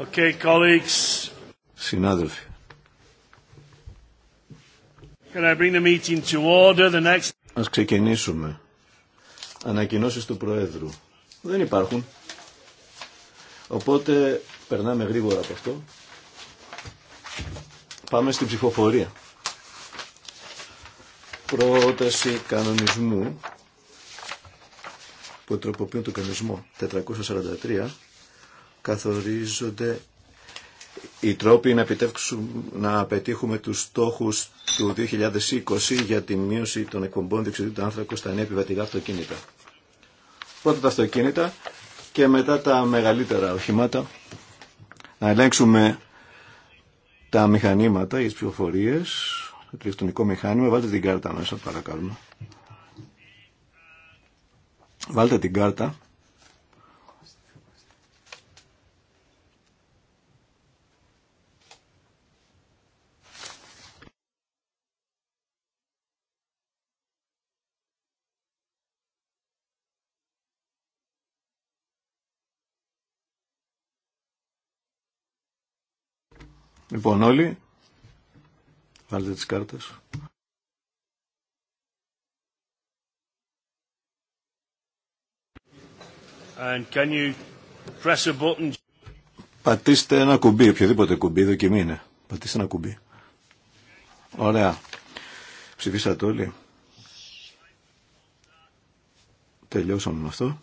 Okay, colleagues. Συνάδελφοι. Can I bring the meeting to order the next... Ας ξεκινήσουμε. Ανακοινώσεις του Προέδρου. Δεν υπάρχουν. Οπότε περνάμε γρήγορα από αυτό. Πάμε στην ψηφοφορία. Πρόταση κανονισμού που τροποποιούν τον κανονισμό 443 καθορίζονται οι τρόποι να, να πετύχουμε τους στόχους του 2020 για τη μείωση των εκπομπών διοξιδίου του άνθρακου στα νέα επιβατικά αυτοκίνητα. Πρώτα τα αυτοκίνητα και μετά τα μεγαλύτερα οχήματα. Να ελέγξουμε τα μηχανήματα, οι πληροφορίες, το ηλεκτρονικό μηχάνημα. Βάλτε την κάρτα μέσα παρακαλώ. Βάλτε την κάρτα. Λοιπόν όλοι, βάλτε τις κάρτες. And can you press a button? Πατήστε ένα κουμπί, οποιοδήποτε κουμπί, δοκιμή είναι. Πατήστε ένα κουμπί. Ωραία. Ψηφίσατε όλοι. Τελειώσαμε με αυτό.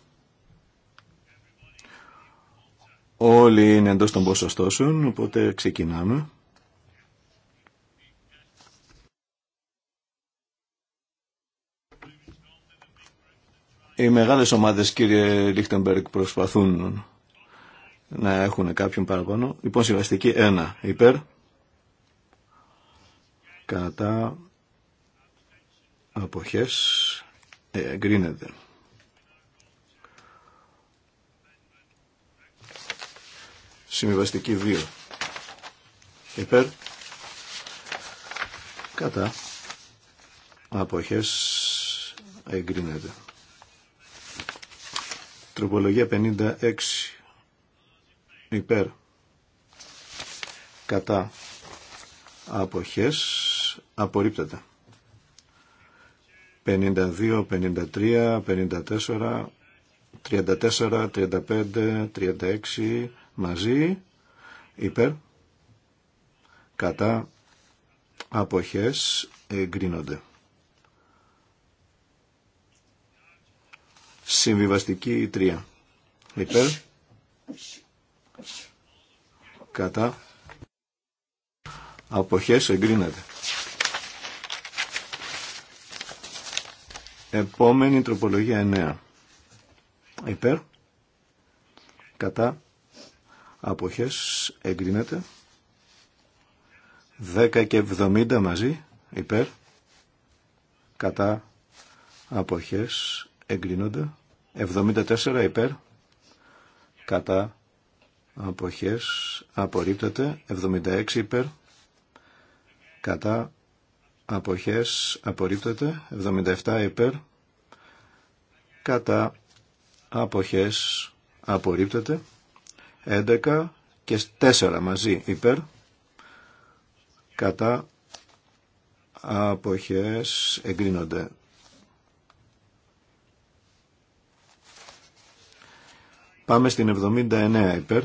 Όλοι είναι εντός των ποσοστώσεων, οπότε ξεκινάμε. Οι μεγάλες ομάδες, κύριε Λίχτεμπεργκ, προσπαθούν να έχουν κάποιον παραπάνω. Λοιπόν, συμβαστική 1 υπέρ, κατά αποχές, ε, εγκρίνεται. Συμβιβαστική 2. Υπέρ. Κατά. Αποχές εγκρίνεται. Τροπολογία 56. Υπέρ. Κατά. Αποχές απορρίπτεται. 52, 53, 54, 34, 35, 36, μαζί υπέρ κατά αποχές εγκρίνονται. Συμβιβαστική 3 υπέρ κατά αποχές εγκρίνεται. Επόμενη τροπολογία 9 υπέρ κατά αποχές εγκρίνεται 10 και 70 μαζί υπέρ κατά αποχές εγκρίνονται 74 υπέρ κατά αποχές απορρίπτεται 76 υπέρ κατά αποχές απορρίπτεται 77 υπέρ κατά αποχές απορρίπτεται 11 και 4 μαζί υπέρ κατά αποχές εγκρίνονται. Πάμε στην 79 υπέρ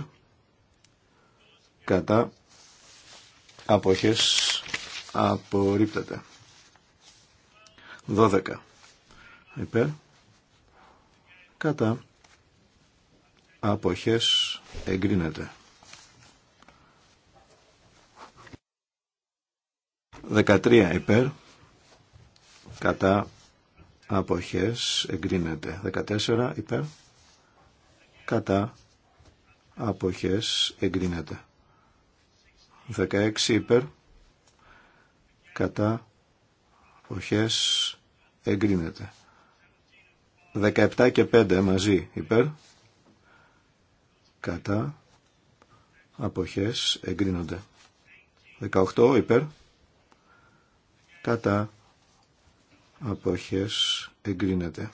κατά αποχές απορρίπτεται. 12 υπέρ κατά αποχές εγκρίνεται. 13 υπέρ κατά αποχές εγκρίνεται. 14 υπέρ κατά αποχές εγκρίνεται. 16 υπέρ κατά αποχές εγκρίνεται. 17 και 5 μαζί υπέρ κατά αποχές εγκρίνονται. 18 υπέρ κατά αποχές εγκρίνεται.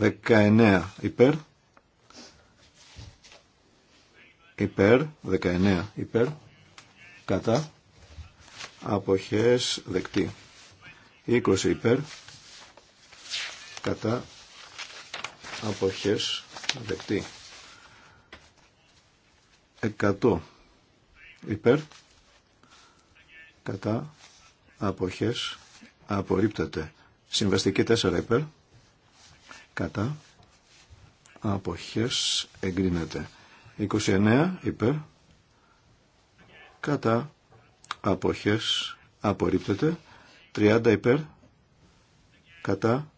19 υπέρ υπέρ 19 υπέρ κατά αποχές δεκτή. 20 υπέρ κατά αποχές δεκτή 100 υπέρ κατά αποχές απορρίπτεται συμβαστική 4 υπέρ κατά αποχές εγκρίνεται 29 υπέρ κατά αποχές απορρίπτεται 30 υπέρ κατά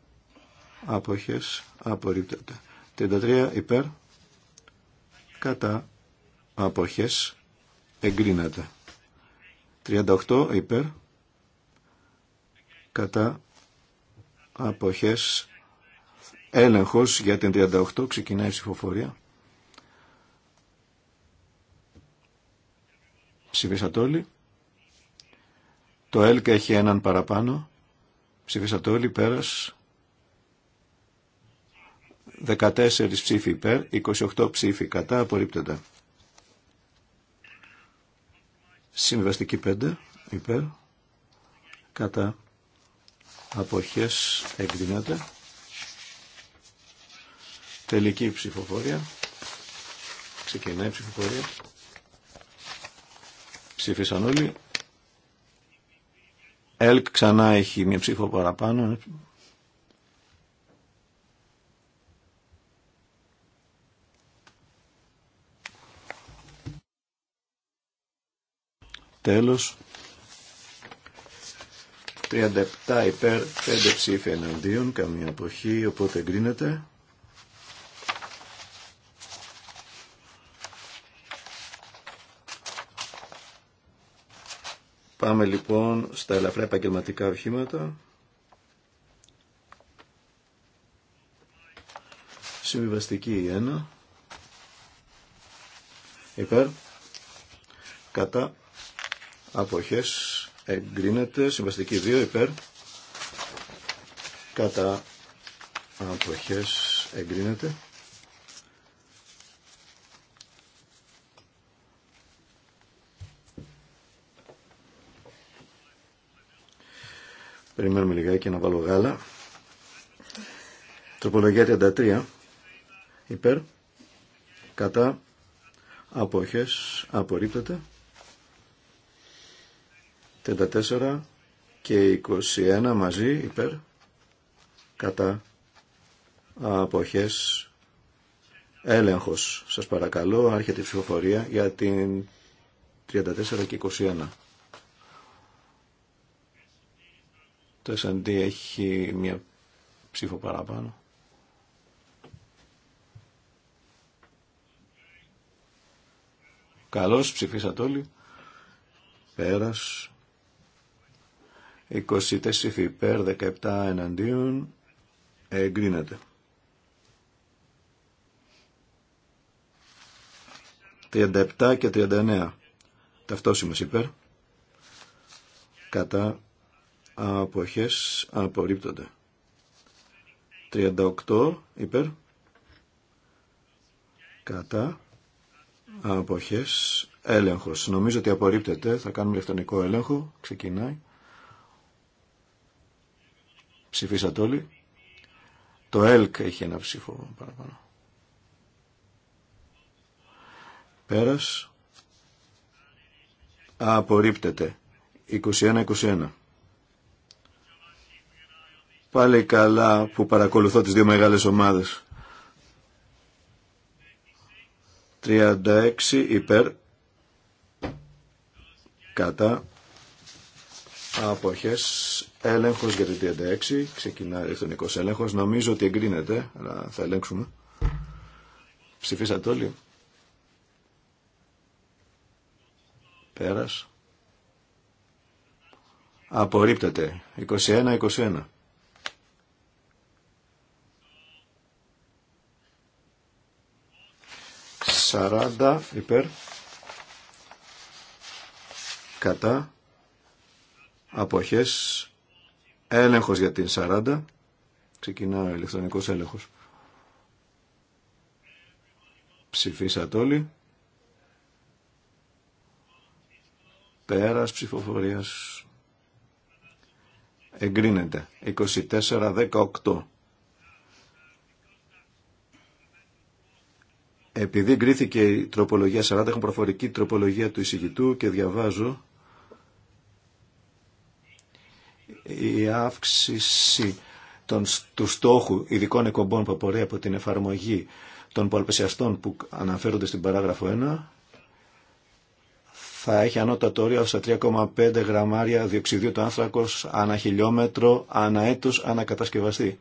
αποχές απορρίπτεται 33 υπέρ κατά αποχές εγκρίνεται 38 υπέρ κατά αποχές έλεγχος για την 38 ξεκινάει η ψηφοφορία ψηφίσατε όλοι το ΕΛΚ έχει έναν παραπάνω ψηφίσατε όλοι πέρας 14 ψήφοι υπέρ, 28 ψήφοι κατά, απορρίπτεται. Συμβαστική 5 υπέρ, κατά αποχές εκδυνάται. Τελική ψηφοφορία. Ξεκινάει η ψηφοφορία. Ψήφισαν όλοι. ΕΛΚ ξανά έχει μια ψήφο παραπάνω. Τέλος. 37 υπέρ, 5 ψήφια εναντίον, καμία εποχή, οπότε εγκρίνεται. Πάμε λοιπόν στα ελαφρά επαγγελματικά οχήματα. Συμβιβαστική 1. Υπέρ. Κατά αποχές εγκρίνεται συμβαστική 2 υπέρ κατά αποχές εγκρίνεται Περιμένουμε λιγάκι να βάλω γάλα. Τροπολογία 33. Υπέρ. Κατά. Απόχες. Απορρίπτεται. 34 και 21 μαζί υπέρ κατά αποχές έλεγχος. Σας παρακαλώ, άρχεται η ψηφοφορία για την 34 και 21. Το S&D έχει μια ψήφο παραπάνω. Καλώς, ψηφίσατε όλοι. Πέρας. 24 υπέρ, 17 εναντίον, εγκρίνεται. 37 και 39 ταυτόσιμες υπέρ, κατά αποχές απορρίπτονται. 38 υπέρ, κατά αποχές έλεγχος. Νομίζω ότι απορρίπτεται, θα κάνουμε ηλεκτρονικό έλεγχο, ξεκινάει. Ψηφίσατε όλοι. Το ΕΛΚ έχει ένα ψήφο παραπάνω. Πέρας. Απορρίπτεται. 21-21. Πάλι καλά που παρακολουθώ τις δύο μεγάλες ομάδες. 36 υπέρ κατά Αποχές. Έλεγχος για το 36. Ξεκινάει 20 έλεγχος. Νομίζω ότι εγκρίνεται, αλλά θα ελέγξουμε. Ψηφίσατε όλοι. Πέρας. Απορρίπτεται. 21-21. 40 υπέρ κατά αποχές έλεγχος για την 40 ξεκινά ο ηλεκτρονικός έλεγχος ψηφίσατε όλοι πέρας ψηφοφορίας εγκρίνεται 24-18 Επειδή κρίθηκε η τροπολογία 40, έχουν προφορική τροπολογία του εισηγητού και διαβάζω αύξηση των, του στόχου ειδικών εκπομπών που απορρέει από την εφαρμογή των πολυπεσιαστών που αναφέρονται στην παράγραφο 1 θα έχει ανώτατο όριο στα 3,5 γραμμάρια διοξιδίου του άνθρακος ανά χιλιόμετρο, ανά έτος, ανακατασκευαστή.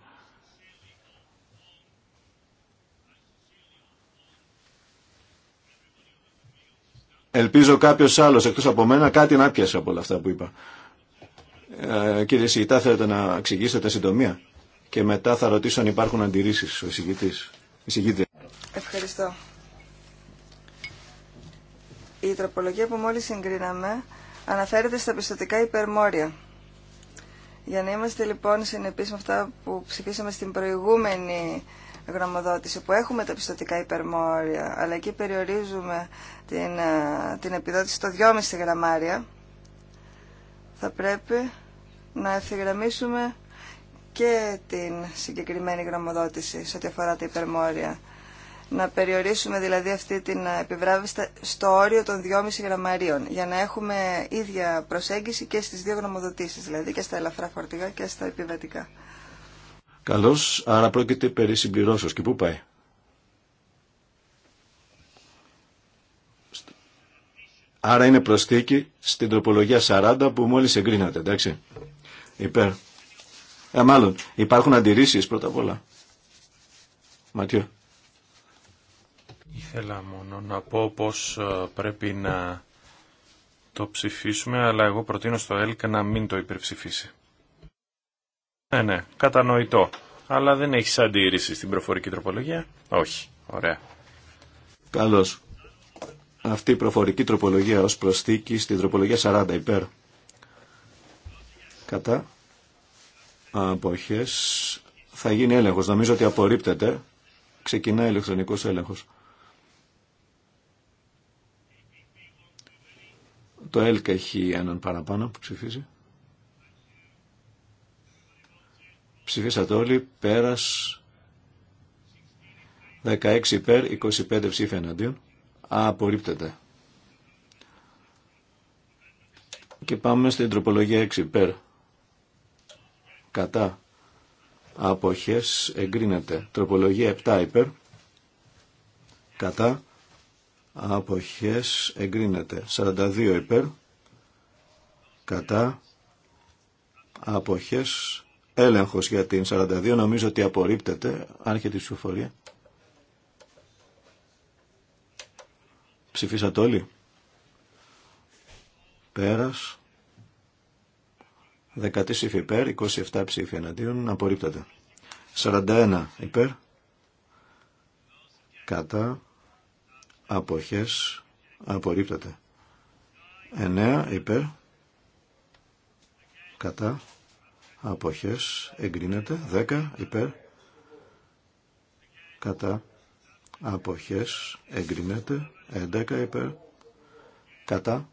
Ελπίζω κάποιος άλλος εκτός από μένα κάτι να πιάσει από όλα αυτά που είπα. Ε, κύριε Σιγητά, θέλετε να εξηγήσετε τα συντομία και μετά θα ρωτήσω αν υπάρχουν αντιρρήσεις ο Εισηγητή. Ευχαριστώ. Η τροπολογία που μόλι συγκρίναμε αναφέρεται στα πιστοτικά υπερμόρια. Για να είμαστε λοιπόν συνεπεί με αυτά που ψηφίσαμε στην προηγούμενη γραμμοδότηση, που έχουμε τα πιστοτικά υπερμόρια, αλλά εκεί περιορίζουμε την, ε, την επιδότηση στο 2,5 γραμμάρια, θα πρέπει να ευθυγραμμίσουμε και την συγκεκριμένη γραμμοδότηση σε ό,τι αφορά τα υπερμόρια. Να περιορίσουμε δηλαδή αυτή την επιβράβευση στο όριο των 2,5 γραμμαρίων για να έχουμε ίδια προσέγγιση και στις δύο γραμμοδοτήσεις, δηλαδή και στα ελαφρά φορτηγά και στα επιβατικά. Καλώς, άρα πρόκειται περί συμπληρώσεως. Και πού πάει? Άρα είναι προσθήκη στην τροπολογία 40 που μόλις εγκρίνατε, εντάξει. Υπέρ. Ε, μάλλον, υπάρχουν αντιρρήσεις πρώτα απ' όλα. Ματιό. Ήθελα μόνο να πω πως ε, πρέπει να το ψηφίσουμε, αλλά εγώ προτείνω στο ΕΛΚ να μην το υπερψηφίσει. Ναι, ναι, κατανοητό. Αλλά δεν έχεις αντίρρηση στην προφορική τροπολογία. Όχι. Ωραία. Καλώς. Αυτή η προφορική τροπολογία ως προσθήκη στην τροπολογία 40 υπέρ. Κατά αποχές θα γίνει έλεγχος. Νομίζω ότι απορρίπτεται. Ξεκινάει ηλεκτρονικός έλεγχος. Το ΕΛΚΑ έχει έναν παραπάνω που ψηφίζει. Ψηφίσατε όλοι, πέρας 16 υπέρ, 25 ψήφια εναντίον. Απορρίπτεται. Και πάμε στην τροπολογία 6 υπέρ κατά αποχές εγκρίνεται. Τροπολογία 7 υπέρ κατά αποχές εγκρίνεται. 42 υπέρ κατά αποχές έλεγχος για την 42 νομίζω ότι απορρίπτεται άρχεται η ψηφοφορία ψηφίσατε όλοι πέρας 13 υπέρ, 27 ψήφοι εναντίον, απορρίπτεται. 41 υπέρ, κατά, αποχές, απορρίπτεται. 9 υπέρ, κατά, αποχές, εγκρίνεται. 10 υπέρ, κατά, αποχές, εγκρίνεται. 11 υπέρ, κατά,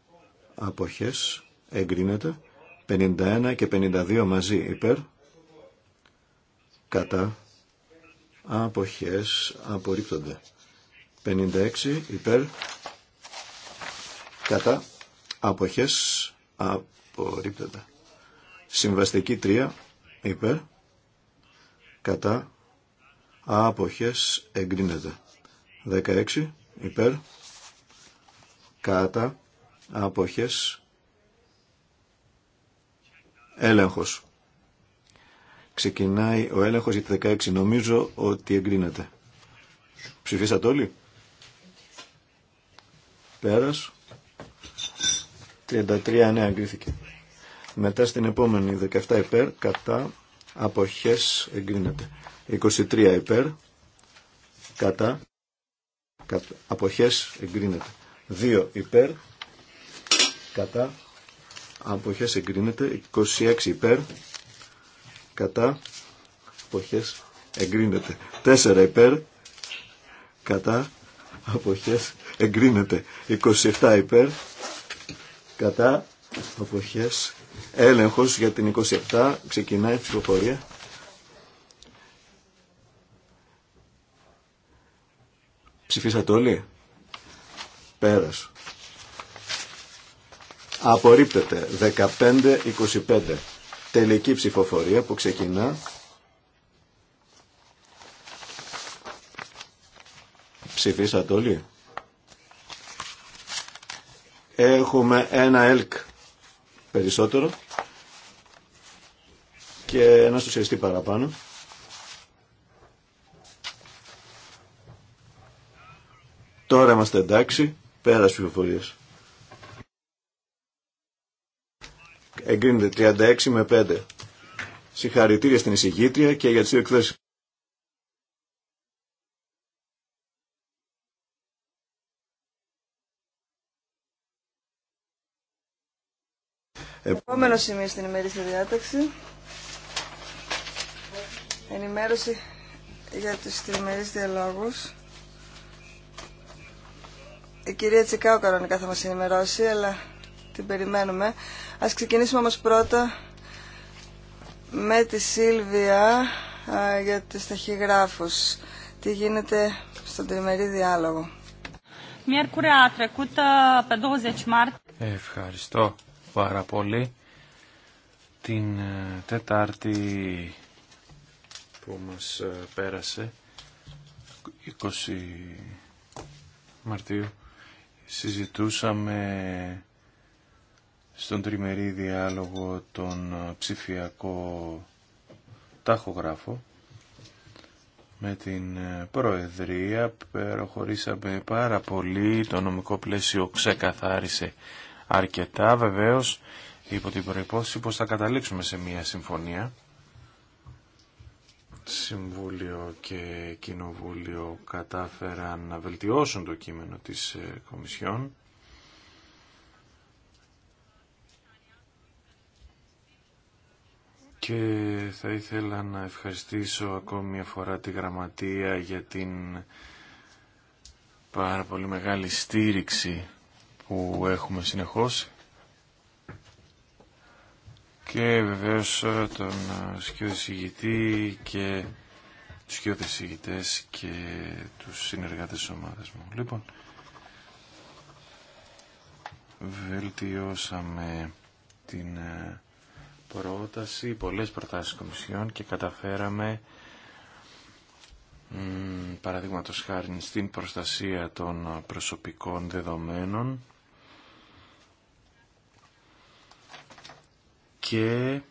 αποχές, εγκρίνεται. 51 και 52 μαζί υπέρ κατά αποχές απορρίπτονται 56 υπέρ κατά αποχές απορρίπτονται συμβαστική 3 υπέρ κατά αποχές εγκρίνεται 16 υπέρ κατά αποχές Έλεγχος. Ξεκινάει ο έλεγχος για τη 16. Νομίζω ότι εγκρίνεται. Ψηφίσατε όλοι. Πέρας. 33 ναι εγκρίθηκε. Μετά στην επόμενη 17 υπέρ κατά αποχές εγκρίνεται. 23 υπέρ κατά, κατά αποχές εγκρίνεται. 2 υπέρ κατά αποχές εγκρίνεται 26 υπέρ κατά αποχές εγκρίνεται 4 υπέρ κατά αποχές εγκρίνεται 27 υπέρ κατά αποχές έλεγχος για την 27 ξεκινάει η ψηφοφορία ψηφίσατε όλοι πέρασε Απορρίπτεται. 15-25. Τελική ψηφοφορία που ξεκινά. Ψηφίσατε όλοι. Έχουμε ένα ΕΛΚ περισσότερο και ένα σωσιαστή παραπάνω. Τώρα είμαστε εντάξει, πέρα ψηφοφορίας. εγκρίνεται 36 με 5. Συγχαρητήρια στην εισηγήτρια και για τις δύο εκθέσεις. Επόμενο σημείο στην ημερήσια διάταξη. Ενημέρωση για τους τριμερείς διαλόγους. Η κυρία Τσικάου κανονικά θα μας ενημερώσει, αλλά την περιμένουμε. Ας ξεκινήσουμε όμως πρώτα με τη Σίλβια για τις ταχυγράφους. Τι γίνεται στον τριμερή διάλογο. Ευχαριστώ πάρα πολύ. Την ε, Τετάρτη που μας ε, πέρασε 20 Μαρτίου συζητούσαμε στον τριμερή διάλογο τον ψηφιακό τάχογράφο με την Προεδρία προχωρήσαμε πάρα πολύ το νομικό πλαίσιο ξεκαθάρισε αρκετά βεβαίως υπό την προϋπόθεση πως θα καταλήξουμε σε μια συμφωνία Συμβούλιο και Κοινοβούλιο κατάφεραν να βελτιώσουν το κείμενο της ε, Κομισιόν Και θα ήθελα να ευχαριστήσω ακόμη μια φορά τη Γραμματεία για την πάρα πολύ μεγάλη στήριξη που έχουμε συνεχώς και βεβαίως ε, τον ε, σκιώδη και τους σκιώδη και τους συνεργάτες της ομάδας μου. Λοιπόν, βελτιώσαμε την ε, πρόταση, πολλές προτάσεις κομισιών και καταφέραμε παραδείγματο χάρη στην προστασία των προσωπικών δεδομένων και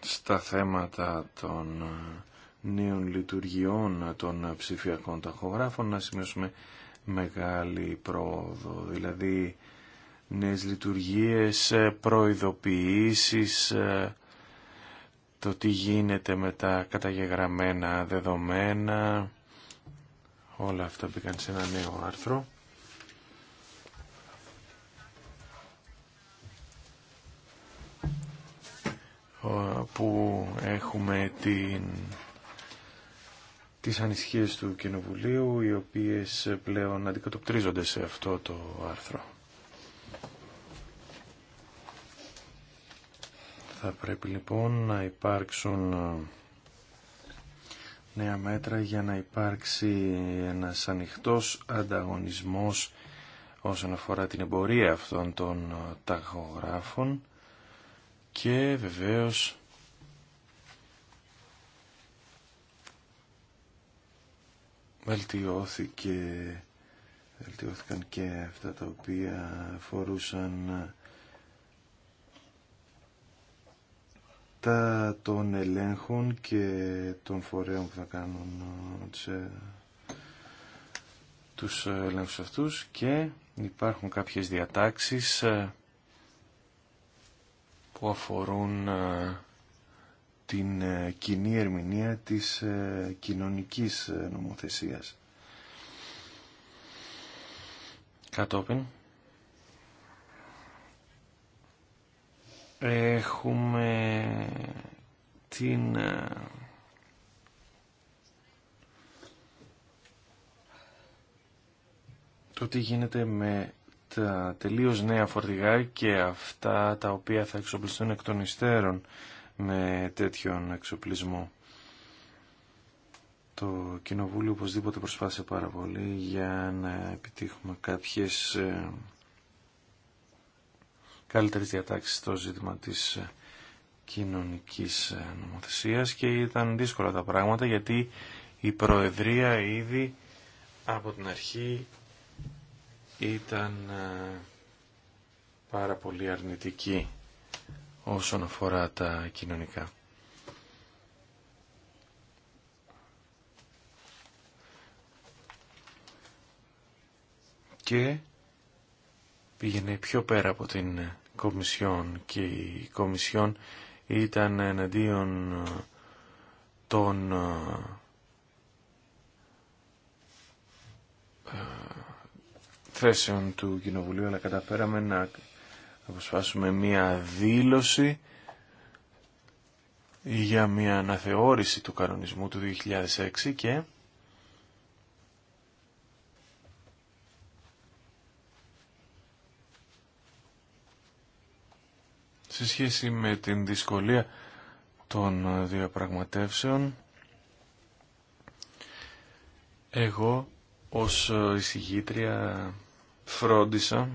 στα θέματα των νέων λειτουργιών των ψηφιακών ταχογράφων να σημειώσουμε μεγάλη πρόοδο, δηλαδή νέες λειτουργίες, ε, προειδοποιήσεις, ε, το τι γίνεται με τα καταγεγραμμένα δεδομένα, όλα αυτά μπήκαν σε ένα νέο άρθρο. που έχουμε την τις ανησυχίες του Κοινοβουλίου, οι οποίες πλέον αντικατοπτρίζονται σε αυτό το άρθρο. Θα πρέπει λοιπόν να υπάρξουν ε, νέα μέτρα για να υπάρξει ένας ανοιχτός ανταγωνισμός όσον αφορά την εμπορία αυτών των ταχογράφων και βεβαίως βελτιώθηκε, βελτιώθηκαν και αυτά τα οποία φορούσαν τα των ελέγχων και των φορέων που θα κάνουν τσε, ε, τους ελέγχους αυτούς και υπάρχουν κάποιες διατάξεις ε, που αφορούν ε, την ε, κοινή ερμηνεία της ε, κοινωνικής ε, νομοθεσίας. Κατόπιν έχουμε την το τι γίνεται με τα τελείως νέα φορτηγά και αυτά τα οποία θα εξοπλιστούν εκ των υστέρων με τέτοιον εξοπλισμό. Το Κοινοβούλιο οπωσδήποτε προσπάθησε πάρα πολύ για να επιτύχουμε κάποιες ε, καλύτερες διατάξεις στο ζήτημα της ε, κοινωνικής ε, νομοθεσίας και ήταν δύσκολα τα πράγματα γιατί η Προεδρία ήδη από την αρχή ήταν πάρα πολύ αρνητική όσον αφορά τα κοινωνικά. Και πήγαινε πιο πέρα από την Κομισιόν και η Κομισιόν ήταν εναντίον των ε, ε, θέσεων του Κοινοβουλίου αλλά καταφέραμε να αποσπάσουμε μία δήλωση για μία αναθεώρηση του κανονισμού του 2006 και σε σχέση με την δυσκολία των διαπραγματεύσεων εγώ ως εισηγήτρια φρόντισα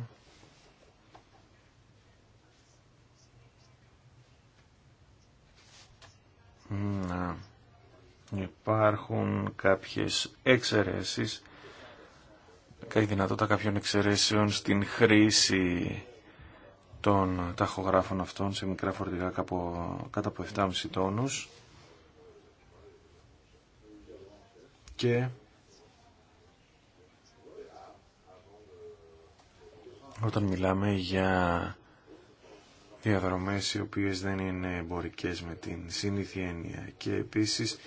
να υπάρχουν κάποιες εξαιρέσεις και η δυνατότητα κάποιων εξαιρέσεων στην χρήση των ταχογράφων αυτών σε μικρά φορτηγά κάτω από 7,5 τόνους και όταν μιλάμε για διαδρομές οι οποίες δεν είναι εμπορικές με την συνήθεια έννοια και επίσης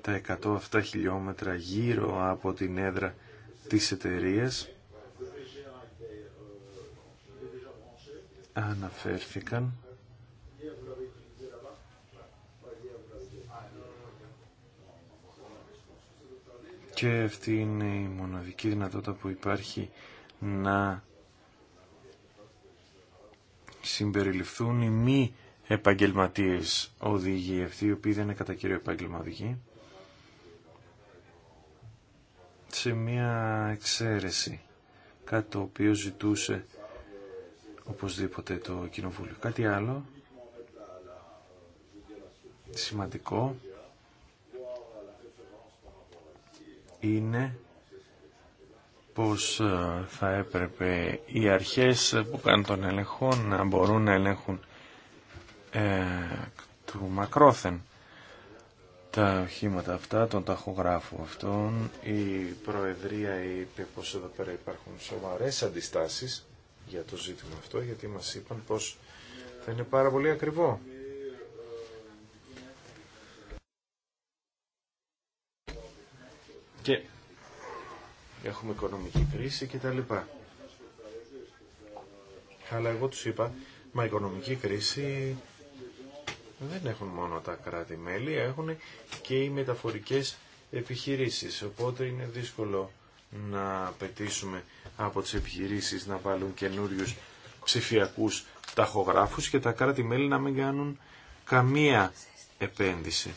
τα 107 χιλιόμετρα γύρω από την έδρα της εταιρεία αναφέρθηκαν και αυτή είναι η μοναδική δυνατότητα που υπάρχει να συμπεριληφθούν οι μη επαγγελματίες οδηγοί, αυτοί οι οποίοι δεν είναι κατά κύριο επάγγελμα σε μία εξαίρεση, κάτι το οποίο ζητούσε οπωσδήποτε το Κοινοβούλιο. Κάτι άλλο, σημαντικό, είναι πως ε, θα έπρεπε οι αρχές που κάνουν τον έλεγχο να μπορούν να ελέγχουν ε, του μακρόθεν τα οχήματα αυτά, τον ταχογράφο αυτων Η Προεδρία είπε πως εδώ πέρα υπάρχουν σοβαρές αντιστάσεις για το ζήτημα αυτό, γιατί μας είπαν πως θα είναι πάρα πολύ ακριβό. Και έχουμε οικονομική κρίση κτλ. Αλλά εγώ τους είπα, μα οικονομική κρίση δεν έχουν μόνο τα κράτη-μέλη, έχουν και οι μεταφορικές επιχειρήσεις. Οπότε είναι δύσκολο να απαιτήσουμε από τις επιχειρήσεις να βάλουν καινούριου ψηφιακούς ταχογράφους και τα κράτη-μέλη να μην κάνουν καμία επένδυση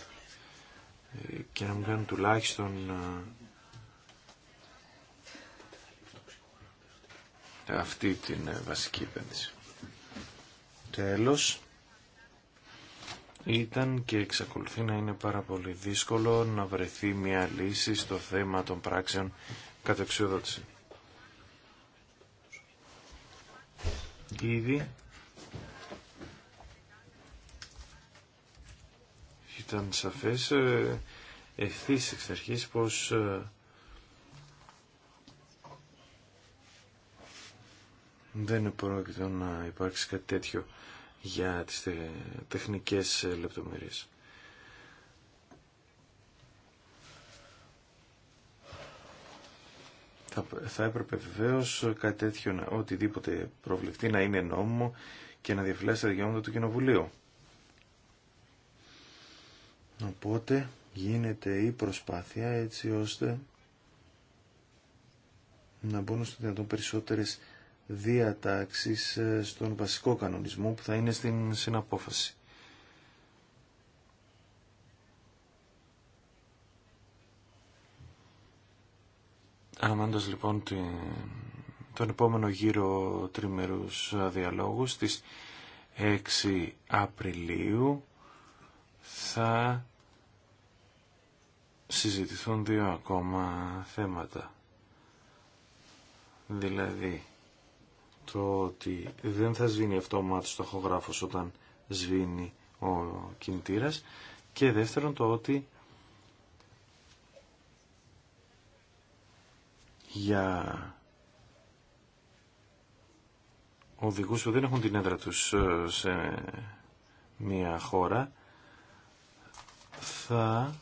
ε, και να μην κάνουν τουλάχιστον ε, αυτή την ε, βασική επένδυση. Τέλος, ήταν και εξακολουθεί να είναι πάρα πολύ δύσκολο να βρεθεί μια λύση στο θέμα των πράξεων κατεξιοδότηση. Ήδη ήταν σαφές ε, ευθύς εξ αρχής πως ε, Δεν πρόκειται να υπάρξει κάτι τέτοιο για τις τεχνικές λεπτομέρειες. θα, έπρεπε βεβαίω κάτι τέτοιο, να, οτιδήποτε προβλεφτεί να είναι νόμιμο και να διαφυλάσει τα δικαιώματα του Κοινοβουλίου. Οπότε γίνεται η προσπάθεια έτσι ώστε να μπουν στο δυνατόν περισσότερες διατάξεις ε, στον βασικό κανονισμό που θα είναι στην συναπόφαση. Αναμένοντας λοιπόν τον επόμενο γύρο τριμερούς διαλόγους στις 6 Απριλίου θα συζητηθούν δύο ακόμα θέματα. Δηλαδή το ότι δεν θα σβήνει αυτόματος στοχογράφος όταν σβήνει ο κινητήρας και δεύτερον το ότι για οδηγούς που δεν έχουν την έδρα τους ε, σε μια χώρα θα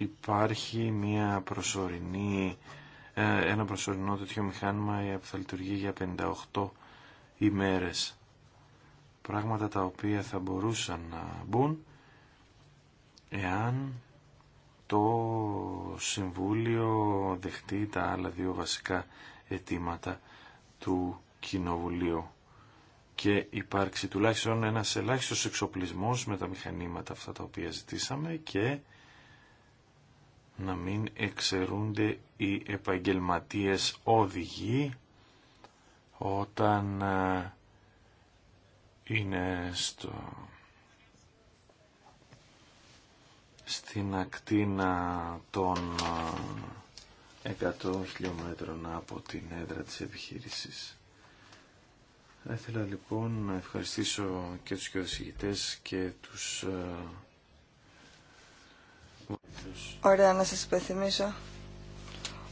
υπάρχει μια προσωρινή, ε, ένα προσωρινό τέτοιο μηχάνημα που θα λειτουργεί για 58 ημέρες. Πράγματα τα οποία θα μπορούσαν να μπουν εάν το Συμβούλιο δεχτεί τα άλλα δύο βασικά αιτήματα του Κοινοβουλίου και υπάρξει τουλάχιστον ένας ελάχιστος εξοπλισμός με τα μηχανήματα αυτά τα οποία ζητήσαμε και να μην εξαιρούνται οι επαγγελματίες οδηγοί όταν ε, είναι στο... στην ακτίνα των 100 ε, χιλιόμετρων από την έδρα της επιχείρησης. Θα ήθελα λοιπόν να ευχαριστήσω και τους κοιοδησηγητές και τους ε, Ωραία, να σα υπενθυμίσω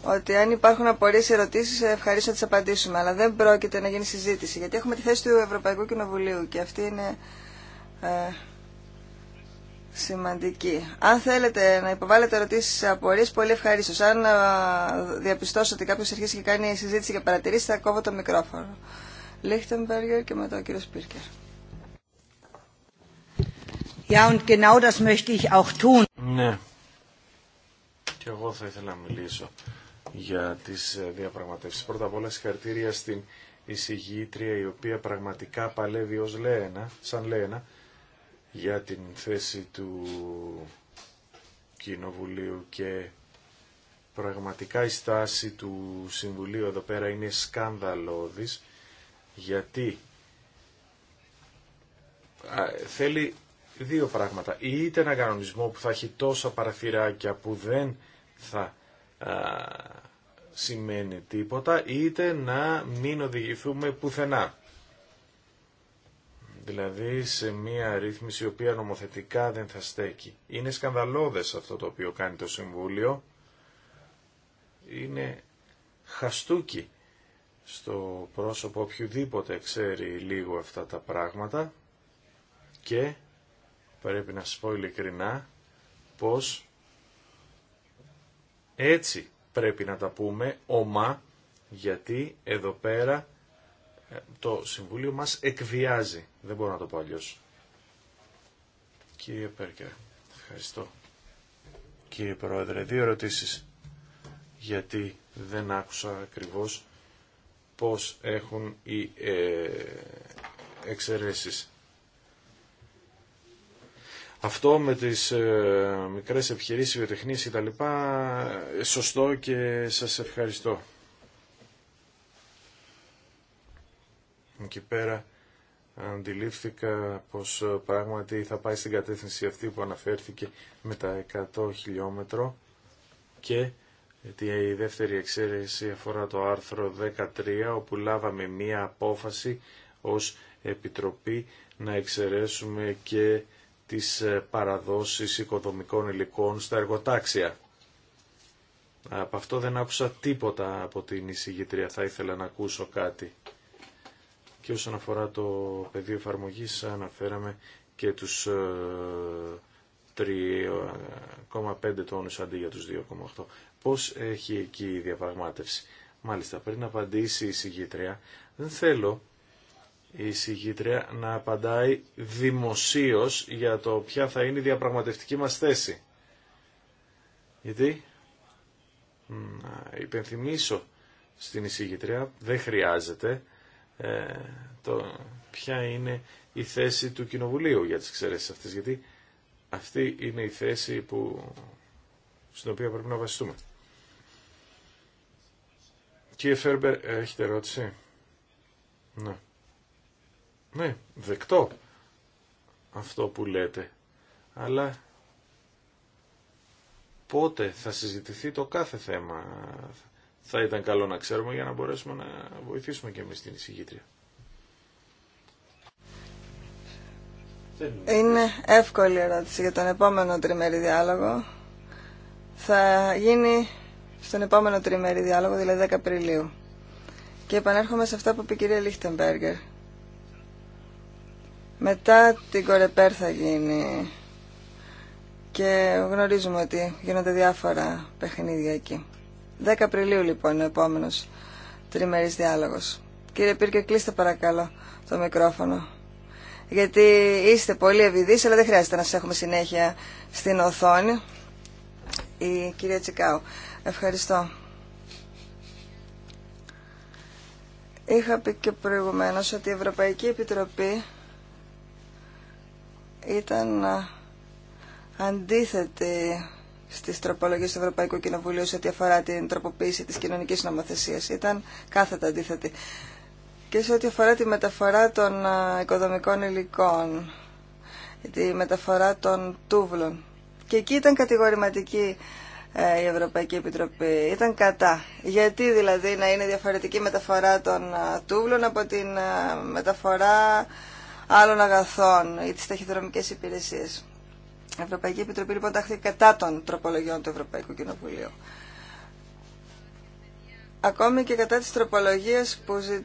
ότι αν υπάρχουν απορίε ή ερωτήσει, ευχαρίστω να τι απαντήσουμε, αλλά δεν πρόκειται να γίνει συζήτηση, γιατί έχουμε τη θέση του Ευρωπαϊκού Κοινοβουλίου και αυτή είναι ε, σημαντική. Αν θέλετε να υποβάλλετε ερωτήσεις απορίε, πολύ ευχαρίστω. Αν ε, διαπιστώσω ότι κάποιο αρχίσει και κάνει συζήτηση και παρατηρήσει, θα κόβω το μικρόφωνο. Λίχτεμπεργκερ και μετά ο κύριο Πίρκερ. Ja, und genau das möchte ich auch tun. Ναι. Και εγώ θα ήθελα να μιλήσω για τις ε, διαπραγματεύσεις. Πρώτα απ' όλα συγχαρητήρια στην εισηγήτρια η οποία πραγματικά παλεύει ως Λένα, σαν Λένα για την θέση του Κοινοβουλίου και πραγματικά η στάση του Συμβουλίου εδώ πέρα είναι σκανδαλώδη γιατί θέλει δύο πράγματα. Είτε ένα κανονισμό που θα έχει τόσα παραθυράκια που δεν θα σημαίνει τίποτα είτε να μην οδηγηθούμε πουθενά. Δηλαδή σε μια ρύθμιση η οποία νομοθετικά δεν θα στέκει. Είναι σκανδαλώδες αυτό το οποίο κάνει το Συμβούλιο. Είναι χαστούκι στο πρόσωπο οποιοδήποτε ξέρει λίγο αυτά τα πράγματα και πρέπει να σας πω ειλικρινά πως έτσι πρέπει να τα πούμε ομά, γιατί εδώ πέρα ε, το Συμβούλιο μας εκβιάζει. Δεν μπορώ να το πω αλλιώς. Κύριε Πέρκερ, ευχαριστώ. Κύριε Πρόεδρε, δύο ερωτήσεις. Γιατί δεν άκουσα ακριβώς πώς έχουν οι ε, αυτό με τις ε, μικρές επιχειρήσεις, βιοτεχνίες και τα λοιπά, ε, σωστό και σας ευχαριστώ. Εκεί πέρα αντιλήφθηκα πως ε, πράγματι θα πάει στην κατεύθυνση αυτή που αναφέρθηκε με τα 100 χιλιόμετρο και η δεύτερη εξαίρεση αφορά το άρθρο 13 όπου λάβαμε μία απόφαση ως Επιτροπή να εξαιρέσουμε και τις ε, παραδόσεις οικοδομικών υλικών στα εργοτάξια. Από αυτό δεν άκουσα τίποτα από την εισηγήτρια, θα ήθελα να ακούσω κάτι. Και όσον αφορά το πεδίο εφαρμογή αναφέραμε και τους 3,5 ε, τόνους αντί για τους 2,8. Πώς έχει εκεί η διαπραγμάτευση. Μάλιστα, πριν απαντήσει η εισηγήτρια, δεν θέλω η συγγήτρια να απαντάει δημοσίως για το ποια θα είναι η διαπραγματευτική μας θέση. Γιατί, να υπενθυμίσω στην εισηγητρία, δεν χρειάζεται ε, το ποια είναι η θέση του Κοινοβουλίου για τις εξαιρέσεις αυτές, γιατί αυτή είναι η θέση που, στην οποία πρέπει να βασιστούμε. Κύριε Φέρμπερ, έχετε ερώτηση. Ναι. Ναι, δεκτό αυτό που λέτε. Αλλά πότε θα συζητηθεί το κάθε θέμα. Θα ήταν καλό να ξέρουμε για να μπορέσουμε να βοηθήσουμε και εμείς την εισηγήτρια. Είναι εύκολη ερώτηση για τον επόμενο τριμερή διάλογο. Θα γίνει στον επόμενο τριμερή διάλογο, δηλαδή 10 Απριλίου. Και επανέρχομαι σε αυτά που είπε η κυρία Λίχτεμπεργκερ. Μετά την Κορεπέρ θα γίνει και γνωρίζουμε ότι γίνονται διάφορα παιχνίδια εκεί. 10 Απριλίου λοιπόν είναι ο επόμενος τριμερής διάλογος. Κύριε Πύρκε, κλείστε παρακαλώ το μικρόφωνο. Γιατί είστε πολύ ευηδείς, αλλά δεν χρειάζεται να σας έχουμε συνέχεια στην οθόνη. Η κυρία Τσικάου. Ευχαριστώ. Είχα πει και προηγουμένως ότι η Ευρωπαϊκή Επιτροπή ήταν ε, αντίθετη στις τροπολογίες του Ευρωπαϊκού Κοινοβουλίου σε ό,τι αφορά την τροποποίηση της κοινωνικής νομοθεσίας. Ήταν κάθετα αντίθετη. Και σε ό,τι αφορά τη μεταφορά των ε, οικοδομικών υλικών, τη μεταφορά των τούβλων. Και εκεί ήταν κατηγορηματική ε, η Ευρωπαϊκή Επιτροπή. Ήταν κατά. Γιατί δηλαδή να είναι διαφορετική μεταφορά των τούβλων από την μεταφορά άλλων αγαθών ή τις ταχυδρομικές υπηρεσίες. Η Ευρωπαϊκή Επιτροπή λοιπόν ταχθεί κατά των τροπολογιών του Ευρωπαϊκού Κοινοβουλίου. Ακόμη και κατά τις ταχυδρομικες υπηρεσιες η ευρωπαικη επιτροπη λοιπον ταχθηκε κατα των τροπολογιων του ευρωπαικου κοινοβουλιου ακομη και κατα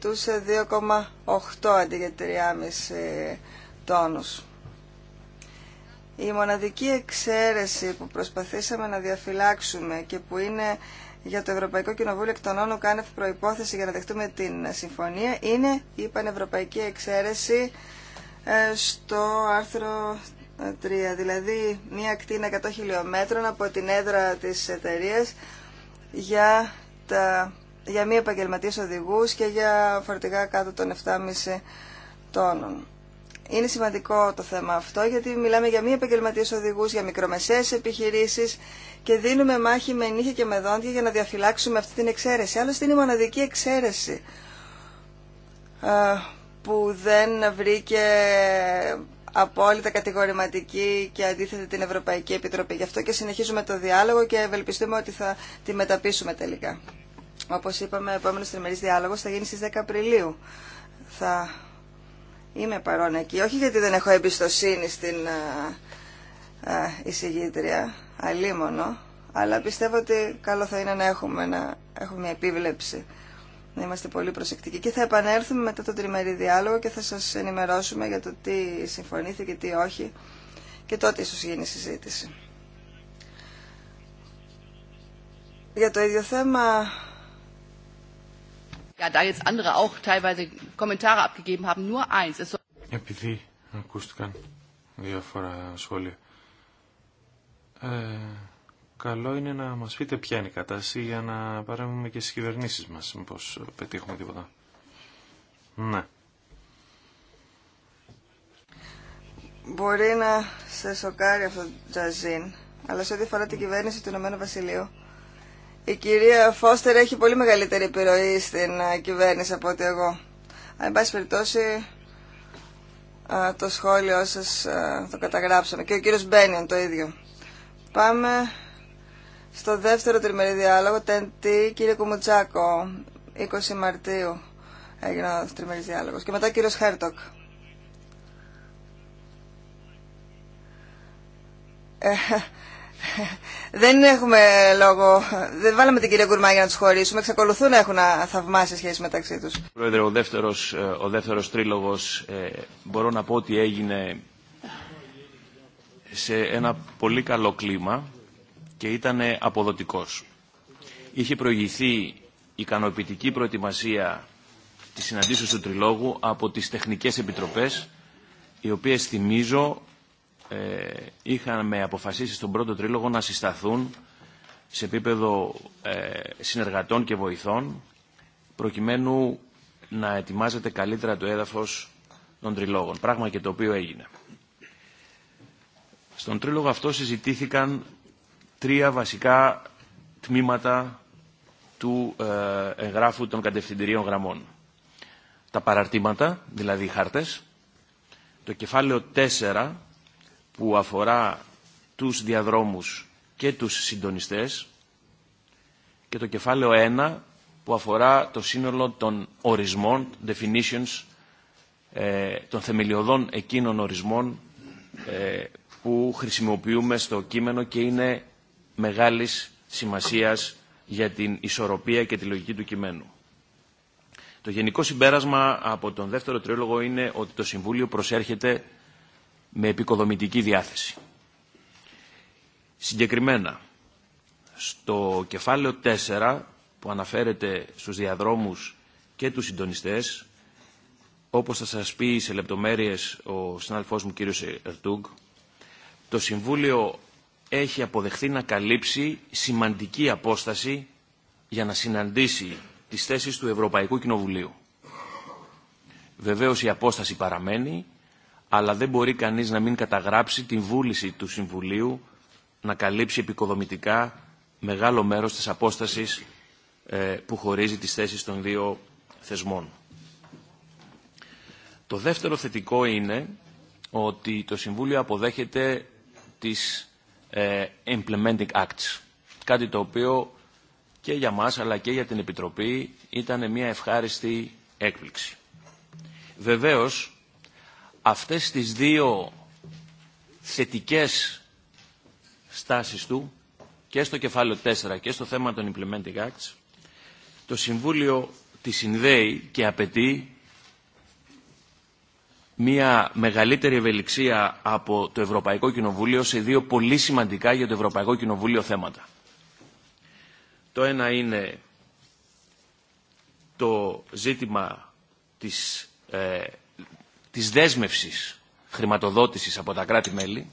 τις τροπολογιες που ζητούσε 2,8 αντί για 3,5 τόνους. Η μοναδική εξαίρεση που προσπαθήσαμε να διαφυλάξουμε και που είναι για το Ευρωπαϊκό Κοινοβούλιο εκ των όνων κάνευ προϋπόθεση για να δεχτούμε την συμφωνία είναι η πανευρωπαϊκή εξαίρεση ε, στο άρθρο 3, δηλαδή μία ακτίνα 100 χιλιόμετρων από την έδρα της εταιρεία για, τα, για μη επαγγελματίες οδηγούς και για φορτηγά κάτω των 7,5 τόνων. Είναι σημαντικό το θέμα αυτό γιατί μιλάμε για μη επαγγελματίες οδηγούς, για μικρομεσαίες επιχειρήσεις και δίνουμε μάχη με νύχια και με δόντια για να διαφυλάξουμε αυτή την εξαίρεση. Άλλωστε είναι η μοναδική εξαίρεση ε, που δεν βρήκε απόλυτα κατηγορηματική και αντίθετη την Ευρωπαϊκή Επιτροπή. Γι' αυτό και συνεχίζουμε το διάλογο και ευελπιστούμε ότι θα τη μεταπίσουμε τελικά. Όπως είπαμε, ο επόμενο τριμερή διάλογο θα γίνει στι 10 Απριλίου. Θα είμαι παρόν εκεί, όχι γιατί δεν έχω εμπιστοσύνη στην ε, ε, εισηγήτρια, αλίμονο, αλλά πιστεύω ότι καλό θα είναι να έχουμε, να έχουμε μια επίβλεψη να είμαστε πολύ προσεκτικοί. Και θα επανέλθουμε μετά τον τριμερή διάλογο και θα σας ενημερώσουμε για το τι συμφωνήθηκε, τι όχι και τότε ίσως γίνει συζήτηση. Για το ίδιο θέμα... Επειδή ακούστηκαν διάφορα σχόλια, ε, καλό είναι να μας πείτε ποια είναι η κατάσταση για να παρέμβουμε και στις κυβερνήσεις μας, μήπως πετύχουμε τίποτα. Ναι. Μπορεί να σε σοκάρει αυτό το τζαζίν, αλλά σε ό,τι αφορά την κυβέρνηση του Ηνωμένου Βασιλείου, η κυρία Φώστερ έχει πολύ μεγαλύτερη επιρροή στην ε, κυβέρνηση από ότι εγώ. Αν εν πάση περιπτώσει, ε, το σχόλιο σας ε, το καταγράψαμε και ο κύριος Μπένιον το ίδιο. Πάμε στο δεύτερο τριμερή διάλογο, τέντη, κύριε Κουμουτσάκο, 20 Μαρτίου έγινε ο τριμερής διάλογος. Και μετά κύριος Χέρτοκ. Ε, δεν έχουμε λόγο, δεν βάλαμε την κυρία Γκουρμά για να τους χωρίσουμε, εξακολουθούν να έχουν θαυμάσει σχέση μεταξύ τους. Πρόεδρε, ο δεύτερος, ε, ο δεύτερος τρίλογος ε, μπορώ να πω ότι έγινε σε ένα πολύ καλό κλίμα και ήταν αποδοτικός. Είχε προηγηθεί ικανοποιητική προετοιμασία της συναντήσεως του Τριλόγου από τις τεχνικές επιτροπές, οι οποίες, θυμίζω, ε, είχαν με αποφασίσει στον πρώτο Τρίλογο να συσταθούν σε επίπεδο ε, συνεργατών και βοηθών, προκειμένου να ετοιμάζεται καλύτερα το έδαφος των Τριλόγων, πράγμα και το οποίο έγινε. Στον Τρίλογο αυτό συζητήθηκαν τρία βασικά τμήματα του ε, εγγράφου των κατευθυντηρίων γραμμών. Τα παραρτήματα, δηλαδή οι χάρτες, το κεφάλαιο 4 που αφορά τους διαδρόμους και τους συντονιστές και το κεφάλαιο 1 που αφορά το σύνολο των ορισμών, definitions, ε, των θεμελιωδών εκείνων ορισμών ε, που χρησιμοποιούμε στο κείμενο και είναι μεγάλης σημασίας για την ισορροπία και τη λογική του κειμένου. Το γενικό συμπέρασμα από τον δεύτερο τρίλογο είναι ότι το Συμβούλιο προσέρχεται με επικοδομητική διάθεση. Συγκεκριμένα, στο κεφάλαιο 4 που αναφέρεται στους διαδρόμους και τους συντονιστές, όπως θα σας πει σε λεπτομέρειες ο συνάδελφός μου κύριος Ερτούγκ, το Συμβούλιο έχει αποδεχθεί να καλύψει σημαντική απόσταση για να συναντήσει τις θέσεις του Ευρωπαϊκού Κοινοβουλίου. Βεβαίως η απόσταση παραμένει, αλλά δεν μπορεί κανείς να μην καταγράψει την βούληση του Συμβουλίου να καλύψει επικοδομητικά μεγάλο μέρος της απόστασης ε, που χωρίζει τις θέσεις των δύο θεσμών. Το δεύτερο θετικό είναι ότι το Συμβούλιο αποδέχεται τις ε, implementing acts. Κάτι το οποίο και για μας αλλά και για την Επιτροπή ήταν μια ευχάριστη έκπληξη. Βεβαίως, αυτές τις δύο θετικές στάσεις του και στο κεφάλαιο 4 και στο θέμα των Implementing Acts το Συμβούλιο τη συνδέει και απαιτεί μια μεγαλύτερη ευελιξία από το Ευρωπαϊκό Κοινοβούλιο σε δύο πολύ σημαντικά για το Ευρωπαϊκό Κοινοβούλιο θέματα. Το ένα είναι το ζήτημα της, ε, της δέσμευσης χρηματοδότησης από τα κράτη-μέλη.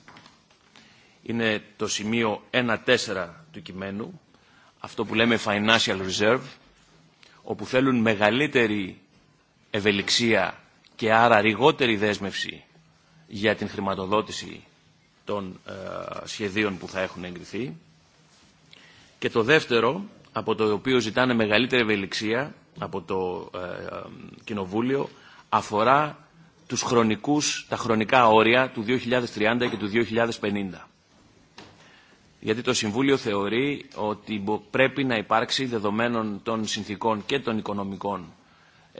Είναι το σημείο 1-4 του κειμένου, αυτό που λέμε financial reserve, όπου θέλουν μεγαλύτερη ευελιξία και άρα ρηγότερη δέσμευση για την χρηματοδότηση των ε, σχεδίων που θα έχουν εγκριθεί. Και το δεύτερο, από το οποίο ζητάνε μεγαλύτερη ευελιξία από το ε, Κοινοβούλιο, αφορά τους χρονικούς, τα χρονικά όρια του 2030 και του 2050. Γιατί το Συμβούλιο θεωρεί ότι πρέπει να υπάρξει δεδομένων των συνθήκων και των οικονομικών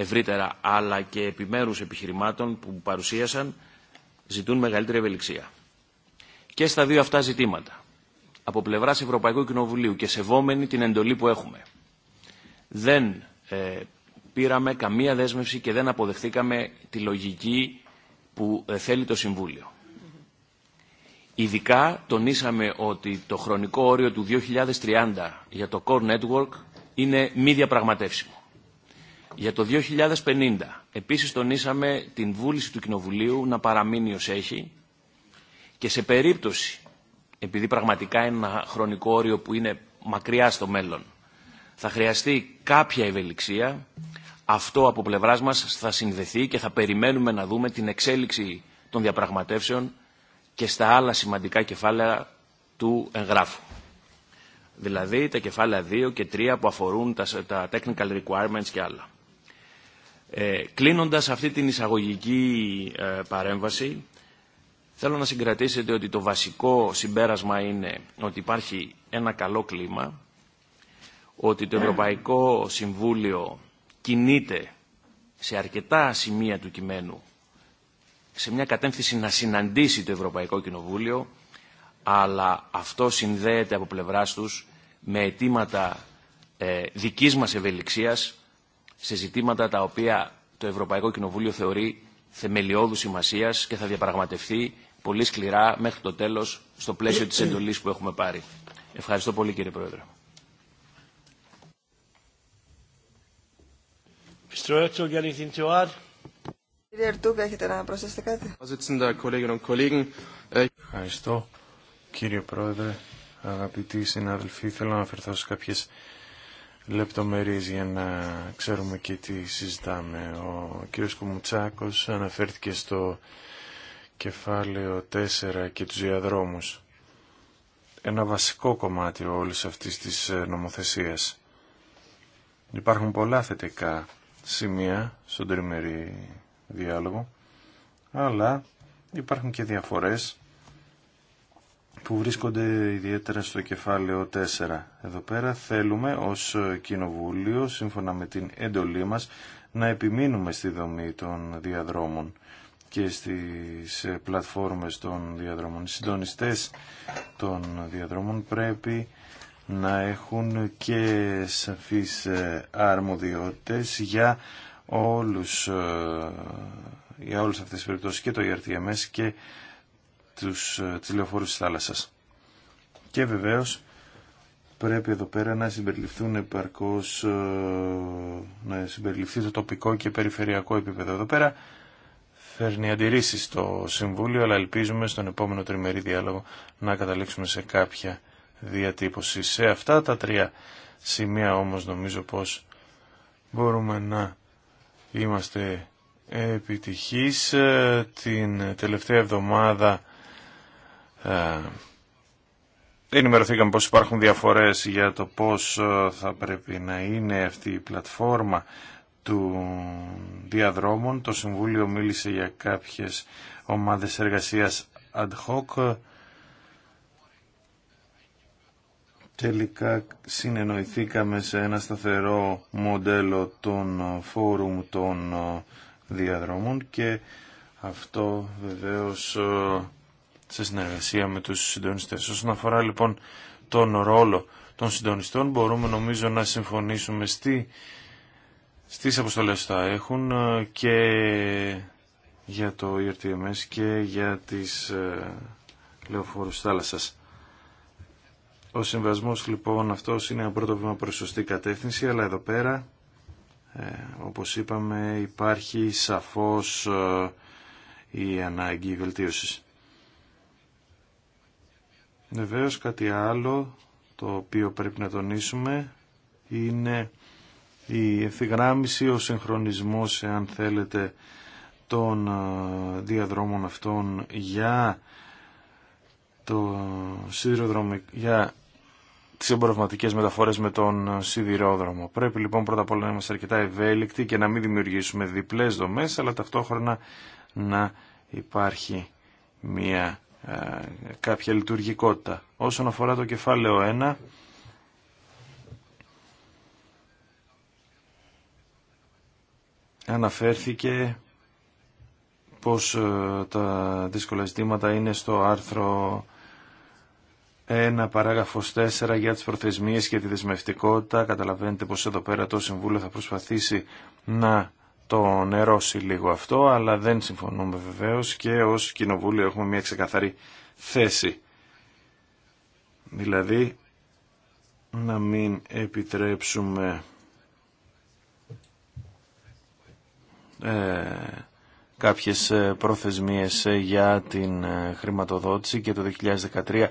ευρύτερα αλλά και επιμέρους επιχειρημάτων που παρουσίασαν ζητούν μεγαλύτερη ευελιξία. Και στα δύο αυτά ζητήματα, από πλευράς Ευρωπαϊκού Κοινοβουλίου και σεβόμενη την εντολή που έχουμε, δεν ε, πήραμε καμία δέσμευση και δεν αποδεχθήκαμε τη λογική που ε, θέλει το Συμβούλιο. Ειδικά τονίσαμε ότι το χρονικό όριο του 2030 για το Core Network είναι μη διαπραγματεύσιμο. Για το 2050 επίσης τονίσαμε την βούληση του Κοινοβουλίου να παραμείνει ως έχει και σε περίπτωση, επειδή πραγματικά είναι ένα χρονικό όριο που είναι μακριά στο μέλλον, θα χρειαστεί κάποια ευελιξία, αυτό από πλευράς μας θα συνδεθεί και θα περιμένουμε να δούμε την εξέλιξη των διαπραγματεύσεων και στα άλλα σημαντικά κεφάλαια του εγγράφου. Δηλαδή τα κεφάλαια 2 και 3 που αφορούν τα technical requirements και άλλα. Ε, κλείνοντας αυτή την εισαγωγική ε, παρέμβαση, θέλω να συγκρατήσετε ότι το βασικό συμπέρασμα είναι ότι υπάρχει ένα καλό κλίμα, ότι το Ευρωπαϊκό Συμβούλιο κινείται σε αρκετά σημεία του κειμένου σε μια κατεύθυνση να συναντήσει το Ευρωπαϊκό Κοινοβούλιο, αλλά αυτό συνδέεται από πλευράς τους με αιτήματα ε, δικής μας σε ζητήματα τα οποία το Ευρωπαϊκό Κοινοβούλιο θεωρεί θεμελιώδου σημασία και θα διαπραγματευτεί πολύ σκληρά μέχρι το τέλο στο πλαίσιο τη εντολή που έχουμε πάρει. Ευχαριστώ πολύ κύριε Πρόεδρε. Κύριε έχετε να κάτι. Äh, Ευχαριστώ κύριε Πρόεδρε. Αγαπητοί συνάδελφοι, θέλω να σε κάποιες λεπτομερείς για να ξέρουμε και τι συζητάμε. Ο κύριος Κουμουτσάκος αναφέρθηκε στο κεφάλαιο 4 και τους διαδρόμους. Ένα βασικό κομμάτι όλης αυτής της ε, νομοθεσίας. Υπάρχουν πολλά θετικά σημεία στον τριμερή διάλογο, αλλά υπάρχουν και διαφορές που βρίσκονται ιδιαίτερα στο κεφάλαιο 4. Εδώ πέρα θέλουμε ως Κοινοβούλιο, σύμφωνα με την έντολή μας, να επιμείνουμε στη δομή των διαδρόμων και στις πλατφόρμες των διαδρόμων. Οι συντονιστές των διαδρόμων πρέπει να έχουν και σαφείς ε, αρμοδιότητες για όλους ε, για όλες αυτές τις περιπτώσεις και το ERTMS και τους, ε, τις λεωφόρους της θάλασσας. Και βεβαίως πρέπει εδώ πέρα να συμπεριληφθούν επαρκώς, ε, να συμπεριληφθεί το τοπικό και περιφερειακό επίπεδο. Εδώ πέρα φέρνει αντιρρήσεις στο Συμβούλιο, αλλά ελπίζουμε στον επόμενο τριμερή διάλογο να καταλήξουμε σε κάποια διατύπωση. Σε αυτά τα τρία σημεία όμως νομίζω πως μπορούμε να είμαστε επιτυχείς ε, Την τελευταία εβδομάδα ε, ενημερωθήκαμε πως υπάρχουν διαφορές για το πώς ε, θα πρέπει να είναι αυτή η πλατφόρμα του διαδρόμων. Το Συμβούλιο μίλησε για κάποιες ομάδες εργασίας ad hoc. Τελικά συνεννοηθήκαμε σε ένα σταθερό μοντέλο των φόρουμ των ε, διαδρόμων και αυτό βεβαίως σε συνεργασία με τους συντονιστές. Όσον αφορά λοιπόν τον ρόλο των συντονιστών μπορούμε νομίζω να συμφωνήσουμε στι, στις αποστολές που θα έχουν ε, και για το ERTMS και για τις ε, λεωφόρους θάλασσας. Ο συμβασμός λοιπόν αυτός είναι ένα πρώτο βήμα προς σωστή κατεύθυνση, αλλά εδώ πέρα, ε, όπως είπαμε, υπάρχει σαφώς ε, η ανάγκη βελτίωσης. Βεβαίως κάτι άλλο το οποίο πρέπει να τονίσουμε είναι η ευθυγράμμιση, ο συγχρονισμός, εάν θέλετε, των ε, διαδρόμων αυτών για το σιδηροδρομικό, για τις εμπορευματικές μεταφορές με τον ε, σιδηρόδρομο. Πρέπει λοιπόν πρώτα απ' όλα να είμαστε αρκετά ευέλικτοι και να μην δημιουργήσουμε διπλές δομές, αλλά ταυτόχρονα να υπάρχει μια ε, κάποια λειτουργικότητα. Όσον αφορά το κεφάλαιο 1, αναφέρθηκε πως ε, τα δύσκολα ζητήματα είναι στο άρθρο 1 παράγραφος 4 για τις προθεσμίες και τη δεσμευτικότητα. Καταλαβαίνετε πως εδώ πέρα το Συμβούλιο θα προσπαθήσει να το νερώσει λίγο αυτό, αλλά δεν συμφωνούμε βεβαίως και ως Κοινοβούλιο έχουμε μια ξεκαθαρή θέση. Δηλαδή, να μην επιτρέψουμε ε, κάποιες ε, προθεσμίες ε, για την ε, χρηματοδότηση και το 2013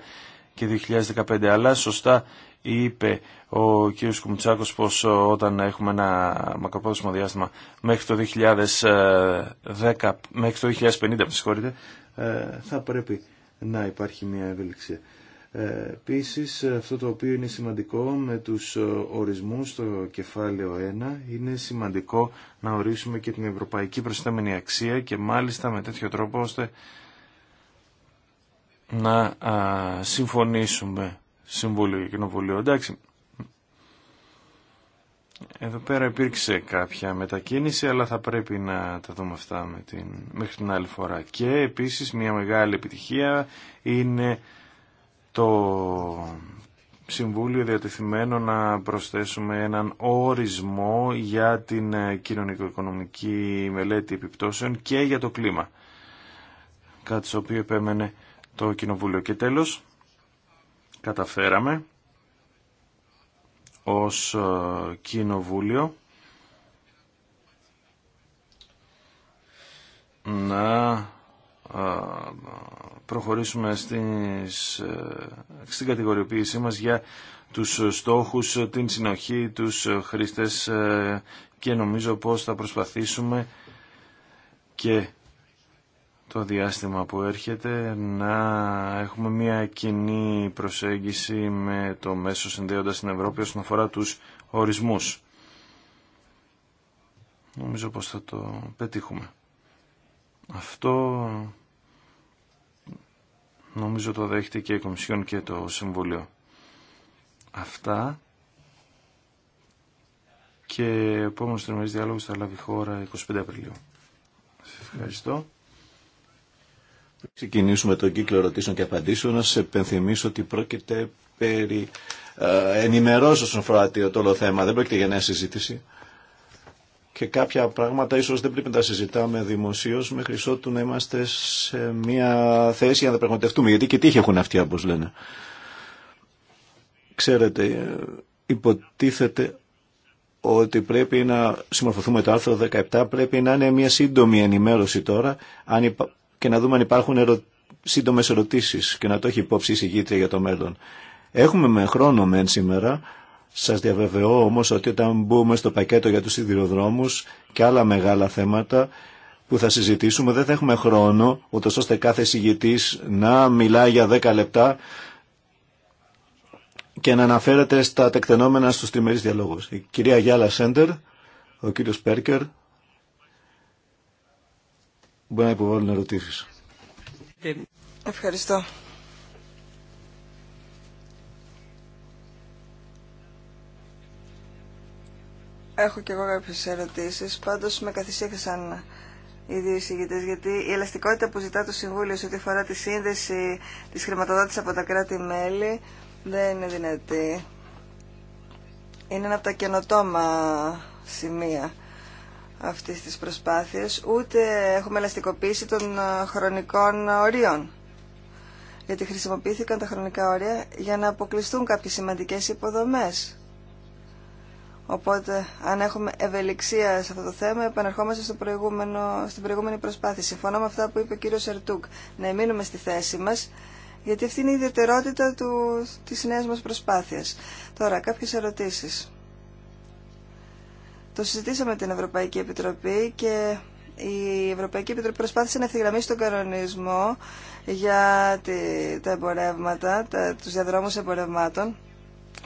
και 2015. Αλλά σωστά είπε ο κ. Κουμτσάκος πως ε, όταν έχουμε ένα μακροπρόθεσμο διάστημα μέχρι το, 2010, μέχρι το 2050 ε, θα πρέπει να υπάρχει μια ευελιξία. Ε, Επίση, αυτό το οποίο είναι σημαντικό με τους ορισμούς στο κεφάλαιο 1 είναι σημαντικό να ορίσουμε και την ευρωπαϊκή προσθεμένη αξία και μάλιστα με τέτοιο τρόπο ώστε να α, συμφωνήσουμε Συμβούλιο και Κοινοβουλίο. Εντάξει, εδώ πέρα υπήρξε κάποια μετακίνηση, αλλά θα πρέπει να τα δούμε αυτά με την... μέχρι την άλλη φορά. Και επίσης μια μεγάλη επιτυχία είναι το Συμβούλιο διατεθειμένο να προσθέσουμε έναν ορισμό για την ε, κοινωνικο-οικονομική μελέτη επιπτώσεων και για το κλίμα. Κάτι στο οποίο επέμενε το Κοινοβούλιο. Και τέλος, καταφέραμε ως ε, Κοινοβούλιο να ε, προχωρήσουμε στις, ε, στην κατηγοριοποίησή μας για τους στόχους, την συνοχή, τους χρήστες και νομίζω πως θα προσπαθήσουμε και το διάστημα που έρχεται να έχουμε μια κοινή προσέγγιση με το μέσο συνδέοντας στην Ευρώπη όσον αφορά τους ορισμούς. Νομίζω πως θα το πετύχουμε. Αυτό νομίζω το δέχεται και η Κομισιόν και το Συμβουλίο. Αυτά και ο επόμενος τριμερής διάλογος θα λάβει χώρα 25 Απριλίου. Σας ευχαριστώ. Ξεκινήσουμε τον κύκλο ερωτήσεων και απαντήσεων. Να σα επενθυμίσω ότι πρόκειται περί ε, ενημερώσεω όσον αφορά το όλο θέμα. Δεν πρόκειται για νέα συζήτηση. Και κάποια πράγματα ίσω δεν πρέπει να τα συζητάμε δημοσίω μέχρι ότου να είμαστε σε μια θέση για να τα πραγματευτούμε. Γιατί και τύχη έχουν αυτοί, όπω λένε. Ξέρετε, ε, υποτίθεται ότι πρέπει να συμμορφωθούμε το άρθρο 17, πρέπει να είναι μια σύντομη ενημέρωση τώρα, αν και να δούμε αν υπάρχουν ερω... σύντομε ερωτήσει και να το έχει υπόψη η συγγήτρια για το μέλλον. Έχουμε με χρόνο μεν σήμερα. Σα διαβεβαιώ όμω ότι όταν μπούμε στο πακέτο για του σιδηροδρόμου και άλλα μεγάλα θέματα που θα συζητήσουμε, δεν θα έχουμε χρόνο, ούτω ώστε κάθε συγγητή να μιλάει για 10 λεπτά και να αναφέρεται στα τεκτενόμενα στου τριμερείς διαλόγους. Η κυρία Γιάλα Σέντερ, ο κύριο Πέρκερ, μπορεί να υποβάλουν ερωτήσει. Ευχαριστώ. Έχω και εγώ κάποιε ερωτήσει. Πάντω με καθησύχασαν οι δύο εισηγητέ, γιατί η ελαστικότητα που ζητά το Συμβούλιο σε ό,τι αφορά τη σύνδεση τη χρηματοδότηση από τα κράτη-μέλη δεν είναι δυνατή. Είναι ένα από τα καινοτόμα σημεία αυτής της προσπάθειας, ούτε έχουμε ελαστικοποίηση των ε, χρονικών ορίων. Γιατί χρησιμοποιήθηκαν τα χρονικά όρια για να αποκλειστούν κάποιες σημαντικές υποδομές. Οπότε, αν έχουμε ευελιξία σε αυτό το θέμα, επαναρχόμαστε στο προηγούμενο, στην προηγούμενη προσπάθεια. Συμφωνώ με αυτά που είπε ο κύριος Ερτούκ, να εμείνουμε στη θέση μας, γιατί αυτή είναι η ιδιαιτερότητα του, της νέας μας προσπάθειας. Τώρα, κάποιες ερωτήσεις. Το συζητήσαμε την Ευρωπαϊκή Επιτροπή και η Ευρωπαϊκή Επιτροπή προσπάθησε να ευθυγραμμίσει τον κανονισμό για τα εμπορεύματα, τα, τους διαδρόμους εμπορευμάτων.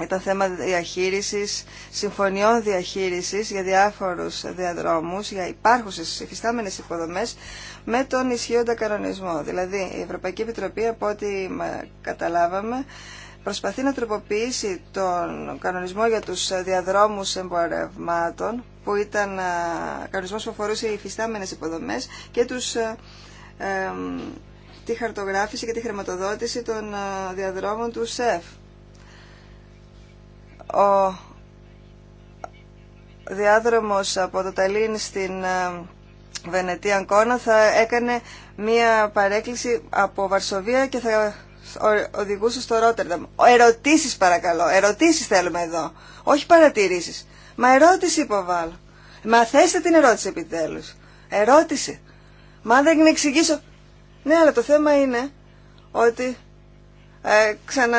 Ήταν θέμα διαχείρισης, συμφωνιών διαχείρισης για διάφορους διαδρόμους, για υπάρχουσες υφιστάμενες υποδομές με τον ισχύοντα κανονισμό. Δηλαδή η Ευρωπαϊκή Επιτροπή από ό,τι καταλάβαμε προσπαθεί να τροποποιήσει τον κανονισμό για τους διαδρόμους εμπορευμάτων που ήταν ε, κανονισμός που αφορούσε οι υφιστάμενες υποδομές και τους, ε, τη χαρτογράφηση και τη χρηματοδότηση των ε, διαδρόμων του ΣΕΦ. Ο διάδρομος από το Ταλίν στην Βενετία κονα θα έκανε μία παρέκκληση από Βαρσοβία και θα οδηγούσε στο Ρότερνταμ. Ερωτήσεις παρακαλώ, ερωτήσεις θέλουμε εδώ, όχι παρατηρήσεις. Μα ερώτηση υποβάλλω. Μα θέστε την ερώτηση επιτέλους. Ερώτηση. Μα δεν εξηγήσω. Ναι, αλλά το θέμα είναι ότι ε, ξανα...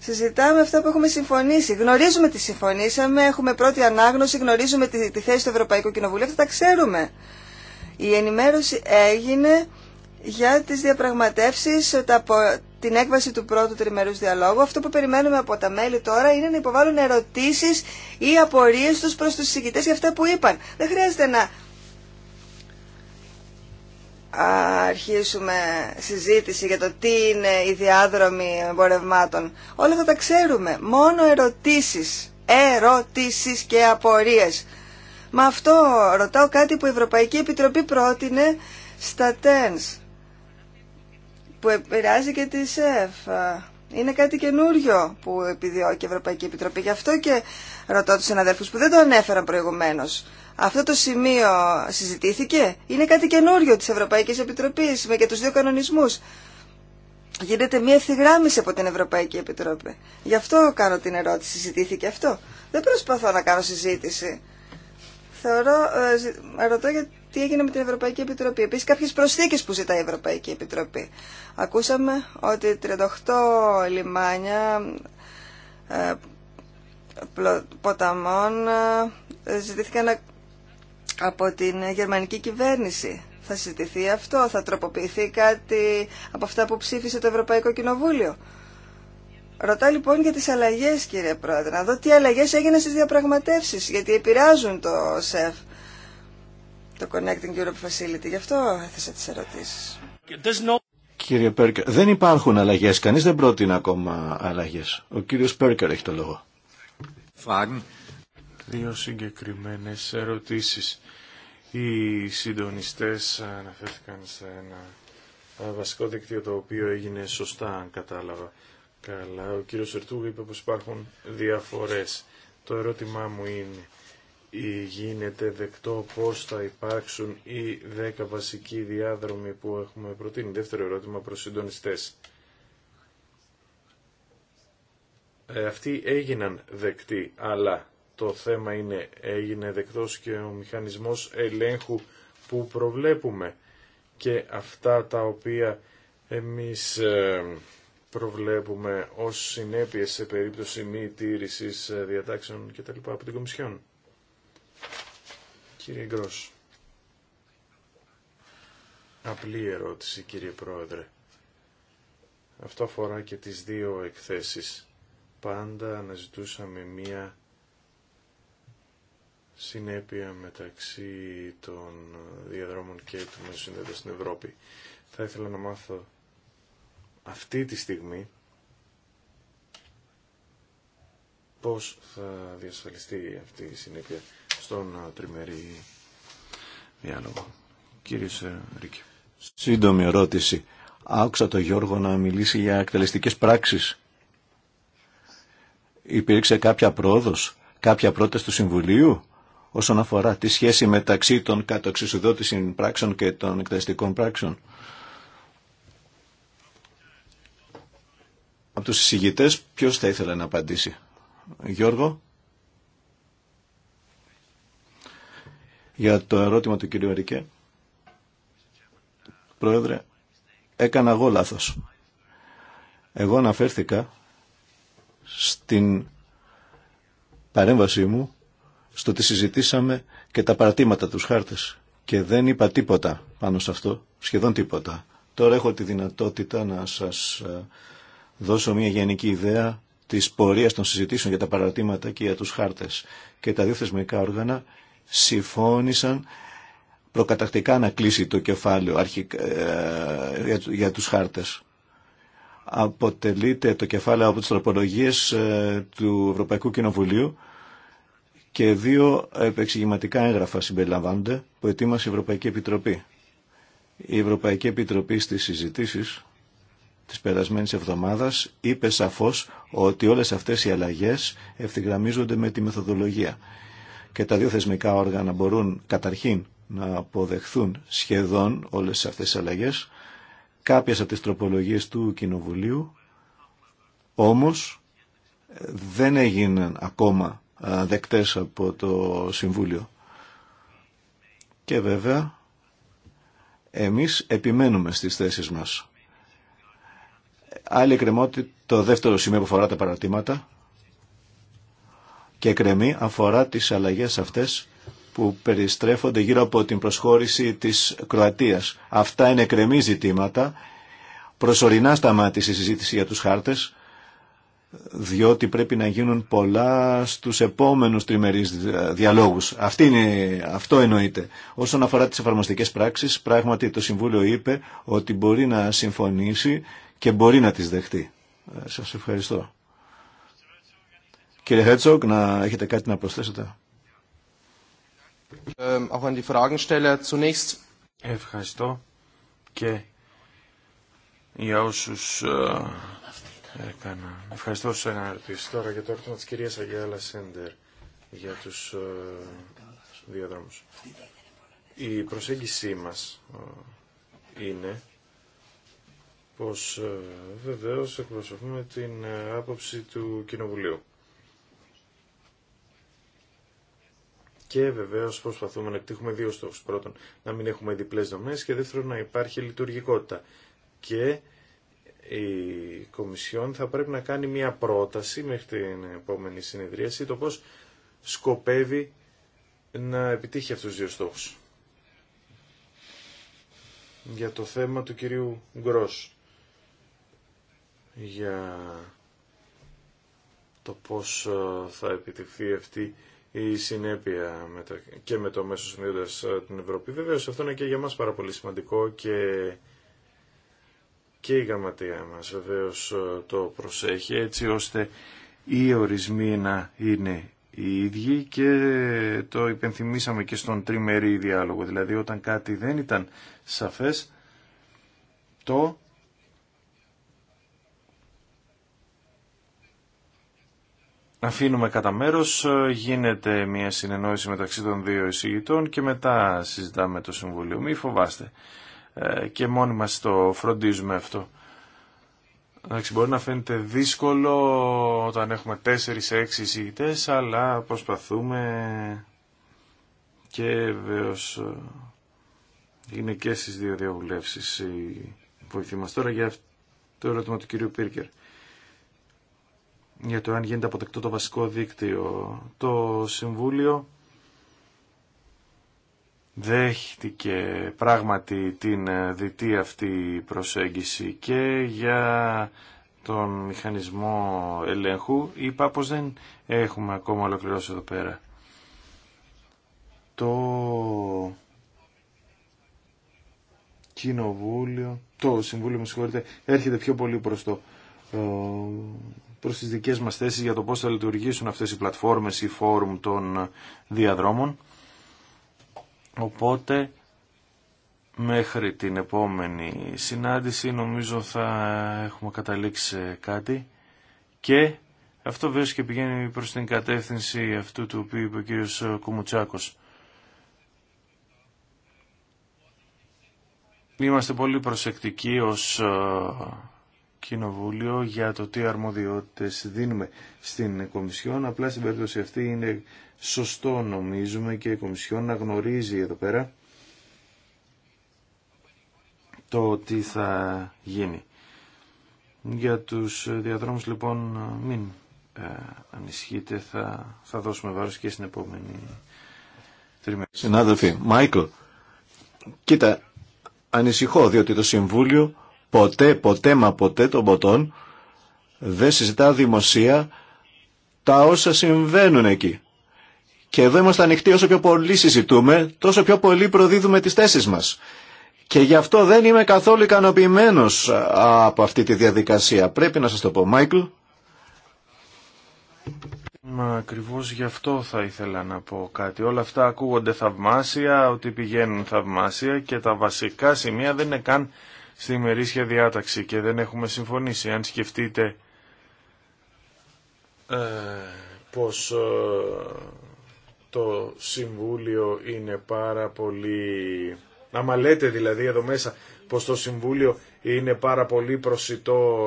Συζητάμε αυτά που έχουμε συμφωνήσει. Γνωρίζουμε τι συμφωνήσαμε, έχουμε πρώτη ανάγνωση, γνωρίζουμε τη, τη θέση του Ευρωπαϊκού Κοινοβουλίου, αυτά τα ξέρουμε. Η ενημέρωση έγινε για τις διαπραγματεύσεις, από την έκβαση του πρώτου τριμερούς διαλόγου. Αυτό που περιμένουμε από τα μέλη τώρα είναι να υποβάλουν ερωτήσεις ή απορίες τους προς τους συγκητές για αυτά που είπαν. Δεν χρειάζεται να αρχίσουμε συζήτηση για το τι είναι η διάδρομη εμπορευμάτων. Όλα αυτά τα ξέρουμε. Μόνο ερωτήσεις, ερωτήσεις και απορίες. Με αυτό ρωτάω κάτι που η Ευρωπαϊκή Επιτροπή πρότεινε στα TENS που επηρεάζει και τη ΣΕΦ. Είναι κάτι καινούριο που επιδιώκει η Ευρωπαϊκή Επιτροπή. Γι' αυτό και ρωτώ του συναδέλφου που δεν το ανέφεραν προηγουμένω. Αυτό το σημείο συζητήθηκε. Είναι κάτι καινούριο τη Ευρωπαϊκή Επιτροπή με και τους δύο κανονισμούς. Γίνεται μια ευθυγράμμιση από την Ευρωπαϊκή Επιτροπή. Γι' αυτό κάνω την ερώτηση. Συζητήθηκε αυτό. Δεν προσπαθώ να κάνω συζήτηση. Θεωρώ, ε, για τι έγινε με την Ευρωπαϊκή Επιτροπή. Επίση κάποιε προσθήκε που ζητάει η Ευρωπαϊκή Επιτροπή. Ακούσαμε ότι 38 λιμάνια ε, ποταμών ε, ζητήθηκαν από την γερμανική κυβέρνηση. Θα συζητηθεί αυτό, θα τροποποιηθεί κάτι από αυτά που ψήφισε το Ευρωπαϊκό Κοινοβούλιο. Ρωτά λοιπόν για τις αλλαγές κύριε Πρόεδρε, να δω τι αλλαγές έγιναν στις διαπραγματεύσεις, γιατί επηρεάζουν το ΣΕΦ το Connecting Europe Facility. Γι' αυτό έθεσα τις ερωτήσεις. Κύριε Πέρκερ, δεν υπάρχουν αλλαγές. Κανείς δεν πρότεινε ακόμα αλλαγές. Ο κύριος Πέρκερ έχει το λόγο. Δύο συγκεκριμένες ερωτήσεις. Οι συντονιστές αναφέρθηκαν σε ένα βασικό δίκτυο το οποίο έγινε σωστά, αν κατάλαβα καλά. Ο κύριος Ερτούγ είπε πως υπάρχουν διαφορές. Το ερώτημά μου είναι γίνεται δεκτό πώς θα υπάρξουν οι δέκα βασικοί διάδρομοι που έχουμε προτείνει. Δεύτερο ερώτημα προς συντονιστές. Ε, αυτοί έγιναν δεκτοί, αλλά το θέμα είναι έγινε δεκτός και ο μηχανισμός ελέγχου που προβλέπουμε και αυτά τα οποία εμείς ε, προβλέπουμε ως συνέπειες σε περίπτωση μη τήρησης ε, διατάξεων κτλ. από την Κομισιόν. Κύριε Γκρός. Απλή ερώτηση κύριε Πρόεδρε. Αυτό αφορά και τις δύο εκθέσεις. Πάντα αναζητούσαμε μία συνέπεια μεταξύ των διαδρόμων και του Μεσοσυνδέτα στην Ευρώπη. Θα ήθελα να μάθω αυτή τη στιγμή πώς θα διασφαλιστεί αυτή η συνέπεια στον ε, τριμερή διάλογο. Κύριε Ρίκη. Σύντομη ερώτηση. Άκουσα τον Γιώργο να μιλήσει για εκτελεστικές πράξεις. Υπήρξε κάποια πρόοδος, κάποια πρόταση του Συμβουλίου όσον αφορά τη σχέση μεταξύ των κατοξισουδότησης πράξεων και των εκτελεστικών πράξεων. Από τους συζητητές ποιος θα ήθελε να απαντήσει. Γιώργο. για το ερώτημα του κυρίου Ερικέ. Πρόεδρε, έκανα εγώ λάθος. Εγώ αναφέρθηκα στην παρέμβασή μου στο ότι συζητήσαμε και τα παρατήματα τους χάρτες και δεν είπα τίποτα πάνω σε αυτό, σχεδόν τίποτα. Τώρα έχω τη δυνατότητα να σας ε, δώσω μια γενική ιδέα της πορείας των συζητήσεων για τα παρατήματα και για τους χάρτες. Και τα δύο θεσμικά όργανα συμφώνησαν προκατακτικά να κλείσει το κεφάλαιο ε, για, για τους χάρτες. Αποτελείται το κεφάλαιο από τις τροπολογίες ε, του Ευρωπαϊκού Κοινοβουλίου και δύο επεξηγηματικά έγγραφα συμπεριλαμβάνονται που ετοίμασε η Ευρωπαϊκή Επιτροπή. Η Ευρωπαϊκή Επιτροπή στις συζητήσεις της περασμένης εβδομάδας είπε σαφώς ότι όλες αυτές οι αλλαγές ευθυγραμμίζονται με τη μεθοδολογία και τα δύο θεσμικά όργανα μπορούν καταρχήν να αποδεχθούν σχεδόν όλες αυτές τις αλλαγές, κάποιες από τις τροπολογίες του Κοινοβουλίου, όμως δεν έγιναν ακόμα δεκτές από το Συμβούλιο. Και βέβαια, εμείς επιμένουμε στις θέσεις μας. Άλλη εκκρεμότητα, το δεύτερο σημείο που αφορά τα παρατήματα, και εκρεμή αφορά τις αλλαγές αυτές που περιστρέφονται γύρω από την προσχώρηση της Κροατίας. Αυτά είναι κρεμή ζητήματα. Προσωρινά σταμάτησε η συζήτηση για τους χάρτες, διότι πρέπει να γίνουν πολλά στους επόμενους τριμερείς διαλόγους. Αυτή είναι, αυτό εννοείται. Όσον αφορά τις εφαρμοστικές πράξεις, πράγματι το Συμβούλιο είπε ότι μπορεί να συμφωνήσει και μπορεί να τις δεχτεί. Ε, σας ευχαριστώ. Κύριε Χέτσογκ, να έχετε κάτι να προσθέσετε. Ε, Ευχαριστώ και για όσους ε, έκανα. Ευχαριστώ όσους έκανα ερωτήσεις. Τώρα για το έρθμα της κυρίας Αγιάλα Σέντερ για τους ε, διαδρόμους. Η προσέγγιση μας είναι πως βεβαίως εκπροσωπούμε την άποψη του Κοινοβουλίου. Και βεβαίω προσπαθούμε να επιτύχουμε δύο στόχου. Πρώτον, να μην έχουμε διπλέ δομέ και δεύτερον, να υπάρχει λειτουργικότητα. Και η Κομισιόν θα πρέπει να κάνει μια πρόταση μέχρι την επόμενη συνεδρίαση το πώ σκοπεύει να επιτύχει αυτούς τους δύο στόχους. Για το θέμα του κυρίου Γκρός, για το πώς ε, θα επιτευχθεί αυτή η συνέπεια και με το μέσο συνέδρας ε, την Ευρώπη. Βεβαίω αυτό είναι και για μας πάρα πολύ σημαντικό και, και η γραμματεία μας βεβαίω ε, το προσέχει έτσι ώστε οι ορισμοί να είναι οι ίδιοι και το υπενθυμίσαμε και στον τριμερή διάλογο. Δηλαδή όταν κάτι δεν ήταν σαφές το αφήνουμε κατά μέρο, ε, γίνεται μια συνεννόηση μεταξύ των δύο εισηγητών και μετά συζητάμε το Συμβούλιο. Μη φοβάστε. Ε, και μόνοι μας το φροντίζουμε αυτό. Εντάξει, μπορεί να φαίνεται δύσκολο όταν έχουμε 4-6 εισηγητέ, αλλά προσπαθούμε και βεβαίω ε, είναι και στι δύο διαβουλεύσει η βοηθή μα. Τώρα για το ερώτημα του κυρίου Πίρκερ για το αν γίνεται αποτεκτό το βασικό δίκτυο. Το Συμβούλιο δέχτηκε πράγματι την ε, διτή αυτή προσέγγιση και για τον μηχανισμό ελέγχου είπα πως δεν έχουμε ακόμα ολοκληρώσει εδώ πέρα. Το κοινοβούλιο, το συμβούλιο μου συγχωρείτε, έρχεται πιο πολύ προς το ε, Προ τι δικέ μα θέσει για το πώς θα λειτουργήσουν αυτές οι πλατφόρμες, ή φόρουμ των διαδρόμων. Οπότε μέχρι την επόμενη συνάντηση νομίζω θα έχουμε καταλήξει κάτι και αυτό βέβαια και πηγαίνει προ την κατεύθυνση αυτού του οποίου είπε ο κ. Κουμουτσάκο. Είμαστε πολύ προσεκτικοί ως ε, Κοινοβούλιο για το τι αρμοδιότητες δίνουμε στην Κομισιόν. Απλά στην περίπτωση αυτή είναι σωστό νομίζουμε και η Κομισιόν να γνωρίζει εδώ πέρα το τι θα γίνει. Για τους διαδρόμους λοιπόν μην ε, ανησυχείτε, θα, θα δώσουμε βάρος και στην επόμενη τριμμένη. Συνάδελφοι, Μάικλ, κοίτα, ανησυχώ διότι το Συμβούλιο ποτέ, ποτέ μα ποτέ των ποτών δεν συζητά δημοσία τα όσα συμβαίνουν εκεί. Και εδώ είμαστε ανοιχτοί όσο πιο πολύ συζητούμε, τόσο πιο πολύ προδίδουμε τις θέσεις μας. Και γι' αυτό δεν είμαι καθόλου ικανοποιημένο από αυτή τη διαδικασία. Πρέπει να σας το πω, Μάικλ. Μα ακριβώς γι' αυτό θα ήθελα να πω κάτι. Όλα αυτά ακούγονται θαυμάσια, ότι πηγαίνουν θαυμάσια και τα βασικά σημεία δεν είναι καν στη μερίσια διάταξη και δεν έχουμε συμφωνήσει. Αν σκεφτείτε ε, πως ε, το Συμβούλιο είναι πάρα πολύ... Άμα λέτε δηλαδή εδώ μέσα πως το Συμβούλιο είναι πάρα πολύ προσιτό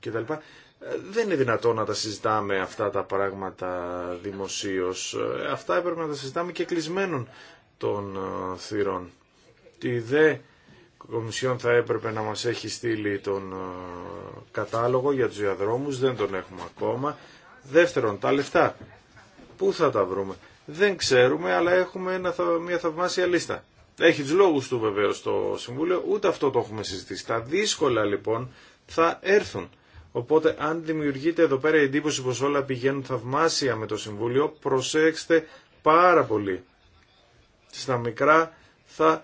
κτλ. Ε, δεν είναι δυνατό να τα συζητάμε αυτά τα πράγματα δημοσίως. Ε, αυτά έπρεπε να τα συζητάμε και κλεισμένων των θυρών. Τη δε Κομισιόν θα έπρεπε να μας έχει στείλει τον ε, κατάλογο για τους διαδρόμους, δεν τον έχουμε ακόμα. Δεύτερον, τα λεφτά. Πού θα τα βρούμε. Δεν ξέρουμε, αλλά έχουμε μια θαυμάσια λίστα. Έχει τους λόγους του βεβαίω το Συμβούλιο, ούτε αυτό το έχουμε συζητήσει. Τα δύσκολα λοιπόν θα έρθουν. Οπότε αν δημιουργείται εδώ πέρα η εντύπωση πως όλα πηγαίνουν θαυμάσια με το Συμβούλιο, προσέξτε πάρα πολύ. Στα μικρά θα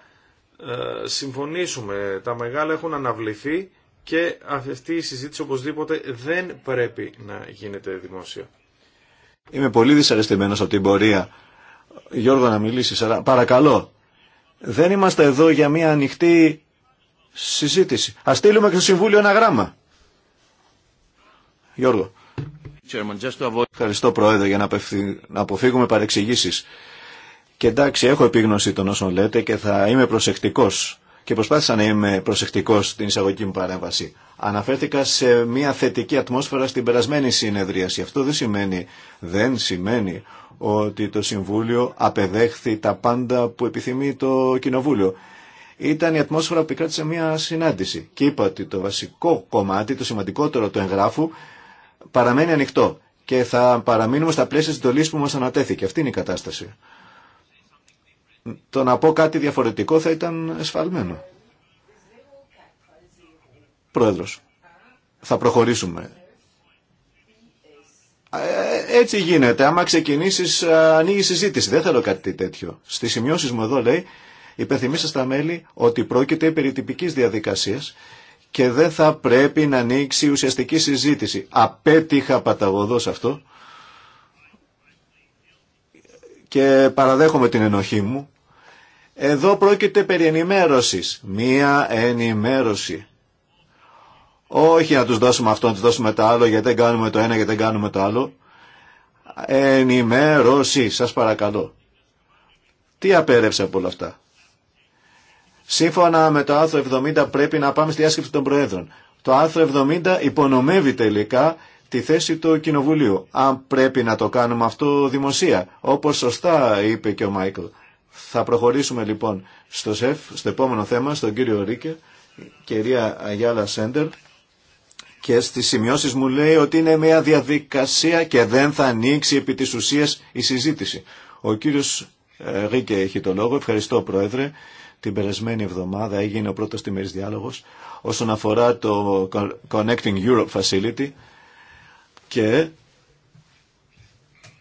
ε, συμφωνήσουμε. Τα μεγάλα έχουν αναβληθεί και αυτή η συζήτηση οπωσδήποτε δεν πρέπει να γίνεται δημόσια. Είμαι πολύ δυσαρεστημένος από την πορεία. Γιώργο να μιλήσεις, αλλά παρακαλώ. Δεν είμαστε εδώ για μια ανοιχτή συζήτηση. Ας στείλουμε και στο Συμβούλιο ένα γράμμα. Γιώργο. Ευχαριστώ Πρόεδρε για να αποφύγουμε παρεξηγήσεις. Και εντάξει, έχω επίγνωση των όσων λέτε και θα είμαι προσεκτικό. και προσπάθησα να είμαι προσεκτικό στην εισαγωγική μου παρέμβαση. Αναφέρθηκα σε μια θετική ατμόσφαιρα στην περασμένη συνεδρίαση. Αυτό δεν σημαίνει, δεν σημαίνει ότι το Συμβούλιο απεδέχθη τα πάντα που επιθυμεί το Κοινοβούλιο. Ήταν η ατμόσφαιρα που κράτησε μια συνάντηση και είπα ότι το βασικό κομμάτι, το σημαντικότερο του εγγράφου παραμένει ανοιχτό και θα παραμείνουμε στα πλαίσια τη δολή που μα ανατέθηκε. Αυτή είναι η κατάσταση. Το να πω κάτι διαφορετικό θα ήταν εσφαλμένο. Πρόεδρος, θα προχωρήσουμε. Ε, ε, έτσι γίνεται. Άμα ξεκινήσει, ε, ανοίγει συζήτηση. Δεν θέλω κάτι τέτοιο. Στι σημειώσει μου εδώ λέει, υπενθυμίσα στα μέλη ότι πρόκειται περί τυπική διαδικασία και δεν θα πρέπει να ανοίξει ουσιαστική συζήτηση. Απέτυχα παταγωδό αυτό και παραδέχομαι την ενοχή μου. Εδώ πρόκειται περί ενημέρωσης. Μία ενημέρωση. Όχι να τους δώσουμε αυτό, να τους δώσουμε το άλλο, γιατί δεν κάνουμε το ένα, γιατί δεν κάνουμε το άλλο. Ενημέρωση, σας παρακαλώ. Τι απέρευσε από όλα αυτά. Σύμφωνα με το άρθρο 70 πρέπει να πάμε στη διάσκεψη των Προέδρων. Το άρθρο 70 υπονομεύει τελικά τη θέση του Κοινοβουλίου. Αν πρέπει να το κάνουμε αυτό δημοσία, όπως σωστά είπε και ο Μάικλ. Θα προχωρήσουμε λοιπόν στο ΣΕΦ, στο επόμενο θέμα, στον κύριο Ρίκε, κυρία Αγιάλα Σέντερ. Και στις σημειώσεις μου λέει ότι είναι μια διαδικασία και δεν θα ανοίξει επί της ουσίας η συζήτηση. Ο κύριος ε, Ρίκε έχει το λόγο. Ευχαριστώ Πρόεδρε. Την περασμένη εβδομάδα έγινε ο πρώτος τιμής διάλογος όσον αφορά το Connecting Europe Facility και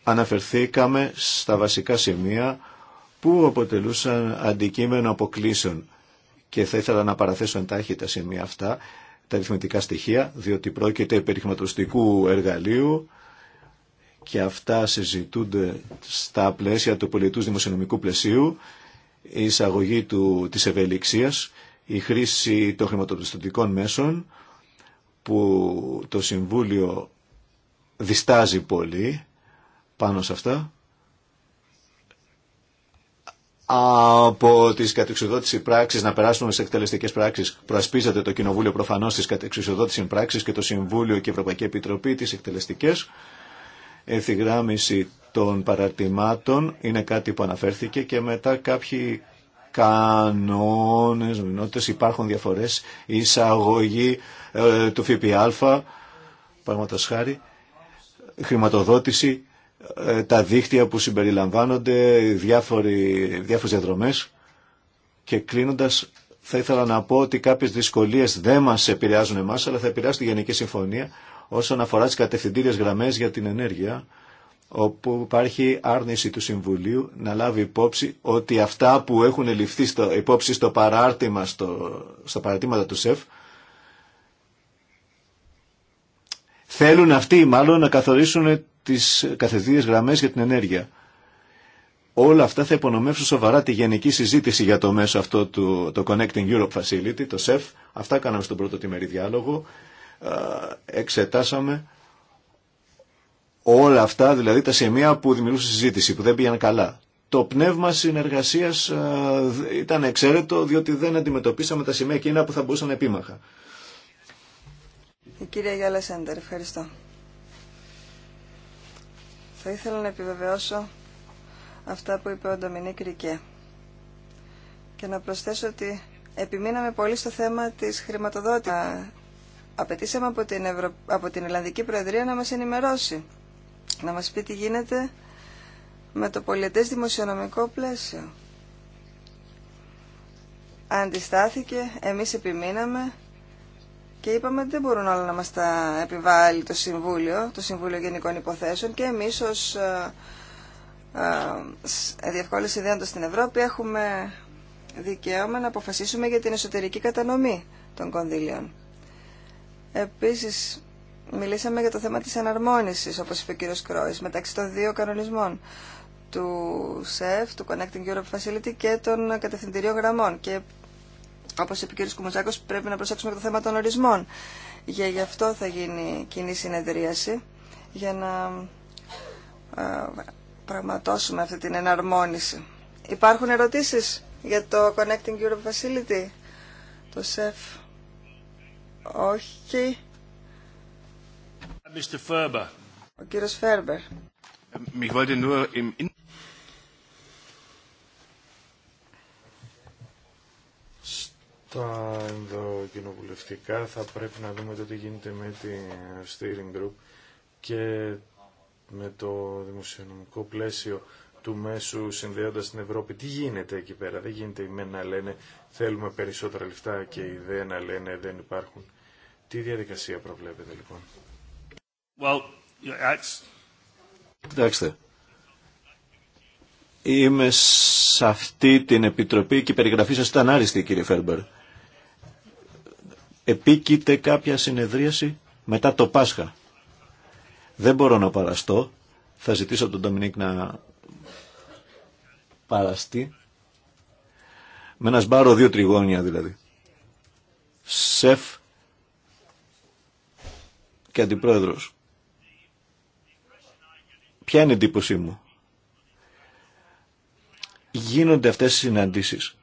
αναφερθήκαμε στα βασικά σημεία που αποτελούσαν αντικείμενο αποκλήσεων. Και θα ήθελα να παραθέσω εντάχυτα σε σημεία αυτά, τα αριθμητικά στοιχεία, διότι πρόκειται περί χρηματοστικού εργαλείου και αυτά συζητούνται στα πλαίσια του πολιτού δημοσιονομικού πλαισίου, η εισαγωγή του, της ευελιξίας, η χρήση των χρηματοπιστωτικών μέσων, που το Συμβούλιο διστάζει πολύ πάνω σε αυτά από τι κατεξουδότηση πράξει να περάσουμε σε εκτελεστικέ πράξει. Προασπίζεται το Κοινοβούλιο προφανώ τι κατεξουδότηση πράξει και το Συμβούλιο και η Ευρωπαϊκή Επιτροπή τι εκτελεστικέ. Ευθυγράμμιση των παρατημάτων είναι κάτι που αναφέρθηκε και μετά κάποιοι κανόνες, μηνότητες, υπάρχουν διαφορέ, εισαγωγή ε, του ΦΠΑ, παραδείγματο χάρη, χρηματοδότηση ε, τα δίχτυα που συμπεριλαμβάνονται, διάφοροι, διάφορες διαδρομές και κλείνοντας θα ήθελα να πω ότι κάποιες δυσκολίες δεν μας επηρεάζουν εμάς αλλά θα επηρεάσουν τη Γενική Συμφωνία όσον αφορά τις κατευθυντήριες γραμμές για την ενέργεια όπου υπάρχει άρνηση του Συμβουλίου να λάβει υπόψη ότι αυτά που έχουν ληφθεί στο, υπόψη στο παράρτημα, στο, στα παρατήματα του ΣΕΦ θέλουν αυτοί μάλλον να καθορίσουν τις καθεδίες γραμμές για την ενέργεια. Όλα αυτά θα υπονομεύσουν σοβαρά τη γενική συζήτηση για το μέσο αυτό του το Connecting Europe Facility, το SEF. Αυτά κάναμε στον πρώτο τιμερή διάλογο. Εξετάσαμε όλα αυτά, δηλαδή τα σημεία που δημιουργούσε συζήτηση, που δεν πήγαν καλά. Το πνεύμα συνεργασίας ήταν εξαίρετο, διότι δεν αντιμετωπίσαμε τα σημεία εκείνα που θα μπορούσαν επίμαχα. Η κυρία Γιάλα Σέντερ, ευχαριστώ. Θα ήθελα να επιβεβαιώσω αυτά που είπε ο Ντομινίκ Ρικέ και να προσθέσω ότι επιμείναμε πολύ στο θέμα της χρηματοδότησης. Απαιτήσαμε από την, Ευρω... από την Ελλανδική Προεδρία να μας ενημερώσει, να μας πει τι γίνεται με το πολιτές δημοσιονομικό πλαίσιο. Αντιστάθηκε, εμείς επιμείναμε και είπαμε ότι δεν μπορούν όλα να μας τα επιβάλλει το Συμβούλιο, το Συμβούλιο Γενικών Υποθέσεων και εμείς ως ε, ε, ε, διευκόλυνση ιδέων στην Ευρώπη έχουμε δικαίωμα να αποφασίσουμε για την εσωτερική κατανομή των κονδύλιων. Επίσης, μιλήσαμε για το θέμα της εναρμόνισης, όπως είπε ο κ. Κρόης, μεταξύ των δύο κανονισμών του ΣΕΦ, του Connecting Europe Facility και των κατευθυντηρίων γραμμών. Και όπως είπε ο κ. πρέπει να προσέξουμε το θέμα των ορισμών. Για γι' αυτό θα γίνει κοινή συνεδρίαση, για να ε, πραγματώσουμε αυτή την εναρμόνιση. Υπάρχουν ερωτήσεις για το Connecting Europe Facility, το ΣΕΦ. Όχι. Mr. Ferber. Ο κύριος Φέρμπερ. Ε, τα ενδοκοινοβουλευτικά θα πρέπει να δούμε το τι γίνεται με τη steering group και με το δημοσιονομικό πλαίσιο του μέσου συνδέοντας την Ευρώπη. Τι γίνεται εκεί πέρα. Δεν γίνεται οι να λένε θέλουμε περισσότερα λεφτά και οι δε να λένε δεν υπάρχουν. Τι διαδικασία προβλέπετε λοιπόν. Well, Είμαι σε αυτή την επιτροπή και η περιγραφή σας ήταν άριστη κύριε Φέρμπερ επίκειται κάποια συνεδρίαση μετά το Πάσχα. Δεν μπορώ να παραστώ. Θα ζητήσω τον Ντομινίκ να παραστεί. Με ένα σπάρο δύο τριγώνια δηλαδή. Σεφ και αντιπρόεδρος. Ποια είναι η εντύπωσή μου. Γίνονται αυτές οι συναντήσεις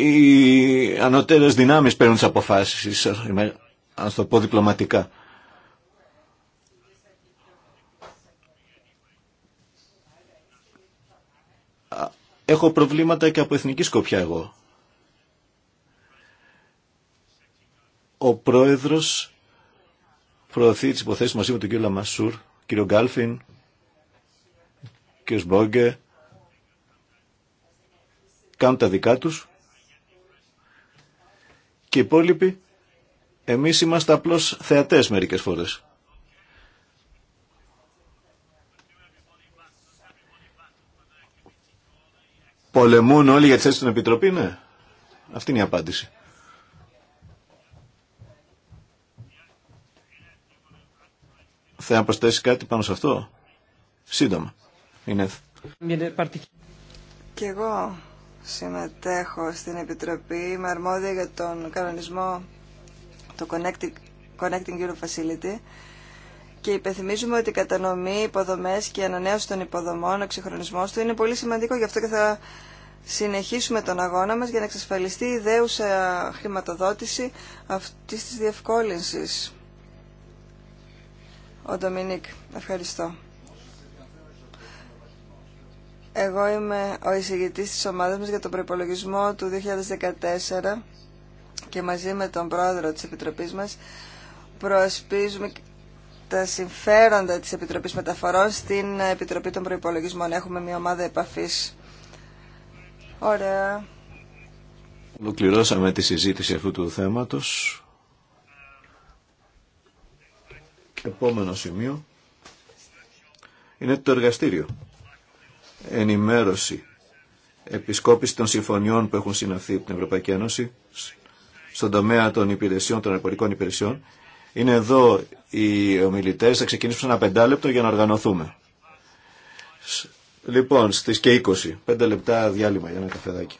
οι ανωτέρες δυνάμεις παίρνουν τις αποφάσεις, αν το πω διπλωματικά. Έχω προβλήματα και από εθνική σκοπιά εγώ. Ο πρόεδρος προωθεί τις υποθέσεις μαζί με τον κύριο Λαμασούρ, κύριο Γκάλφιν, κύριο Σμπόγκε. κάνουν τα δικά τους και οι υπόλοιποι εμείς είμαστε απλώς θεατές μερικές φορές. Πολεμούν όλοι για τη θέση στην Επιτροπή, ναι. Αυτή είναι η απάντηση. Θέλω να προσθέσει κάτι πάνω σε αυτό. Σύντομα. Είναι. Και εγώ συμμετέχω στην Επιτροπή. Είμαι αρμόδια για τον κανονισμό το Connecting, Connecting Europe Facility και υπενθυμίζουμε ότι η κατανομή, υποδομές και η ανανέωση των υποδομών, ο ξεχρονισμός του είναι πολύ σημαντικό. Γι' αυτό και θα συνεχίσουμε τον αγώνα μας για να εξασφαλιστεί η δέουσα χρηματοδότηση αυτής της διευκόλυνσης. Ο Ντομινίκ, ευχαριστώ. Εγώ είμαι ο εισηγητής της ομάδας μας για τον προπολογισμό του 2014 και μαζί με τον πρόεδρο της Επιτροπής μας προσπίζουμε τα συμφέροντα της Επιτροπής Μεταφορών στην Επιτροπή των Προϋπολογισμών. Έχουμε μια ομάδα επαφής. Ωραία. Ολοκληρώσαμε τη συζήτηση αυτού του θέματος. Επόμενο σημείο είναι το εργαστήριο ενημέρωση επισκόπηση των συμφωνιών που έχουν συναυθεί από την Ευρωπαϊκή Ένωση στον τομέα των υπηρεσιών, των ευρωπαϊκών υπηρεσιών. Είναι εδώ οι ομιλητές, θα ξεκινήσουμε ένα πεντάλεπτο για να οργανωθούμε. Λοιπόν, στις και 20, πέντε λεπτά διάλειμμα για ένα καφεδάκι.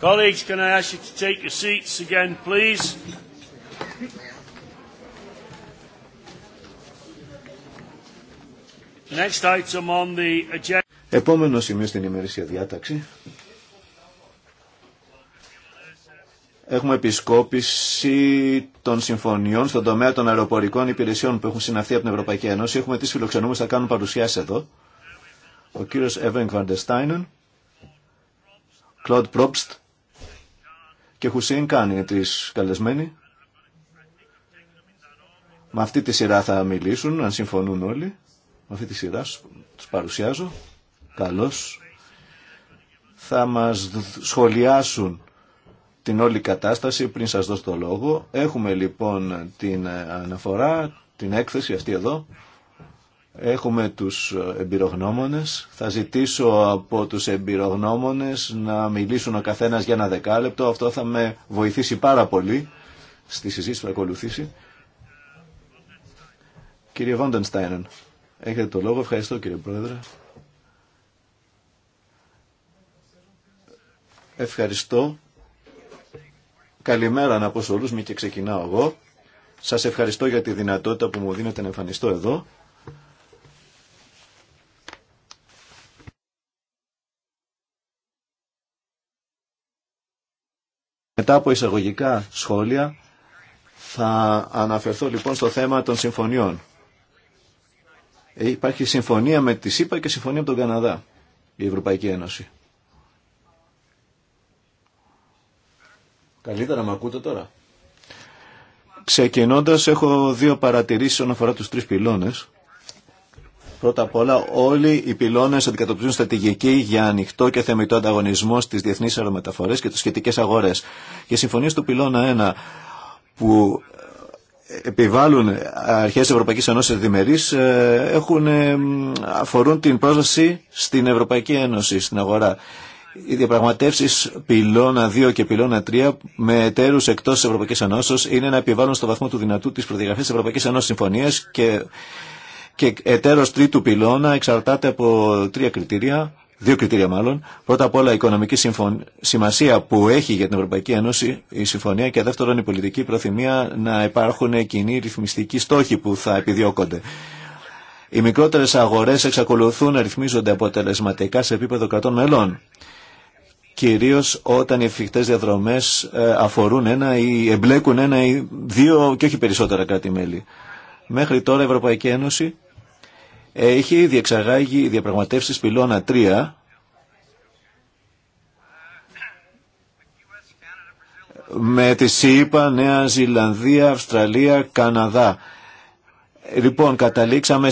Colleagues, can I ask you to take your seats again, please? Next item on the agenda. Επόμενο σημείο στην ημερήσια διάταξη Έχουμε επισκόπηση των συμφωνιών στον τομέα των αεροπορικών υπηρεσιών που έχουν συναυθεί από την Ευρωπαϊκή Ένωση. Έχουμε τις φιλοξενούμες θα κάνουν παρουσιάσει εδώ. Ο κύριος Εβεν Κβαντεστάινεν, Κλοντ Πρόπστ και Χουσίν Κάν τρεις καλεσμένοι. Με αυτή τη σειρά θα μιλήσουν, αν συμφωνούν όλοι. Με αυτή τη σειρά τους παρουσιάζω. Καλώς. Θα μας σχολιάσουν την όλη κατάσταση πριν σας δώσω το λόγο. Έχουμε λοιπόν την ε, αναφορά, την έκθεση αυτή εδώ. Έχουμε τους εμπειρογνώμονες. Θα ζητήσω από τους εμπειρογνώμονες να μιλήσουν ο καθένας για ένα δεκάλεπτο. Αυτό θα με βοηθήσει πάρα πολύ στη συζήτηση που θα ακολουθήσει. Κύριε Βόντενστάινεν, έχετε το λόγο. Ευχαριστώ κύριε Πρόεδρε. Ευχαριστώ Καλημέρα να πω όλους, μη και ξεκινάω εγώ. Σας ευχαριστώ για τη δυνατότητα που μου δίνετε να εμφανιστώ εδώ. Μετά από εισαγωγικά σχόλια θα αναφερθώ λοιπόν στο θέμα των συμφωνιών. Ε, υπάρχει συμφωνία με τη ΣΥΠΑ και συμφωνία με τον Καναδά, η Ευρωπαϊκή Ένωση. Καλύτερα με ακούτε τώρα. Ξεκινώντας έχω δύο παρατηρήσεις όσον αφορά τους τρεις πυλώνες. Πρώτα απ' όλα όλοι οι πυλώνες αντικατοπτρίζουν στρατηγική για ανοιχτό και θεμητό ανταγωνισμό στις διεθνείς αερομεταφορές και τις σχετικές αγορές. Και συμφωνίες του πυλώνα 1 που επιβάλλουν αρχές Ευρωπαϊκής Ένωσης διμερείς ε, έχουν, ε, αφορούν την πρόσβαση στην Ευρωπαϊκή Ένωση, στην αγορά οι διαπραγματεύσει πυλώνα 2 και πυλώνα 3 με εταίρου εκτό τη Ευρωπαϊκή Ενώσεω είναι να επιβάλλουν στο βαθμό του δυνατού τι προδιαγραφέ τη Ευρωπαϊκή Ενώσεω Συμφωνία και, και εταίρο τρίτου πυλώνα εξαρτάται από τρία κριτήρια, δύο κριτήρια μάλλον. Πρώτα απ' όλα η οικονομική συμφων... σημασία που έχει για την Ευρωπαϊκή Ένωση η συμφωνία και δεύτερον η πολιτική προθυμία να υπάρχουν κοινοί ρυθμιστικοί στόχοι που θα επιδιώκονται. Οι μικρότερες αγορές εξακολουθούν να ρυθμίζονται αποτελεσματικά σε επίπεδο κρατών μελών κυρίως όταν οι εφικτές διαδρομές ε, αφορούν ένα ή εμπλέκουν ένα ή δύο και όχι περισσότερα κράτη-μέλη. Μέχρι τώρα η Ευρωπαϊκή Ένωση έχει διεξαγάγει διαπραγματεύσεις πυλώνα 3 με τη ΣΥΠΑ, Νέα Ζηλανδία, Αυστραλία, Καναδά. Λοιπόν, καταλήξαμε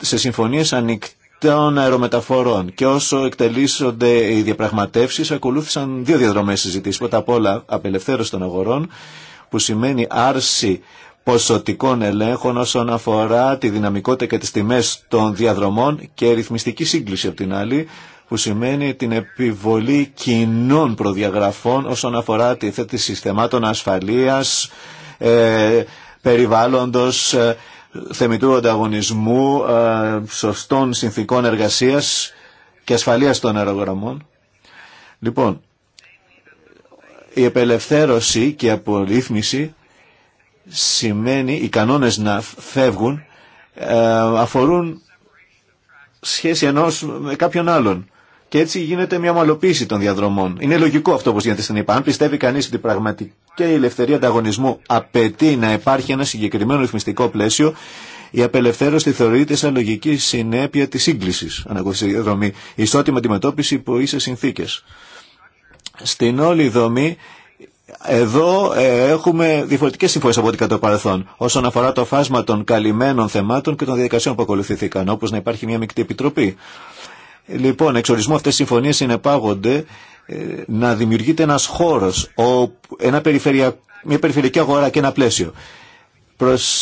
σε συμφωνίες ανοιχτές των αερομεταφορών. Και όσο εκτελήσονται οι διαπραγματεύσει, ακολούθησαν δύο διαδρομέ συζητήσει. Πρώτα απ' όλα, απελευθέρωση των αγορών, που σημαίνει άρση ποσοτικών ελέγχων όσον αφορά τη δυναμικότητα και τις τιμές των διαδρομών και ρυθμιστική σύγκληση από την άλλη, που σημαίνει την επιβολή κοινών προδιαγραφών όσον αφορά τη θέτηση θεμάτων ασφαλείας, ε, περιβάλλοντος, ε, θεμητού ανταγωνισμού, ε, σωστών συνθήκων εργασίας και ασφαλείας των αερογραμμών. Λοιπόν, η επελευθέρωση και η απορρίθμιση σημαίνει οι κανόνες να φεύγουν ε, αφορούν σχέση ενός με κάποιον άλλον. Και έτσι γίνεται μια ομαλοποίηση των διαδρομών. Είναι λογικό αυτό όπω γίνεται στην ΕΠΑ. Αν πιστεύει κανεί ότι πραγματικά η ελευθερία ανταγωνισμού απαιτεί να υπάρχει ένα συγκεκριμένο ρυθμιστικό πλαίσιο, η απελευθέρωση θεωρείται σαν λογική συνέπεια της σύγκλησης, τη δομή, ισότιμη αντιμετώπιση υπό ίσε συνθήκε. Στην όλη δομή εδώ ε, έχουμε διαφορετικέ συμφωνίε από ό,τι κατά το παρελθόν όσον αφορά το φάσμα των καλυμμένων θεμάτων και των διαδικασιών που ακολουθήθηκαν, όπω να υπάρχει μια μεικτή επιτροπή Λοιπόν, ορισμού αυτές οι συμφωνίες συνεπάγονται ε, να δημιουργείται ένας χώρος, ένα περιφερεια, μια περιφερειακή αγορά και ένα πλαίσιο. Προς,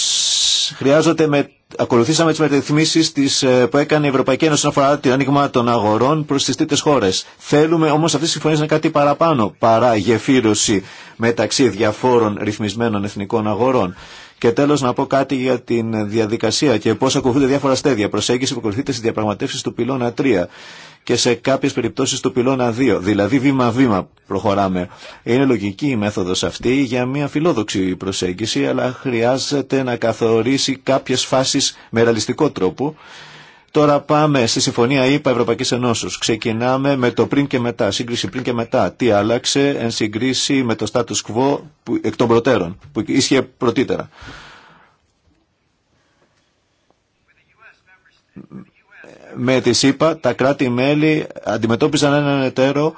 με, ακολουθήσαμε τις μετεθμίσεις ε, που έκανε η Ευρωπαϊκή Ένωση όσον αφορά το άνοιγμα των αγορών προς τις τρίτες χώρες. Θέλουμε όμως αυτές οι συμφωνίες να είναι κάτι παραπάνω παρά γεφύρωση μεταξύ διαφόρων ρυθμισμένων εθνικών αγορών. Και τέλο, να πω κάτι για την διαδικασία και πώ ακολουθούνται διάφορα στέδια. Προσέγγιση που ακολουθείται στι διαπραγματεύσει του πυλώνα 3 και σε κάποιε περιπτώσει του πυλώνα 2. Δηλαδή, βήμα-βήμα προχωράμε. Είναι λογική η μέθοδο αυτή για μια φιλόδοξη προσέγγιση, αλλά χρειάζεται να καθορίσει κάποιε φάσει με ρεαλιστικό τρόπο Τώρα πάμε στη Συμφωνία ΕΕ Ευρωπαϊκή Ενώσεω. Ξεκινάμε με το πριν και μετά, σύγκριση πριν και μετά. Τι άλλαξε εν συγκρίση με το status quo που, εκ των προτέρων, που ίσχυε πρωτήτερα. Με τη ΣΥΠΑ τα κράτη-μέλη αντιμετώπιζαν έναν εταίρο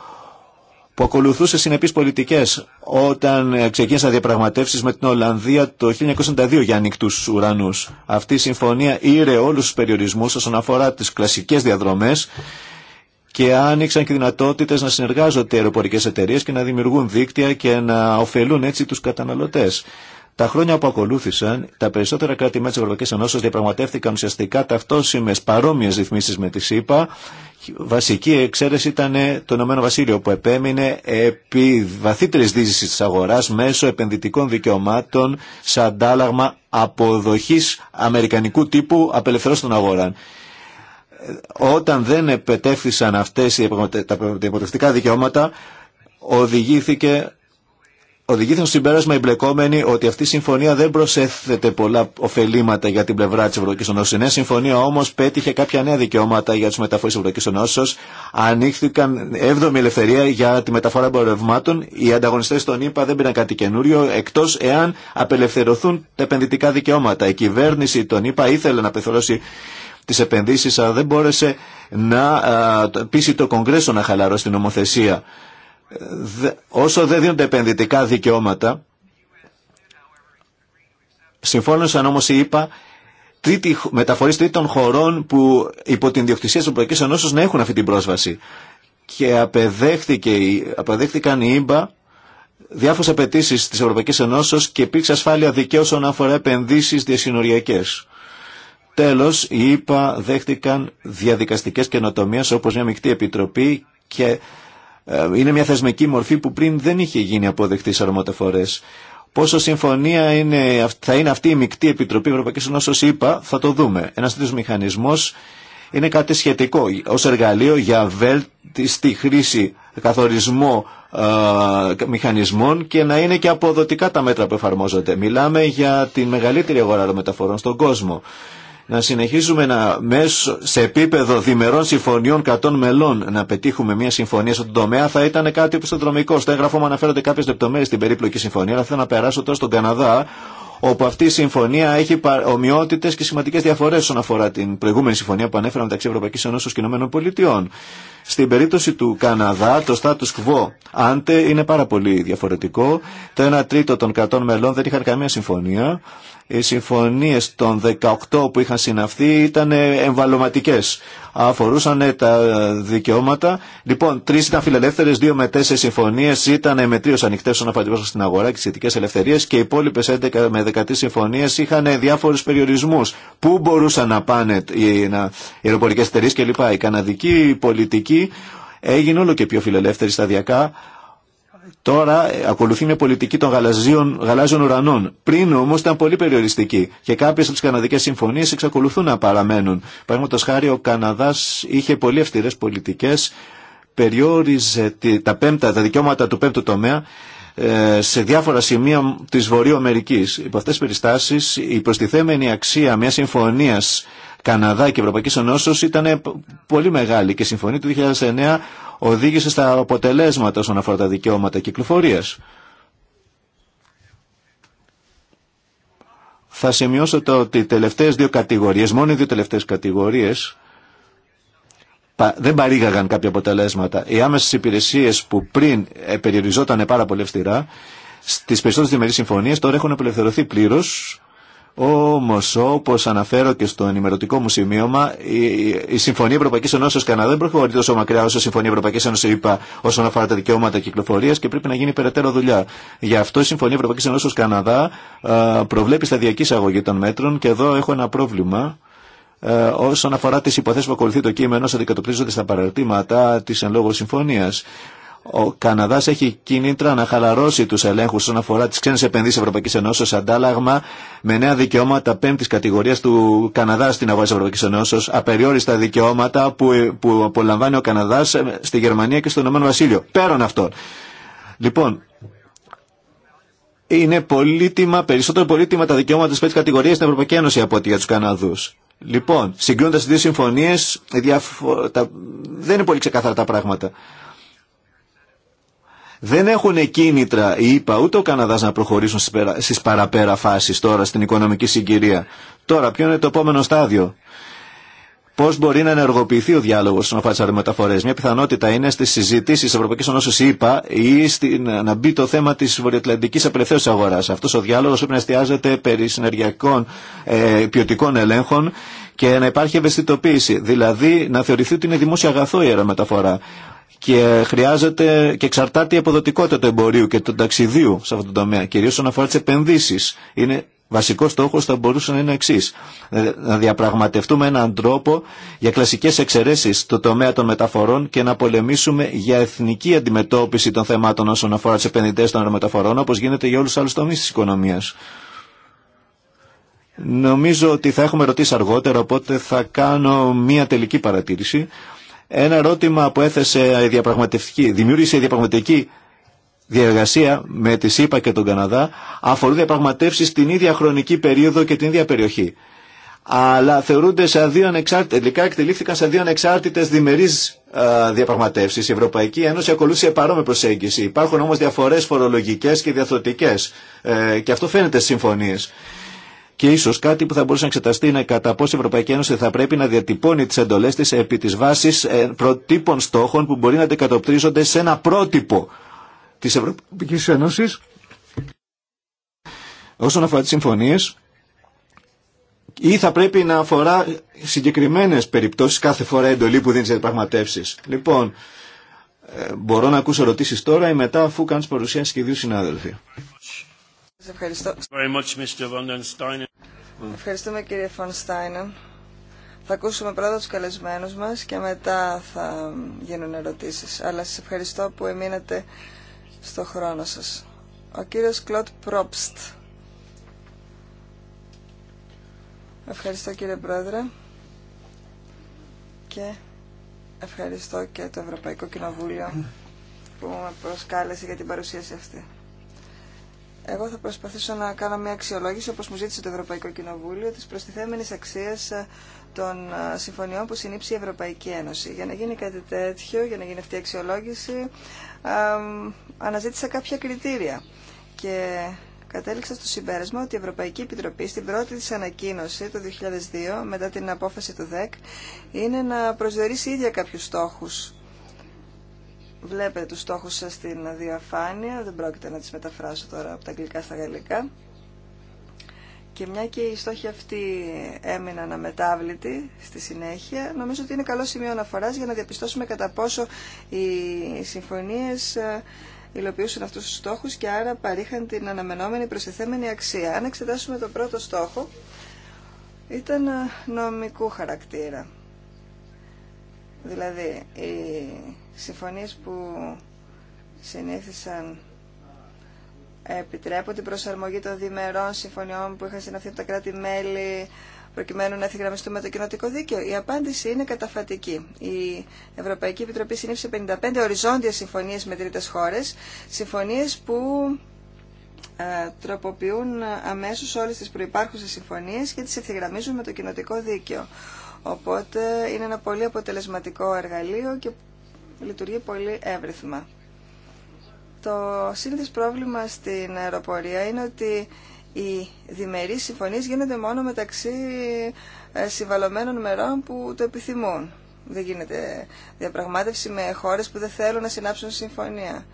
που ακολουθούσε συνεπείς πολιτικές όταν ε, να διαπραγματεύσεις με την Ολλανδία το 1992 για ανοιχτούς ουρανούς. Αυτή η συμφωνία ήρε όλους τους περιορισμούς όσον αφορά τις κλασικές διαδρομές και άνοιξαν και δυνατότητες να συνεργάζονται αεροπορικές εταιρείες και να δημιουργούν δίκτυα και να ωφελούν έτσι τους καταναλωτές. Τα χρόνια που ακολούθησαν, τα περισσότερα κράτη-μέλη τη Ευρωπαϊκή Ενώσεω διαπραγματεύτηκαν ουσιαστικά ταυτόσιμε παρόμοιε ρυθμίσει με τη ΣΥΠΑ. Βασική εξαίρεση ήταν το Ηνωμένο Βασίλειο που επέμεινε επί βαθύτερη δίζηση τη αγορά μέσω επενδυτικών δικαιωμάτων σε αντάλλαγμα αποδοχή αμερικανικού τύπου απελευθερώσεων των αγορών όταν δεν επετέφθησαν αυτέ τα διαπραγματευτικά δικαιώματα οδηγήθηκε οδηγήθηκαν στο συμπέρασμα μπλεκόμενοι ότι αυτή η συμφωνία δεν προσέθεται πολλά ωφελήματα για την πλευρά τη Ευρωπαϊκή Ενώση. Η νέα συμφωνία όμω πέτυχε κάποια νέα δικαιώματα για του μεταφορέ τη Ευρωπαϊκή Ενώσεω. Ανοίχθηκαν 7η ελευθερία για τη μεταφορά εμπορευμάτων. Οι ανταγωνιστέ των ΗΠΑ δεν πήραν κάτι καινούριο, εκτό εάν απελευθερωθούν τα επενδυτικά δικαιώματα. Η κυβέρνηση των ΗΠΑ ήθελε να απελευθερώσει τι επενδύσει, αλλά δεν μπόρεσε να πείσει το Κογκρέσο να χαλαρώσει την νομοθεσία όσο δεν δίνονται επενδυτικά δικαιώματα, συμφώνησαν όμως οι ΙΠΑ τρίτη, μεταφορείς τρίτων χωρών που υπό την διοκτησία της Ευρωπαϊκής Ενώσεως να έχουν αυτή την πρόσβαση. Και απεδέχθηκε, απεδέχθηκαν οι ΙΠΑ διάφορε απαιτήσει τη Ευρωπαϊκή Ενώσεω και υπήρξε ασφάλεια δικαιώσεων όσον αφορά επενδύσει διασυνοριακέ. Τέλο, οι ΗΠΑ δέχτηκαν διαδικαστικέ καινοτομίε όπω μια μεικτή επιτροπή και ε, είναι μια θεσμική μορφή που πριν δεν είχε γίνει αποδεκτή σε αρμοτεφορές. Πόσο συμφωνία είναι, θα είναι αυτή η μεικτή επιτροπή Ένωση, όπω είπα, θα το δούμε. Ένα τέτοιο μηχανισμό είναι κάτι σχετικό ως εργαλείο για βέλτιστη χρήση καθορισμό ε, μηχανισμών και να είναι και αποδοτικά τα μέτρα που εφαρμόζονται. Μιλάμε για τη μεγαλύτερη αγορά μεταφορών στον κόσμο να συνεχίζουμε να, μέσω, σε επίπεδο διμερών συμφωνιών 100 μελών να πετύχουμε μια συμφωνία στον τομέα θα ήταν κάτι επιστοδρομικό. Στο έγγραφό μου αναφέρονται κάποιε λεπτομέρειε στην περίπλοκη συμφωνία, αλλά θέλω να περάσω τώρα στον Καναδά, όπου αυτή η συμφωνία έχει ομοιότητε και σημαντικέ διαφορέ όσον αφορά την προηγούμενη συμφωνία που ανέφερα μεταξύ Ευρωπαϊκή Ένωση και Πολιτειών. Στην περίπτωση του Καναδά, το status quo ante είναι πάρα πολύ διαφορετικό. Το 1 τρίτο των 100 μελών δεν είχαν καμία συμφωνία. Οι συμφωνίες των 18 που είχαν συναυθεί ήταν εμβαλωματικές. Αφορούσαν τα δικαιώματα. Λοιπόν, τρεις ήταν φιλελεύθερες, δύο με τέσσερις συμφωνίες ήταν με τρίους ανοιχτές όσον αφορά στην αγορά και τις σχετικές ελευθερίες και οι υπόλοιπες 11 με 13 συμφωνίες είχαν διάφορους περιορισμούς. Πού μπορούσαν να πάνε οι, να, οι κλπ. Η καναδική πολιτική έγινε όλο και πιο φιλελεύθερη σταδιακά τώρα ε, ακολουθεί μια πολιτική των γαλαζίων, γαλάζιων ουρανών. Πριν όμω ήταν πολύ περιοριστική και κάποιε από τι καναδικέ συμφωνίε εξακολουθούν να παραμένουν. Παραδείγματο χάρη, ο Καναδά είχε πολύ αυστηρέ πολιτικέ, περιόριζε τα, πέμπτα, τα δικαιώματα του πέμπτου τομέα ε, σε διάφορα σημεία της Αμερική. Υπό αυτές τις περιστάσει, η προστιθέμενη αξία μια συμφωνία Καναδά και Ευρωπαϊκή Ενώσεως ήταν πολύ μεγάλη και η συμφωνία του 2009 οδήγησε στα αποτελέσματα όσον αφορά τα δικαιώματα κυκλοφορίας. Θα σημειώσω το ότι οι τελευταίες δύο κατηγορίες, μόνο οι δύο τελευταίες κατηγορίες, δεν παρήγαγαν κάποια αποτελέσματα. Οι άμεσες υπηρεσίες που πριν ε, περιοριζόταν πάρα πολύ αυστηρά, στις περισσότερες διμερείς συμφωνίες, τώρα έχουν απελευθερωθεί πλήρως Όμω, όπω αναφέρω και στο ενημερωτικό μου σημείωμα η, η Συμφωνία Ευρωπαϊκή Ένωση Καναδά δεν προχωρεί τόσο μακριά όσο η Συμφωνία Ευρωπαϊκή Ένωση είπα όσον αφορά τα δικαιώματα κυκλοφορία και πρέπει να γίνει περαιτέρω δουλειά. Γι' αυτό η Συμφωνία Ευρωπαϊκή Ένωση Καναδά α, προβλέπει σταδιακή εισαγωγή των μέτρων και εδώ έχω ένα πρόβλημα όσον αφορά τις υποθέσεις που ακολουθεί το κείμενο, αντικατοπτρίζονται στα παραρτήματα της εν λόγω ο Καναδά έχει κίνητρα να χαλαρώσει του ελέγχου όσον αφορά τι ξένε επενδύσει Ευρωπαϊκή Ενώσεω. Αντάλλαγμα, με νέα δικαιώματα πέμπτη κατηγορία του Καναδά στην αγορά τη Ευρωπαϊκή Ενώσεω, απεριόριστα δικαιώματα που, που απολαμβάνει ο Καναδά ε, στη Γερμανία και στο Ηνωμένο Βασίλειο. Πέραν αυτών. Λοιπόν, είναι πολύτιμα, περισσότερο πολύτιμα τα δικαιώματα τη πέμπτη κατηγορία στην Ευρωπαϊκή Ένωση από ό,τι για του Καναδού. Λοιπόν, συγκρίνοντα τι δύο συμφωνίε, δεν είναι πολύ ξεκάθαρα τα πράγματα δεν έχουν κίνητρα είπα, ούτε ο καναδα να προχωρήσουν στι παραπέρα φασει τώρα στην οικονομική συγκυρία. Τώρα ποιο είναι το επόμενο στάδιο. Πώ μπορεί να ενεργοποιηθεί ο διάλογο στον αφορά αερομεταφορέ. Μια πιθανότητα είναι στι συζητήσει τη Ευρωπαϊκή Ενώση είπα, ή στην, να μπει το θέμα τη βορειοατλαντική απελευθέρωση αγορά. Αυτό ο διάλογο πρέπει να εστιάζεται περί συνεργειακών ε, ποιοτικών ελέγχων και να υπάρχει ευαισθητοποίηση. Δηλαδή να θεωρηθεί ότι είναι δημόσια αγαθό η αερομεταφορά και χρειάζεται και εξαρτάται η αποδοτικότητα του εμπορίου και του ταξιδίου σε αυτό το τομέα, κυρίως όσον αφορά τις επενδύσεις. Είναι βασικό στόχο θα μπορούσε να είναι εξή. Ε, να διαπραγματευτούμε έναν τρόπο για κλασικέ εξαιρέσει στο τομέα των μεταφορών και να πολεμήσουμε για εθνική αντιμετώπιση των θεμάτων όσον αφορά τι επενδυτέ των αερομεταφορών, όπω γίνεται για όλου του άλλου τομεί τη οικονομία. Νομίζω ότι θα έχουμε ρωτήσει αργότερα, οπότε θα κάνω μία τελική παρατήρηση. Ένα ερώτημα που έθεσε η διαπραγματευτική, δημιούργησε η διαπραγματευτική διαργασία με τη ΣΥΠΑ και τον Καναδά αφορούν διαπραγματεύσει την ίδια χρονική περίοδο και την ίδια περιοχή. Αλλά θεωρούνται σαν δύο ανεξάρτητε, τελικά εκτελήφθηκαν σαν δύο ανεξάρτητε διμερεί διαπραγματεύσει. Η Ευρωπαϊκή Ένωση ακολούθησε παρόμοια προσέγγιση. Υπάρχουν όμω διαφορέ φορολογικέ και διαθωτικέ. Ε, και αυτό φαίνεται στι συμφωνίε. Και ίσω κάτι που θα μπορούσε να εξεταστεί είναι κατά πόσο η Ευρωπαϊκή Ένωση θα πρέπει να διατυπώνει τι εντολέ τη επί τη βάση ε, προτύπων στόχων που μπορεί να αντικατοπτρίζονται σε ένα πρότυπο τη Ευρωπαϊκή Ένωση. Όσον αφορά τι συμφωνίε, ή θα πρέπει να αφορά συγκεκριμένε περιπτώσει κάθε φορά εντολή που δίνει σε διαπραγματεύσει. Λοιπόν, ε, μπορώ να ακούσω ερωτήσει τώρα ή μετά αφού κάνει παρουσίαση και δύο συνάδελφοι. ευχαριστώ. Ευχαριστούμε κύριε Στάινεν. Θα ακούσουμε πρώτα τους καλεσμένους μας και μετά θα γίνουν ερωτήσεις. Αλλά σας ευχαριστώ που εμείνατε στο χρόνο σας. Ο κύριος Κλότ Πρόπστ. Ευχαριστώ κύριε Πρόεδρε και ευχαριστώ και το Ευρωπαϊκό Κοινοβούλιο που με προσκάλεσε για την παρουσίαση αυτή. Εγώ θα προσπαθήσω να κάνω μια αξιολόγηση, όπως μου ζήτησε το Ευρωπαϊκό Κοινοβούλιο, της προστιθέμενης αξίας ε, των ε, συμφωνιών που συνήψει η Ευρωπαϊκή Ένωση. Για να γίνει κάτι τέτοιο, για να γίνει αυτή η αξιολόγηση, αναζήτησα κάποια κριτήρια και κατέληξα στο συμπέρασμα ότι η Ευρωπαϊκή Επιτροπή στην πρώτη της ανακοίνωση το 2002, μετά την απόφαση του ΔΕΚ, είναι να προσδιορίσει ίδια κάποιους στόχους Βλέπετε τους στόχους σας στην διαφάνεια, δεν πρόκειται να τις μεταφράσω τώρα από τα αγγλικά στα γαλλικά. Και μια και οι στόχοι αυτοί έμειναν αμετάβλητοι στη συνέχεια, νομίζω ότι είναι καλό σημείο αναφορά για να διαπιστώσουμε κατά πόσο οι συμφωνίες ε, υλοποιούσαν αυτούς τους στόχους και άρα παρήχαν την αναμενόμενη προσθεθέμενη αξία. Αν εξετάσουμε τον πρώτο στόχο, ήταν ε, νομικού χαρακτήρα. Δηλαδή, οι συμφωνίες που συνήθισαν επιτρέπουν την προσαρμογή των διμερών συμφωνιών που είχαν συναυθεί από τα κράτη-μέλη προκειμένου να ευθυγραμμιστούμε με το κοινοτικό δίκαιο. Η απάντηση είναι καταφατική. Η Ευρωπαϊκή Επιτροπή συνήθισε 55 οριζόντια συμφωνίες με τρίτες χώρες, συμφωνίες που ε, τροποποιούν αμέσως όλες τις προϋπάρχουσες συμφωνίες και τις ευθυγραμμίζουν με το κοινοτικό δίκαιο. Οπότε είναι ένα πολύ αποτελεσματικό εργαλείο και λειτουργεί πολύ εύρυθμα. Το σύνδεσμο πρόβλημα στην αεροπορία είναι ότι οι διμερείς συμφωνίες γίνονται μόνο μεταξύ ε, συμβαλωμένων μερών που το επιθυμούν. Δεν γίνεται διαπραγμάτευση με χώρες που δεν θέλουν να συνάψουν συμφωνία.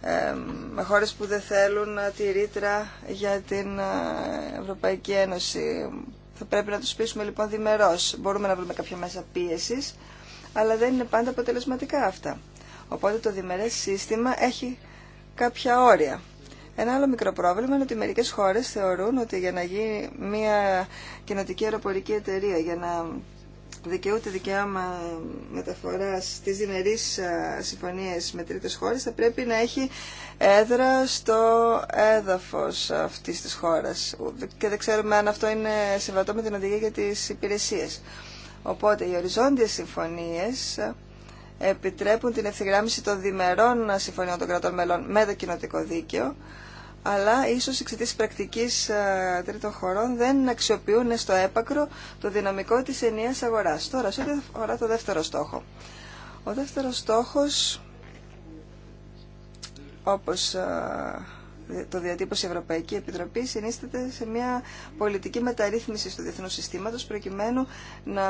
Ε, με χώρες που δεν θέλουν τη ρήτρα για την ε, Ευρωπαϊκή Ένωση θα πρέπει να τους πείσουμε λοιπόν διμερώς. Μπορούμε να βρούμε κάποια μέσα πίεσης, αλλά δεν είναι πάντα αποτελεσματικά αυτά. Οπότε το διμερές σύστημα έχει κάποια όρια. Ένα άλλο μικρό πρόβλημα είναι ότι μερικές χώρες θεωρούν ότι για να γίνει μια κοινοτική αεροπορική εταιρεία, για να δικαιούται δικαίωμα μεταφορά τη διμερείς συμφωνίες με τρίτες χώρε θα πρέπει να έχει έδρα στο έδαφος αυτή της χώρας και δεν ξέρουμε αν αυτό είναι συμβατό με την οδηγία για τι υπηρεσίε. Οπότε οι οριζόντιες συμφωνίες επιτρέπουν την ευθυγράμμιση των διμερών συμφωνιών των κρατών μελών με το κοινοτικό δίκαιο αλλά ίσως εξαιτία της πρακτικής ε, τρίτων χωρών δεν αξιοποιούν στο έπακρο το δυναμικό της ενιαίας αγοράς. Τώρα, σε ό,τι αφορά το δεύτερο στόχο. Ο δεύτερος στόχος, όπως ε, το διατύπωσε η Ευρωπαϊκή Επιτροπή, συνίσταται σε μια πολιτική μεταρρύθμιση του διεθνού συστήματος προκειμένου να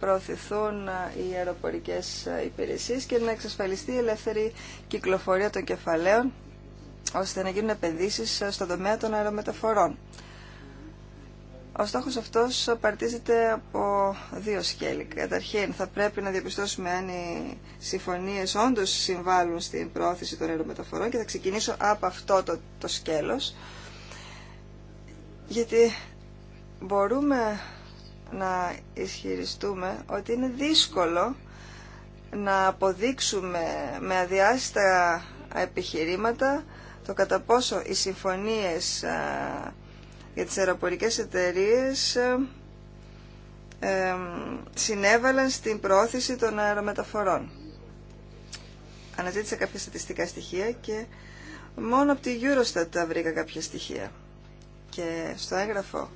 προωθηθούν οι αεροπορικές ε, υπηρεσίες και να εξασφαλιστεί η ελεύθερη κυκλοφορία των κεφαλαίων ώστε να γίνουν επενδύσει στον τομέα των αερομεταφορών. Ο στόχο αυτός παρτίζεται από δύο σκέλη. Καταρχήν θα πρέπει να διαπιστώσουμε αν οι συμφωνίες όντως συμβάλλουν στην πρόθεση των αερομεταφορών και θα ξεκινήσω από αυτό το, το σκέλος. Γιατί μπορούμε να ισχυριστούμε ότι είναι δύσκολο να αποδείξουμε με αδιάστατα επιχειρήματα το κατά πόσο οι συμφωνίες για τις αεροπορικές εταιρείες συνέβαλαν στην πρόθεση των αερομεταφορών. Αναζήτησα κάποια στατιστικά στοιχεία και μόνο από τη Eurostat τα βρήκα κάποια στοιχεία. Και στο έγγραφο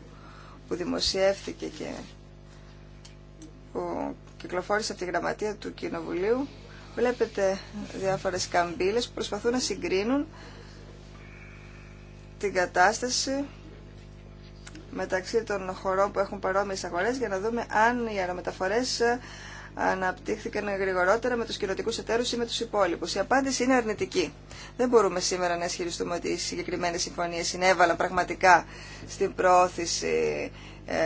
που δημοσιεύθηκε και που κυκλοφόρησε από τη γραμματεία του Κοινοβουλίου βλέπετε διάφορες καμπύλες που προσπαθούν να συγκρίνουν την κατάσταση μεταξύ των χωρών που έχουν παρόμοιες αγορές για να δούμε αν οι αερομεταφορές ε, αναπτύχθηκαν γρηγορότερα με τους κυρωτικούς εταίρους ή με τους υπόλοιπους. Η απάντηση είναι αρνητική. Δεν μπορούμε σήμερα να ισχυριστούμε ότι οι συγκεκριμένες συμφωνίες συνέβαλαν πραγματικά στην προώθηση ε,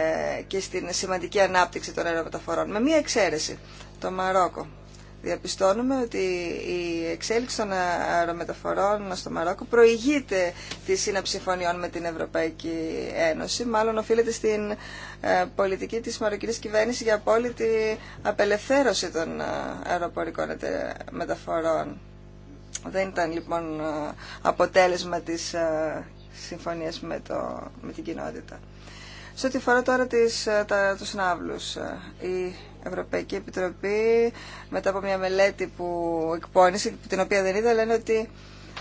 και στην σημαντική ανάπτυξη των αερομεταφορών, με μία εξαίρεση, το Μαρόκο διαπιστώνουμε ότι η εξέλιξη των αερομεταφορών στο Μαρόκο προηγείται τη σύναψη συμφωνιών με την Ευρωπαϊκή Ένωση. Μάλλον οφείλεται στην ε, πολιτική της μαροκινής κυβέρνησης για απόλυτη απελευθέρωση των ε, αεροπορικών μεταφορών. Δεν ήταν λοιπόν ε, αποτέλεσμα της συμφωνίας με, το, με την κοινότητα. Σε ό,τι αφορά τώρα τις, τα, τους ναύλους, Ευρωπαϊκή Επιτροπή μετά από μια μελέτη που εκπώνησε, την οποία δεν είδα, λένε ότι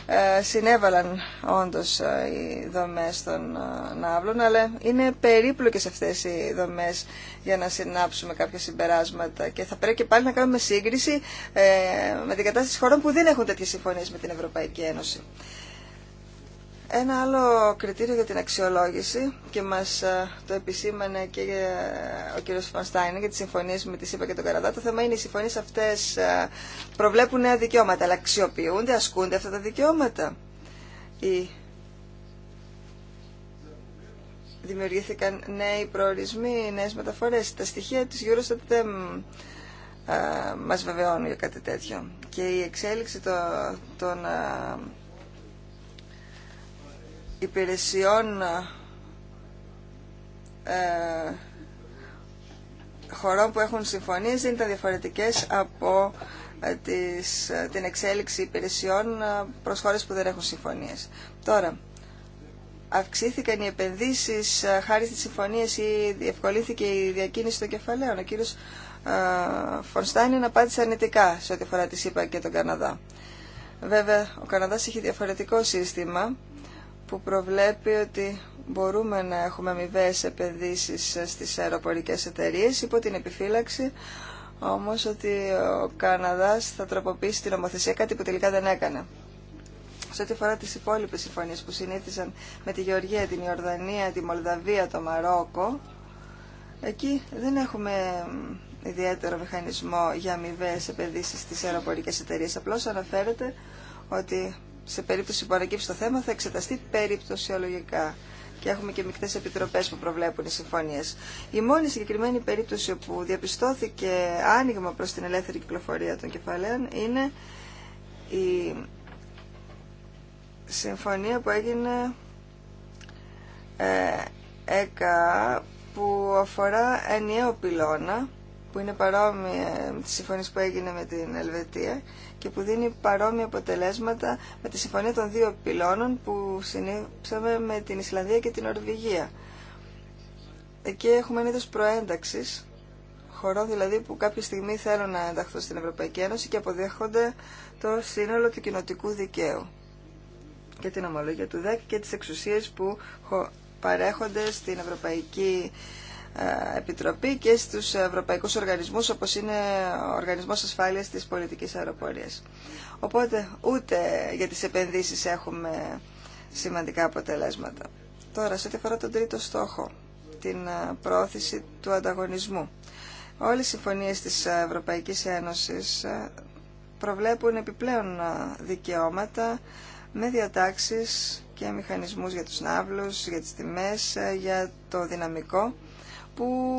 ε, συνέβαλαν όντως ε, οι δομές των ε, ναύλων, αλλά είναι περίπλοκες αυτές οι δομές για να συνάψουμε κάποια συμπεράσματα και θα πρέπει και πάλι να κάνουμε σύγκριση με την κατάσταση χωρών που δεν έχουν τέτοιες συμφωνίες με την Ευρωπαϊκή Ένωση. Ένα άλλο κριτήριο για την αξιολόγηση και μας ε, το επισήμανε και ε, ο κύριος Φωνστάιν για τις συμφωνίες με τη ΣΥΠΑ και τον Καραδά. Το θέμα είναι οι συμφωνίες αυτές ε, προβλέπουν νέα δικαιώματα, αλλά αξιοποιούνται, ασκούνται αυτά τα δικαιώματα. Ή... Δημιουργήθηκαν νέοι προορισμοί, νέες μεταφορές. Τα στοιχεία της Eurostat δεν μας βεβαιώνουν για κάτι τέτοιο. Και η εξέλιξη των υπηρεσιών ε, χωρών που έχουν συμφωνίες δεν ήταν διαφορετικές από ε, ε, την εξέλιξη υπηρεσιών ε, προς χώρες που δεν έχουν συμφωνίες. Τώρα, αυξήθηκαν οι επενδύσεις χάρη στις συμφωνίες ή διευκολύθηκε η διακίνηση των κεφαλαίων. Ο κύριος Φωνστάινεν απάντησε αρνητικά σε ό,τι αφορά τη ΣΥΠΑ και τον Καναδά. Βέβαια, ο Καναδάς έχει διαφορετικό σύστημα που προβλέπει ότι μπορούμε να έχουμε αμοιβέ επενδύσει στις αεροπορικές εταιρείες υπό την επιφύλαξη όμως ότι ο Καναδάς θα τροποποιήσει την νομοθεσία, κάτι που τελικά δεν έκανε. Σε ό,τι αφορά τις υπόλοιπες συμφωνίες που συνήθισαν με τη Γεωργία, την Ιορδανία, τη Μολδαβία, το Μαρόκο, εκεί δεν έχουμε ιδιαίτερο μηχανισμό για αμοιβέ επενδύσει στις αεροπορικές εταιρείες. Απλώς αναφέρεται ότι σε περίπτωση που ανακύψει το θέμα θα εξεταστεί περιπτωσιολογικά και έχουμε και μικτές επιτροπές που προβλέπουν οι συμφωνίες. Η μόνη συγκεκριμένη περίπτωση όπου διαπιστώθηκε άνοιγμα προς την ελεύθερη κυκλοφορία των κεφαλαίων είναι η συμφωνία που έγινε ε, ΕΚΑ που αφορά ενιαίο πυλώνα που είναι παρόμοια με τη συμφωνία που έγινε με την Ελβετία και που δίνει παρόμοια αποτελέσματα με τη συμφωνία των δύο πυλώνων που συνήψαμε με την Ισλανδία και την Ορβηγία. Εκεί έχουμε ένα είδος προένταξης, χωρών δηλαδή που κάποια στιγμή θέλουν να ενταχθούν στην Ευρωπαϊκή Ένωση και αποδέχονται το σύνολο του κοινοτικού δικαίου και την ομολογία του ΔΕΚ και τις εξουσίες που παρέχονται στην Ευρωπαϊκή Ένωση Επιτροπή και στους ευρωπαϊκούς οργανισμούς όπως είναι ο Οργανισμός Ασφάλειας της Πολιτικής Αεροπορίας. Οπότε ούτε για τις επενδύσεις έχουμε σημαντικά αποτελέσματα. Τώρα, σε ό,τι αφορά τον τρίτο στόχο, την ε, πρόθεση του ανταγωνισμού. Όλες οι συμφωνίες της Ευρωπαϊκής Ένωσης ε, προβλέπουν επιπλέον ε, δικαιώματα με διατάξεις και μηχανισμούς για τους ναύλους, για τις τιμές, για το δυναμικό που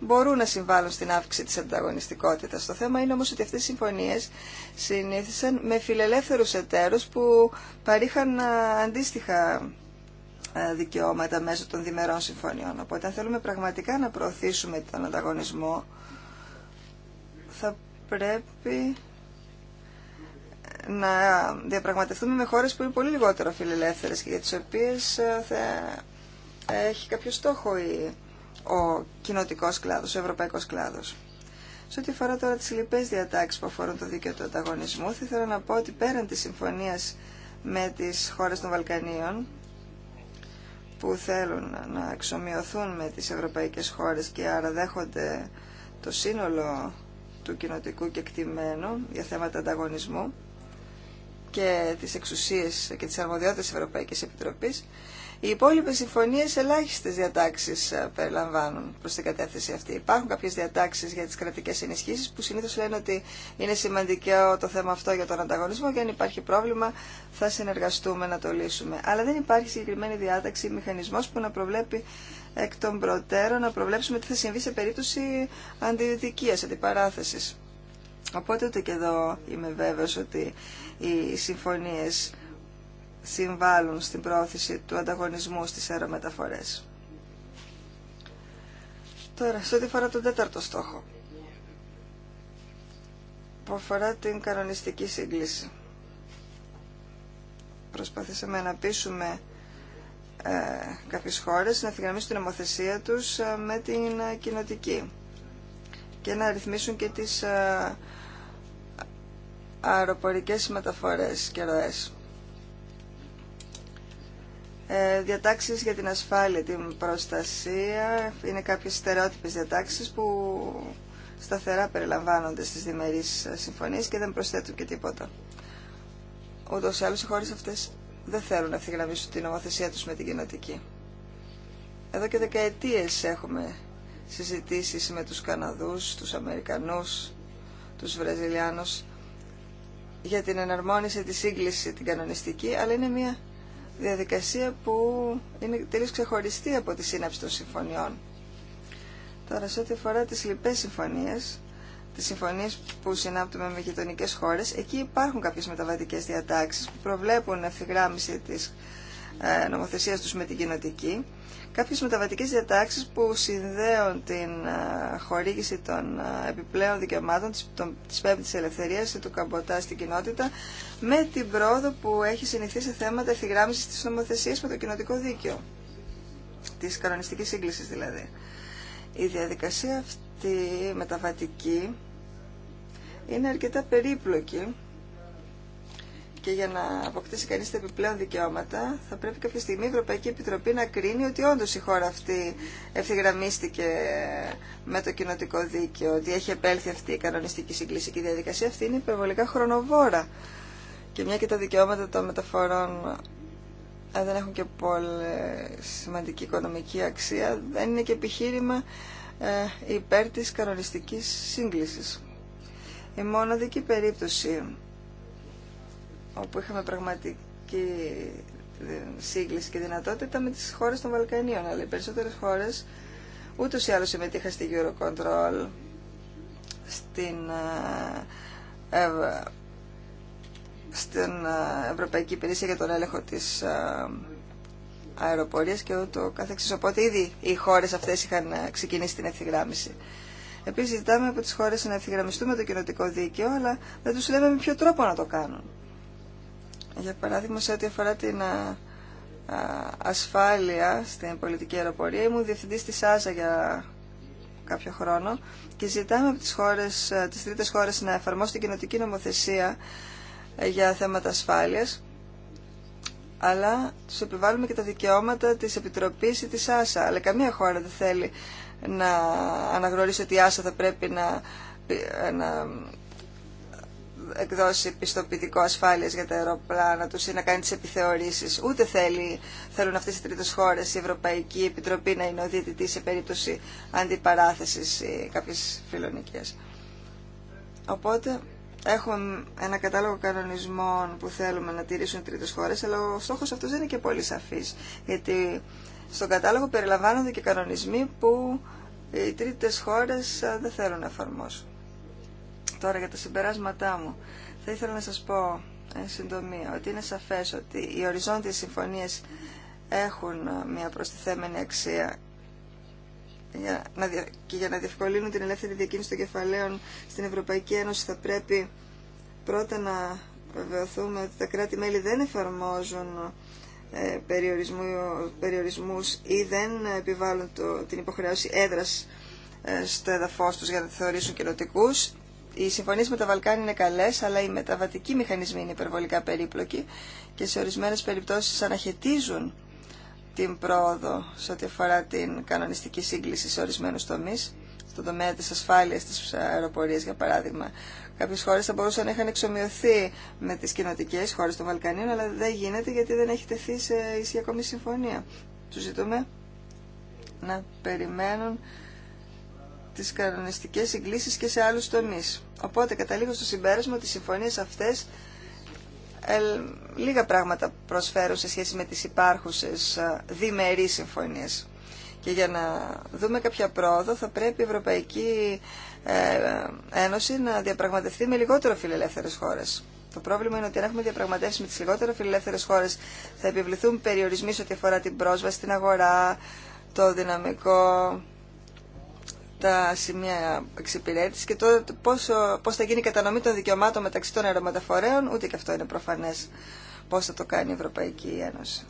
μπορούν να συμβάλλουν στην αύξηση της ανταγωνιστικότητας. Το θέμα είναι όμως ότι αυτές οι συμφωνίες συνήθισαν με φιλελεύθερους εταίρους που παρήχαν αντίστοιχα δικαιώματα μέσω των διμερών συμφωνιών. Οπότε αν θέλουμε πραγματικά να προωθήσουμε τον ανταγωνισμό θα πρέπει ε, να διαπραγματευτούμε με χώρες που είναι πολύ λιγότερο φιλελεύθερες και για τις οποίες ε, θα έχει κάποιο στόχο η ο κοινοτικό κλάδος, ο ευρωπαϊκός κλάδος. Σε ό,τι αφορά τώρα τις λοιπές διατάξεις που αφορούν το δίκαιο του ανταγωνισμού, θα ήθελα να πω ότι πέραν τη συμφωνίας με τις χώρες των Βαλκανίων, που θέλουν να εξομοιωθούν με τις ευρωπαϊκές χώρες και άρα δέχονται το σύνολο του κοινοτικού κεκτημένου για θέματα ανταγωνισμού και τις εξουσίες και τις αρμοδιότητες της Ευρωπαϊκής Επιτροπής, οι υπόλοιπε συμφωνίε ελάχιστε διατάξει ε, περιλαμβάνουν προ την κατεύθυνση αυτή. Υπάρχουν κάποιε διατάξει για τι κρατικέ ενισχύσει που συνήθω λένε ότι είναι σημαντικό το θέμα αυτό για τον ανταγωνισμό και αν υπάρχει πρόβλημα θα συνεργαστούμε να το λύσουμε. Αλλά δεν υπάρχει συγκεκριμένη διάταξη ή μηχανισμό που να προβλέπει εκ των προτέρων να προβλέψουμε τι θα συμβεί σε περίπτωση αντιδικία, αντιπαράθεση. Οπότε ούτε και εδώ είμαι βέβαιος ότι οι συμφωνίε συμβάλλουν στην πρόθεση του ανταγωνισμού στις αερομεταφορές. Τώρα, σε ό,τι φορά τον τέταρτο στόχο, που αφορά την κανονιστική σύγκληση. Προσπαθήσαμε να πείσουμε ε, κάποιες χώρες να ευθυγραμμίσουν την νομοθεσία τους ε, με την ε, κοινοτική και να ρυθμίσουν και τις ε, αεροπορικές μεταφορές και ροές. Ε, διατάξεις για την ασφάλεια, την προστασία. Είναι κάποιες στερεότυπες διατάξεις που σταθερά περιλαμβάνονται στις διμερείς ε, συμφωνίες και δεν προσθέτουν και τίποτα. Ούτως ή άλλως οι χώρες αυτές δεν θέλουν να ευθυγραμμίσουν την ομοθεσία τους με την κοινοτική. Εδώ και δεκαετίες έχουμε συζητήσεις με τους Καναδούς, τους Αμερικανούς, τους Βραζιλιάνους για την εναρμόνιση, τη σύγκληση, την κανονιστική, αλλά είναι μια διαδικασία που είναι τελείως ξεχωριστή από τη σύναψη των συμφωνιών. Τώρα, σε ό,τι αφορά τις λοιπές συμφωνίες, τις συμφωνίες που συνάπτουμε με γειτονικέ χώρες, εκεί υπάρχουν κάποιες μεταβατικές διατάξεις που προβλέπουν ευθυγράμμιση της ε, νομοθεσίας τους με την κοινοτική κάποιες μεταβατικές διατάξεις που συνδέουν την χορήγηση των επιπλέον δικαιωμάτων της, της πέμπτης ελευθερίας ή του καμποτά στην κοινότητα με την πρόοδο που έχει συνηθίσει σε θέματα ευθυγράμμισης της νομοθεσίας με το κοινοτικό δίκαιο, της κανονιστικής σύγκλησης δηλαδή. Η διαδικασία αυτή μεταβατική είναι αρκετά περίπλοκη και για να αποκτήσει κανεί τα επιπλέον δικαιώματα, θα πρέπει κάποια στιγμή η Ευρωπαϊκή Επιτροπή να κρίνει ότι όντω η χώρα αυτή ευθυγραμμίστηκε με το κοινοτικό δίκαιο, ότι έχει επέλθει αυτή η κανονιστική συγκλήση και η διαδικασία αυτή είναι υπερβολικά χρονοβόρα. Και μια και τα δικαιώματα των μεταφορών ε, δεν έχουν και πολύ σημαντική οικονομική αξία, δεν είναι και επιχείρημα ε, υπέρ της κανονιστικής σύγκλησης. Η μόναδική περίπτωση όπου είχαμε πραγματική ε, σύγκληση και δυνατότητα με τις χώρες των Βαλκανίων, αλλά οι περισσότερες χώρες ούτως ή άλλως συμμετείχαν στη Eurocontrol, στην, ε, ε, στην Ευρωπαϊκή Υπηρεσία για τον έλεγχο της αεροπορίας και ούτω καθεξής. Οπότε ήδη οι χώρες αυτές είχαν ξεκινήσει την ευθυγράμμιση. Επίσης ζητάμε από τις χώρες να ευθυγραμμιστούμε το κοινοτικό δίκαιο, αλλά δεν τους λέμε με ποιο τρόπο να το κάνουν. Για παράδειγμα, σε ό,τι αφορά την ασφάλεια στην πολιτική αεροπορία, ήμουν διευθυντής της ΆΖΑ για κάποιο χρόνο και ζητάμε από τις, χώρες, τις τρίτες χώρες να εφαρμόσουν την κοινοτική νομοθεσία ε, για θέματα ασφάλειας αλλά τους επιβάλλουμε και τα δικαιώματα της Επιτροπής ή της ΆΣΑ. Αλλά καμία χώρα δεν θέλει να αναγνωρίσει ότι η ΆΣΑ θα πρέπει να ε, εκδώσει πιστοποιητικό ασφάλεια για τα αεροπλάνα του η Ευρωπαϊκή Επιτροπή να είναι τι διαιτητής σε περίπτωση αντιπαράθεσης ή αυτέ φιλονικίες. Οπότε έχουμε χώρε κατάλογο κανονισμών που θέλουμε να τηρήσουν τρίτες χώρες, αλλά ο σε περιπτωση αντιπαράθεση κάποιε φιλονικιε οποτε εχουμε ενα καταλογο κανονισμων που θελουμε να τηρησουν οι τριτες χώρε, αλλα ο στόχο αυτό δεν είναι και πολύ σαφής, γιατί στον κατάλογο περιλαμβάνονται και κανονισμοί που οι τρίτες χώρες δεν θέλουν να εφαρμόσουν. Τώρα για τα συμπεράσματά μου. Θα ήθελα να σας πω εν συντομία ότι είναι σαφές ότι οι οριζόντιες συμφωνίες έχουν ε, μια προστιθέμενη αξία για να, και για να διευκολύνουν την ελεύθερη διακίνηση των κεφαλαίων στην Ευρωπαϊκή Ένωση θα πρέπει πρώτα να βεβαιωθούμε ότι τα κράτη-μέλη δεν εφαρμόζουν ε, περιορισμούς ή δεν επιβάλλουν την υποχρεώση έδρας ε, στο έδαφος τους για να τη θεωρήσουν κοινοτικούς οι συμφωνίε με τα Βαλκάνια είναι καλέ, αλλά οι μεταβατικοί μηχανισμοί είναι υπερβολικά περίπλοκοι και σε ορισμένε περιπτώσει αναχαιτίζουν την πρόοδο σε ό,τι αφορά την κανονιστική σύγκληση σε ορισμένου τομεί. Στον τομέα τη ασφάλεια τη αεροπορία, για παράδειγμα. Κάποιε χώρε θα μπορούσαν να είχαν εξομοιωθεί με τι κοινοτικέ χώρε των Βαλκανίων, αλλά δεν γίνεται γιατί δεν έχει τεθεί σε ισχύ ακόμη συμφωνία. Του ζητούμε να περιμένουν τις κανονιστικές συγκλήσεις και σε άλλους τομείς. Οπότε καταλήγω στο συμπέρασμα ότι οι συμφωνίες αυτές ε, λίγα πράγματα προσφέρουν σε σχέση με τις υπάρχουσες ε, διμερείς συμφωνίες. Και για να δούμε κάποια πρόοδο θα πρέπει η Ευρωπαϊκή ε, ε, Ένωση να διαπραγματευτεί με λιγότερο φιλελεύθερες χώρες. Το πρόβλημα είναι ότι αν έχουμε διαπραγματεύσει με τις λιγότερο φιλελεύθερες χώρες θα επιβληθούν περιορισμοί σε ό,τι αφορά την πρόσβαση στην αγορά, το δυναμικό τα σημεία εξυπηρέτηση και το πόσο, πώς θα γίνει η κατανομή των δικαιωμάτων μεταξύ των αερομεταφορέων, ούτε και αυτό είναι προφανές πώς θα το κάνει η Ευρωπαϊκή Ένωση.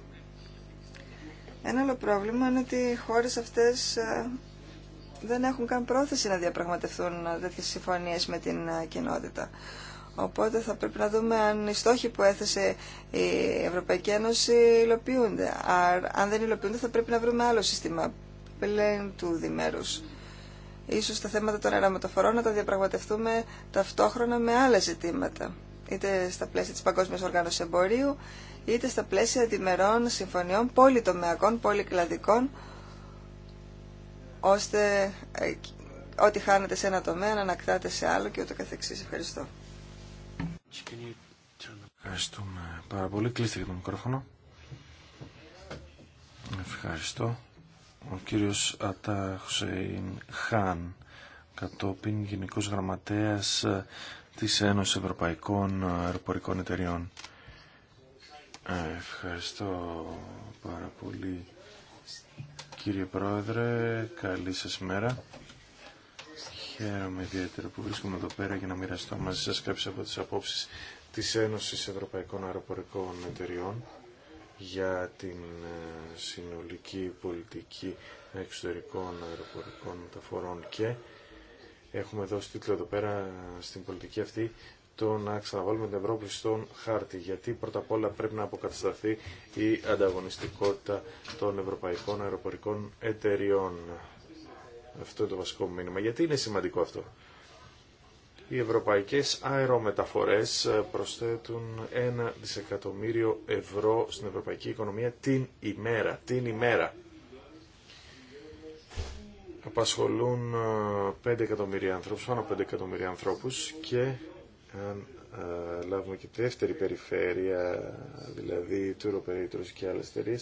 Ένα άλλο πρόβλημα είναι ότι οι χώρες αυτές ε, δεν έχουν καν πρόθεση να διαπραγματευτούν τέτοιε συμφωνίες με την ε, κοινότητα. Οπότε θα πρέπει να δούμε αν οι στόχοι που έθεσε η Ευρωπαϊκή Ένωση υλοποιούνται. Αν δεν υλοποιούνται θα πρέπει να βρούμε άλλο σύστημα πλέον του διμέρους ίσως τα θέματα των αεραμεταφορών να τα διαπραγματευτούμε ταυτόχρονα με άλλα ζητήματα, είτε στα πλαίσια της Παγκόσμιας Οργάνωσης Εμπορίου, είτε στα πλαίσια διμερών συμφωνιών πολυτομεακών, πολυκλαδικών, ώστε ε, ό,τι χάνεται σε ένα τομέα να ανακτάται σε άλλο και ούτω καθεξής. Ευχαριστώ. Ευχαριστούμε πάρα πολύ. Κλείστε και το μικρόφωνο. Ευχαριστώ ο κύριος Ατά Χουσέιν Χάν, κατόπιν Γενικός Γραμματέας ε, της Ένωσης Ευρωπαϊκών Αεροπορικών Εταιριών. Ε, ευχαριστώ πάρα πολύ κύριε Πρόεδρε, καλή σας μέρα. Χαίρομαι ιδιαίτερα που βρίσκομαι εδώ πέρα για να μοιραστώ μαζί σας κάποιες από τις απόψεις της Ένωσης Ευρωπαϊκών Αεροπορικών Εταιριών για την ε, συνολική πολιτική εξωτερικών αεροπορικών μεταφορών και έχουμε δώσει τίτλο εδώ πέρα ε, στην πολιτική αυτή το να ξαναβάλουμε την Ευρώπη στον χάρτη. Γιατί πρώτα απ' όλα πρέπει να αποκατασταθεί η ανταγωνιστικότητα των ευρωπαϊκών αεροπορικών εταιριών. Αυτό είναι το βασικό μήνυμα. Γιατί είναι σημαντικό αυτό οι ευρωπαϊκές αερομεταφορές ε, προσθέτουν ένα δισεκατομμύριο ευρώ στην ευρωπαϊκή οικονομία την ημέρα. Την ημέρα. Απασχολούν 5 ε, εκατομμύρια ανθρώπους, πάνω από 5 εκατομμύρια ανθρώπους και αν α, ε, λάβουμε και τη δεύτερη περιφέρεια, δηλαδή του Ευρωπαϊκού και άλλες εταιρείε,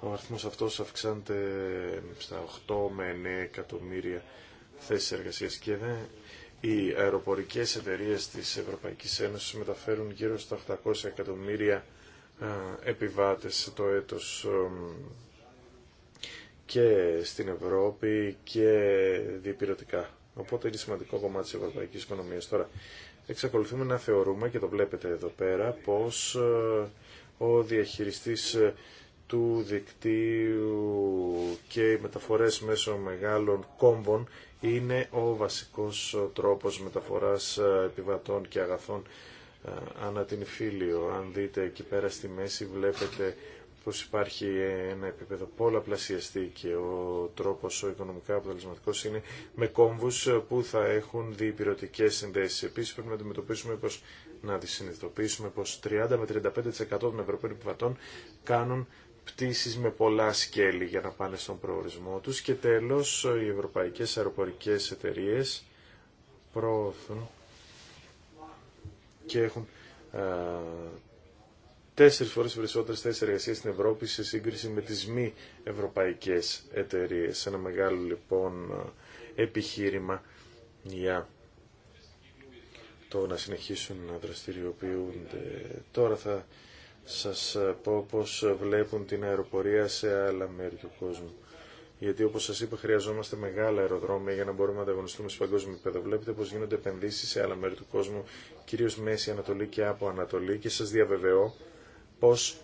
ο αριθμός αυτός αυξάνεται στα 8 με 9 εκατομμύρια θέσεις εργασίας οι αεροπορικές εταιρείες της Ευρωπαϊκής Ένωσης μεταφέρουν γύρω στα 800 εκατομμύρια επιβάτες το έτος και στην Ευρώπη και διεπιρωτικά. Οπότε είναι σημαντικό κομμάτι της ευρωπαϊκής οικονομίας. Τώρα, εξακολουθούμε να θεωρούμε, και το βλέπετε εδώ πέρα, πως ε, ο διαχειριστής ε, του δικτύου και οι μεταφορές μέσω μεγάλων κόμβων είναι ο βασικός τρόπος μεταφοράς ε, επιβατών και αγαθών ε, ανά την Φίλιο. Αν δείτε εκεί πέρα στη μέση βλέπετε πως υπάρχει ένα επίπεδο πολλαπλασιαστή και ο τρόπος ο οικονομικά αποτελεσματικός είναι με κόμβους ε, που θα έχουν διπυρωτικές συνδέσεις. Επίσης πρέπει να αντιμετωπίσουμε πως, να συνειδητοποιήσουμε πως 30 με 35% των Ευρωπαίων επιβατών κάνουν πτήσεις με πολλά σκέλη για να πάνε στον προορισμό τους και τέλος οι ευρωπαϊκές αεροπορικές εταιρείες προωθούν και έχουν α, τέσσερις φορές περισσότερες θέσεις εργασίας στην Ευρώπη σε σύγκριση με τις μη ευρωπαϊκές εταιρείες. Ένα μεγάλο λοιπόν επιχείρημα για το να συνεχίσουν να δραστηριοποιούνται. Τώρα θα σας ε, πω πώς βλέπουν την αεροπορία σε άλλα μέρη του κόσμου. Γιατί όπως σας είπα χρειαζόμαστε μεγάλα αεροδρόμια για να μπορούμε να ανταγωνιστούμε σε παγκόσμιο επίπεδο. Βλέπετε πως γίνονται επενδύσεις σε άλλα μέρη του κόσμου, κυρίως Μέση Ανατολή και από Ανατολή και σας διαβεβαιώ πως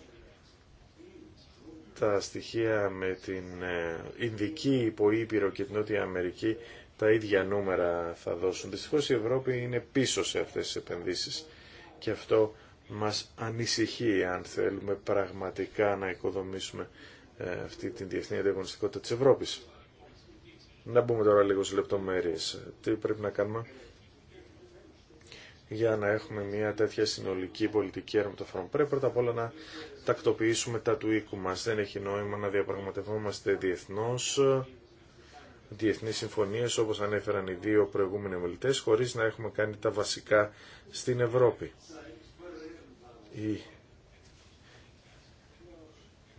τα στοιχεία με την ε, Ινδική υποήπειρο και την Νότια Αμερική τα ίδια νούμερα θα δώσουν. Δυστυχώς η Ευρώπη είναι πίσω σε αυτές τις επενδύσεις και αυτό μας ανησυχεί αν θέλουμε πραγματικά να οικοδομήσουμε ε, αυτή την διεθνή ανταγωνιστικότητα της Ευρώπης. Να μπούμε τώρα λίγο σε λεπτομέρειες. Τι πρέπει να κάνουμε για να έχουμε μια τέτοια συνολική πολιτική αρματοφόρων. Πρέπει πρώτα απ' όλα να τακτοποιήσουμε τα του οίκου μας. Δεν έχει νόημα να διαπραγματευόμαστε διεθνώς διεθνείς συμφωνίες όπως ανέφεραν οι δύο προηγούμενοι ομιλητές χωρίς να έχουμε κάνει τα βασικά στην Ευρώπη οι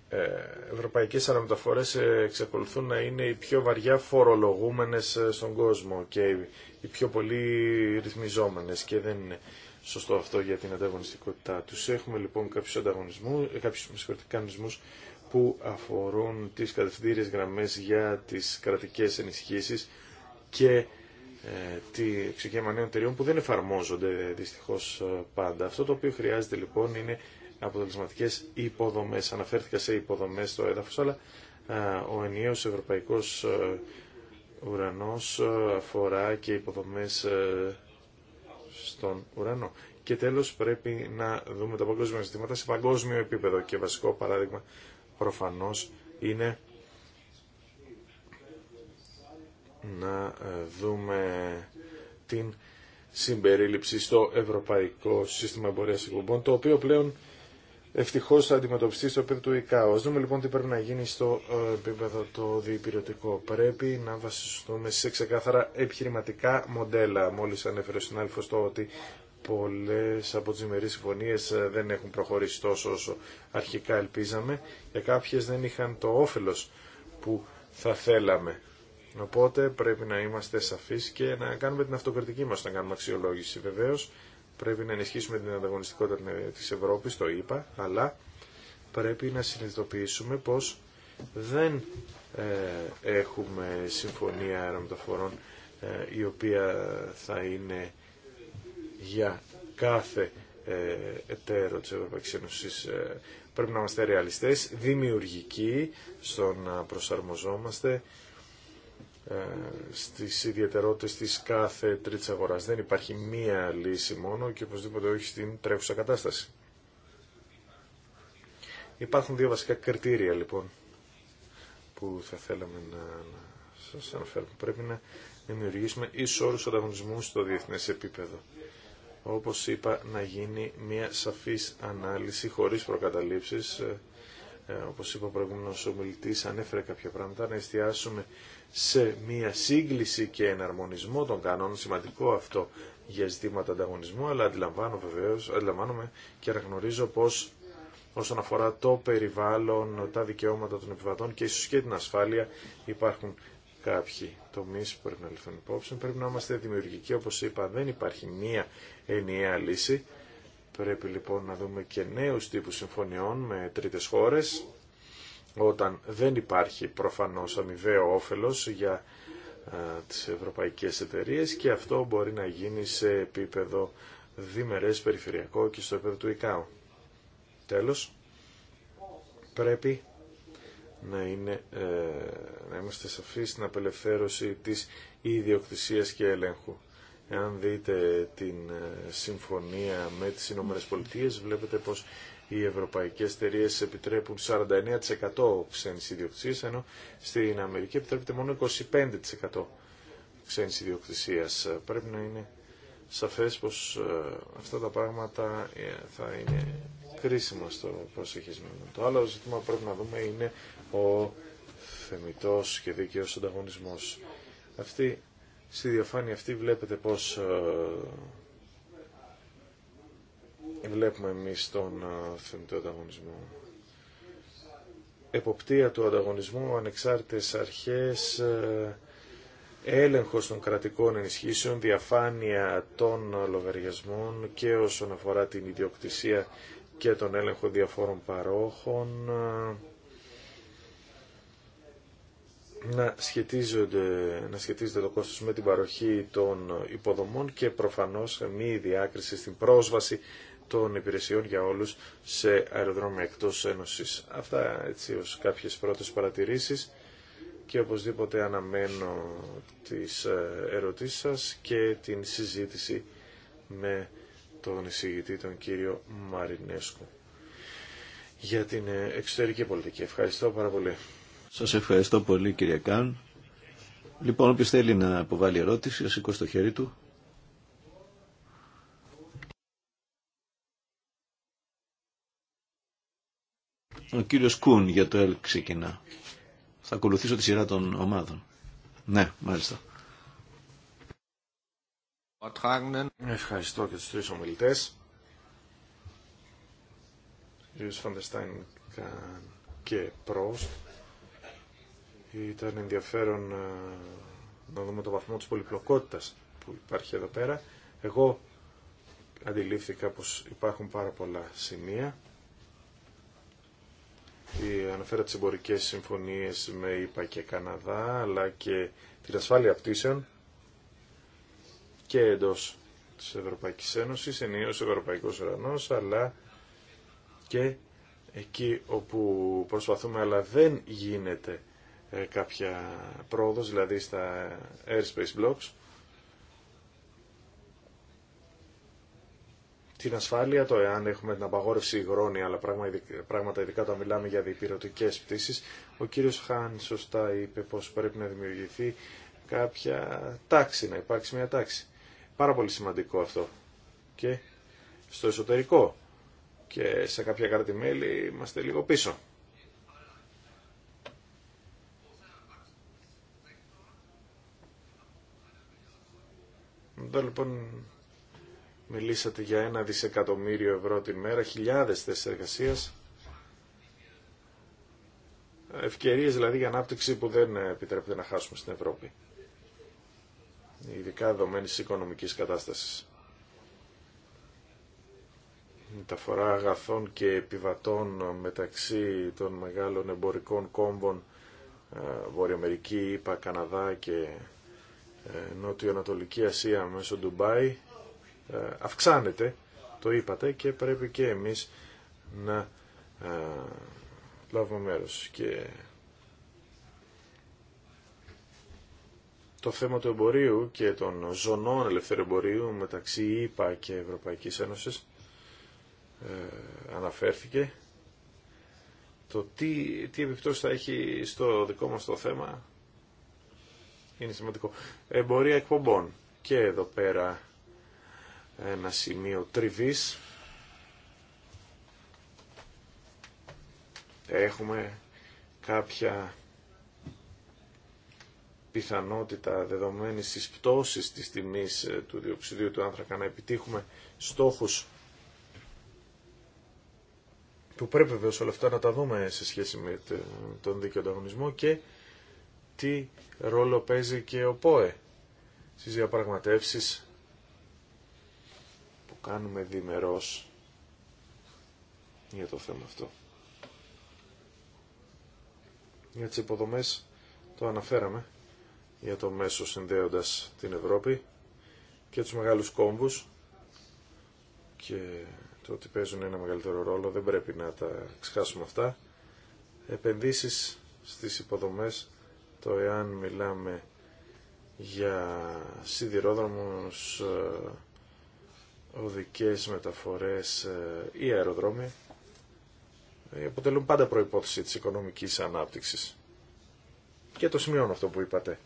ε, ευρωπαϊκές αναμεταφορές ε, εξακολουθούν να είναι οι πιο βαριά φορολογούμενες ε, στον κόσμο και οι πιο πολύ ρυθμιζόμενες και δεν είναι σωστό αυτό για την ανταγωνιστικότητά τους. Έχουμε λοιπόν κάποιους, ανταγωνισμούς, κάποιους κανονισμούς που αφορούν τις κατευθυντήριες γραμμές για τις κρατικές ενισχύσεις και ε, τη ξεκίνημα νέων εταιριών που δεν εφαρμόζονται δυστυχώ ε, πάντα. Αυτό το οποίο χρειάζεται λοιπόν είναι αποτελεσματικέ υποδομέ. Αναφέρθηκα σε υποδομέ στο έδαφο, αλλά ε, ο ενιαίος ευρωπαϊκός ουρανός αφορά και υποδομές στον ουρανό. Και τέλο πρέπει να δούμε τα παγκόσμια ζητήματα σε παγκόσμιο επίπεδο και βασικό παράδειγμα προφανώ είναι να ε, δούμε την συμπερίληψη στο Ευρωπαϊκό Σύστημα Εμπορία Εκπομπών, το οποίο πλέον ευτυχώ θα αντιμετωπιστεί στο επίπεδο του ΙΚΑΟ. δούμε λοιπόν τι πρέπει να γίνει στο ε, επίπεδο το διεπηρετικό. Πρέπει να βασιστούμε σε ξεκάθαρα επιχειρηματικά μοντέλα. Μόλις ανέφερε ο συνάδελφο το ότι πολλές από τι ημερείς συμφωνίε ε, δεν έχουν προχωρήσει τόσο όσο αρχικά ελπίζαμε και κάποιε δεν είχαν το όφελο που θα θέλαμε. Οπότε πρέπει να είμαστε σαφείς και να κάνουμε την αυτοκριτική μας, να κάνουμε αξιολόγηση. βεβαίω, πρέπει να ενισχύσουμε την ανταγωνιστικότητα της Ευρώπης, το είπα, αλλά πρέπει να συνειδητοποιήσουμε πως δεν ε, έχουμε συμφωνία αερομεταφορών ε, η οποία θα είναι για κάθε ε, εταίρο της Ευρωπαϊκής Ένωσης. Ε, πρέπει να είμαστε ρεαλιστές, δημιουργικοί στο να προσαρμοζόμαστε ε, στις ιδιαιτερότητες της κάθε τρίτης αγοράς. Δεν υπάρχει μία λύση μόνο και οπωσδήποτε όχι στην τρέχουσα κατάσταση. Υπάρχουν δύο βασικά κριτήρια λοιπόν που θα θέλαμε να, να σας αναφέρουμε. Πρέπει να δημιουργήσουμε ίσους όρους ανταγωνισμού στο διεθνές επίπεδο. Όπως είπα, να γίνει μια σαφής ανάλυση χωρίς προκαταλήψεις. Όπω ε, ε, όπως είπα προηγούμενος ο μιλητής, ανέφερε κάποια πράγματα, να εστιάσουμε σε μια σύγκληση και εναρμονισμό των κανόνων. Σημαντικό αυτό για ζητήματα ανταγωνισμού, αλλά αντιλαμβάνω βεβαίως, αντιλαμβάνομαι και αναγνωρίζω πως όσον αφορά το περιβάλλον, τα δικαιώματα των επιβατών και ίσως και την ασφάλεια υπάρχουν κάποιοι τομεί που πρέπει να ληφθούν υπόψη. Πρέπει να είμαστε δημιουργικοί, όπως είπα, δεν υπάρχει μία ενιαία λύση. Πρέπει λοιπόν να δούμε και νέους τύπους συμφωνιών με τρίτες χώρες όταν δεν υπάρχει προφανώς αμοιβαίο όφελος για τις ευρωπαϊκές εταιρείες και αυτό μπορεί να γίνει σε επίπεδο διμερές περιφερειακό και στο επίπεδο του ΙΚΑΟ. Τέλος, πρέπει να, είναι, ε, να είμαστε σαφείς στην απελευθέρωση της ιδιοκτησίας και ελέγχου. Εάν δείτε την ε, συμφωνία με τις Ηνωμένες Πολιτείες, βλέπετε πως οι Ευρωπαϊκέ εταιρείε επιτρέπουν 49% ξένη ιδιοκτησία ενώ στην Αμερική επιτρέπεται μόνο 25% ξένη ιδιοκτησία. Πρέπει να είναι σαφές πως ε, αυτά τα πράγματα ε, θα είναι κρίσιμα στο προσεχισμένο. Το άλλο ζήτημα που πρέπει να δούμε είναι ο θεμητό και δίκαιος ανταγωνισμός. Αυτή, στη διαφάνεια αυτή βλέπετε πως ε, βλέπουμε εμείς τον θεμητό ανταγωνισμό. Εποπτεία του ανταγωνισμού, ανεξάρτητες αρχές, έλεγχος των κρατικών ενισχύσεων, διαφάνεια των λογαριασμών και όσον αφορά την ιδιοκτησία και τον έλεγχο διαφόρων παρόχων, να, σχετίζονται, να σχετίζονται το κόστος με την παροχή των υποδομών και προφανώς μη διάκριση στην πρόσβαση των υπηρεσιών για όλους σε αεροδρόμια εκτό Ένωση. Αυτά έτσι ω κάποιες πρώτες παρατηρήσεις και οπωσδήποτε αναμένω τις ε, ερωτήσεις σας και την συζήτηση με τον εισηγητή, τον κύριο Μαρινέσκου, για την ε, εξωτερική πολιτική. Ευχαριστώ πάρα πολύ. Σας ευχαριστώ πολύ κύριε Καν. Λοιπόν, όποιος θέλει να αποβάλει ερώτηση, σηκώ στο χέρι του. Ο κύριος Κούν για το ΕΛ ξεκινά. Θα ακολουθήσω τη σειρά των ομάδων. Ναι, μάλιστα. Ευχαριστώ και τους τρεις ομιλητές. Κύριος και Πρόστ. Ήταν ενδιαφέρον ε, να δούμε το βαθμό της πολυπλοκότητας που υπάρχει εδώ πέρα. Εγώ αντιλήφθηκα πως υπάρχουν πάρα πολλά σημεία αναφέρα τις εμπορικέ συμφωνίες με ΙΠΑ και Καναδά, αλλά και την ασφάλεια πτήσεων και εντός της Ευρωπαϊκής Ένωσης, ενίως Ευρωπαϊκός Ουρανός, αλλά και εκεί όπου προσπαθούμε, αλλά δεν γίνεται ε, κάποια πρόοδος, δηλαδή στα airspace blocks, την ασφάλεια, το εάν έχουμε την απαγόρευση ή αλλά πράγματα ειδικά όταν μιλάμε για διπυρωτικέ πτήσει, ο κύριος Χάν σωστά είπε πω πρέπει να δημιουργηθεί κάποια τάξη, να υπάρξει μια τάξη. Πάρα πολύ σημαντικό αυτό. Και στο εσωτερικό και σε κάποια κράτη-μέλη είμαστε λίγο πίσω. Εδώ λοιπόν Μιλήσατε για ένα δισεκατομμύριο ευρώ την μέρα, χιλιάδες θέσεις εργασίας. Ευκαιρίες δηλαδή για ανάπτυξη που δεν επιτρέπεται να χάσουμε στην Ευρώπη. Ειδικά δεδομένη οικονομικής κατάστασης. Μεταφορά αγαθών και επιβατών μεταξύ των μεγάλων εμπορικών κόμβων ε, Βορειοαμερική, ΗΠΑ, Καναδά και ε, Νότιο-Ανατολική Ασία μέσω Ντουμπάι ε, αυξάνεται, το είπατε, και πρέπει και εμείς να ε, λάβουμε μέρος. Και το θέμα του εμπορίου και των ζωνών ελευθερου μεταξύ ΕΠΑ ΕΕ και Ευρωπαϊκής Ένωσης ε, αναφέρθηκε. Το τι, τι επιπτώσεις θα έχει στο δικό μας το θέμα είναι σημαντικό. Εμπορία εκπομπών. Και εδώ πέρα ένα σημείο τριβής. Έχουμε κάποια πιθανότητα δεδομένης της πτώσης της τιμής ε, του διοξιδίου του άνθρακα να επιτύχουμε στόχους που πρέπει βέβαια όλα αυτά να τα δούμε σε σχέση με τον δίκαιο ανταγωνισμό και τι ρόλο παίζει και ο ΠΟΕ στις διαπραγματεύσεις κάνουμε διμερός για το θέμα αυτό. Για τις υποδομές το αναφέραμε για το μέσο συνδέοντας την Ευρώπη και τους μεγάλους κόμβους και το ότι παίζουν ένα μεγαλύτερο ρόλο δεν πρέπει να τα ξεχάσουμε αυτά. Επενδύσεις στις υποδομές, το εάν μιλάμε για σιδηρόδρομους, ε, οδικές μεταφορές ή ε, αεροδρόμοι ε, αποτελούν πάντα προϋπόθεση της οικονομικής ανάπτυξης. Και το σημειώνω αυτό που είπατε.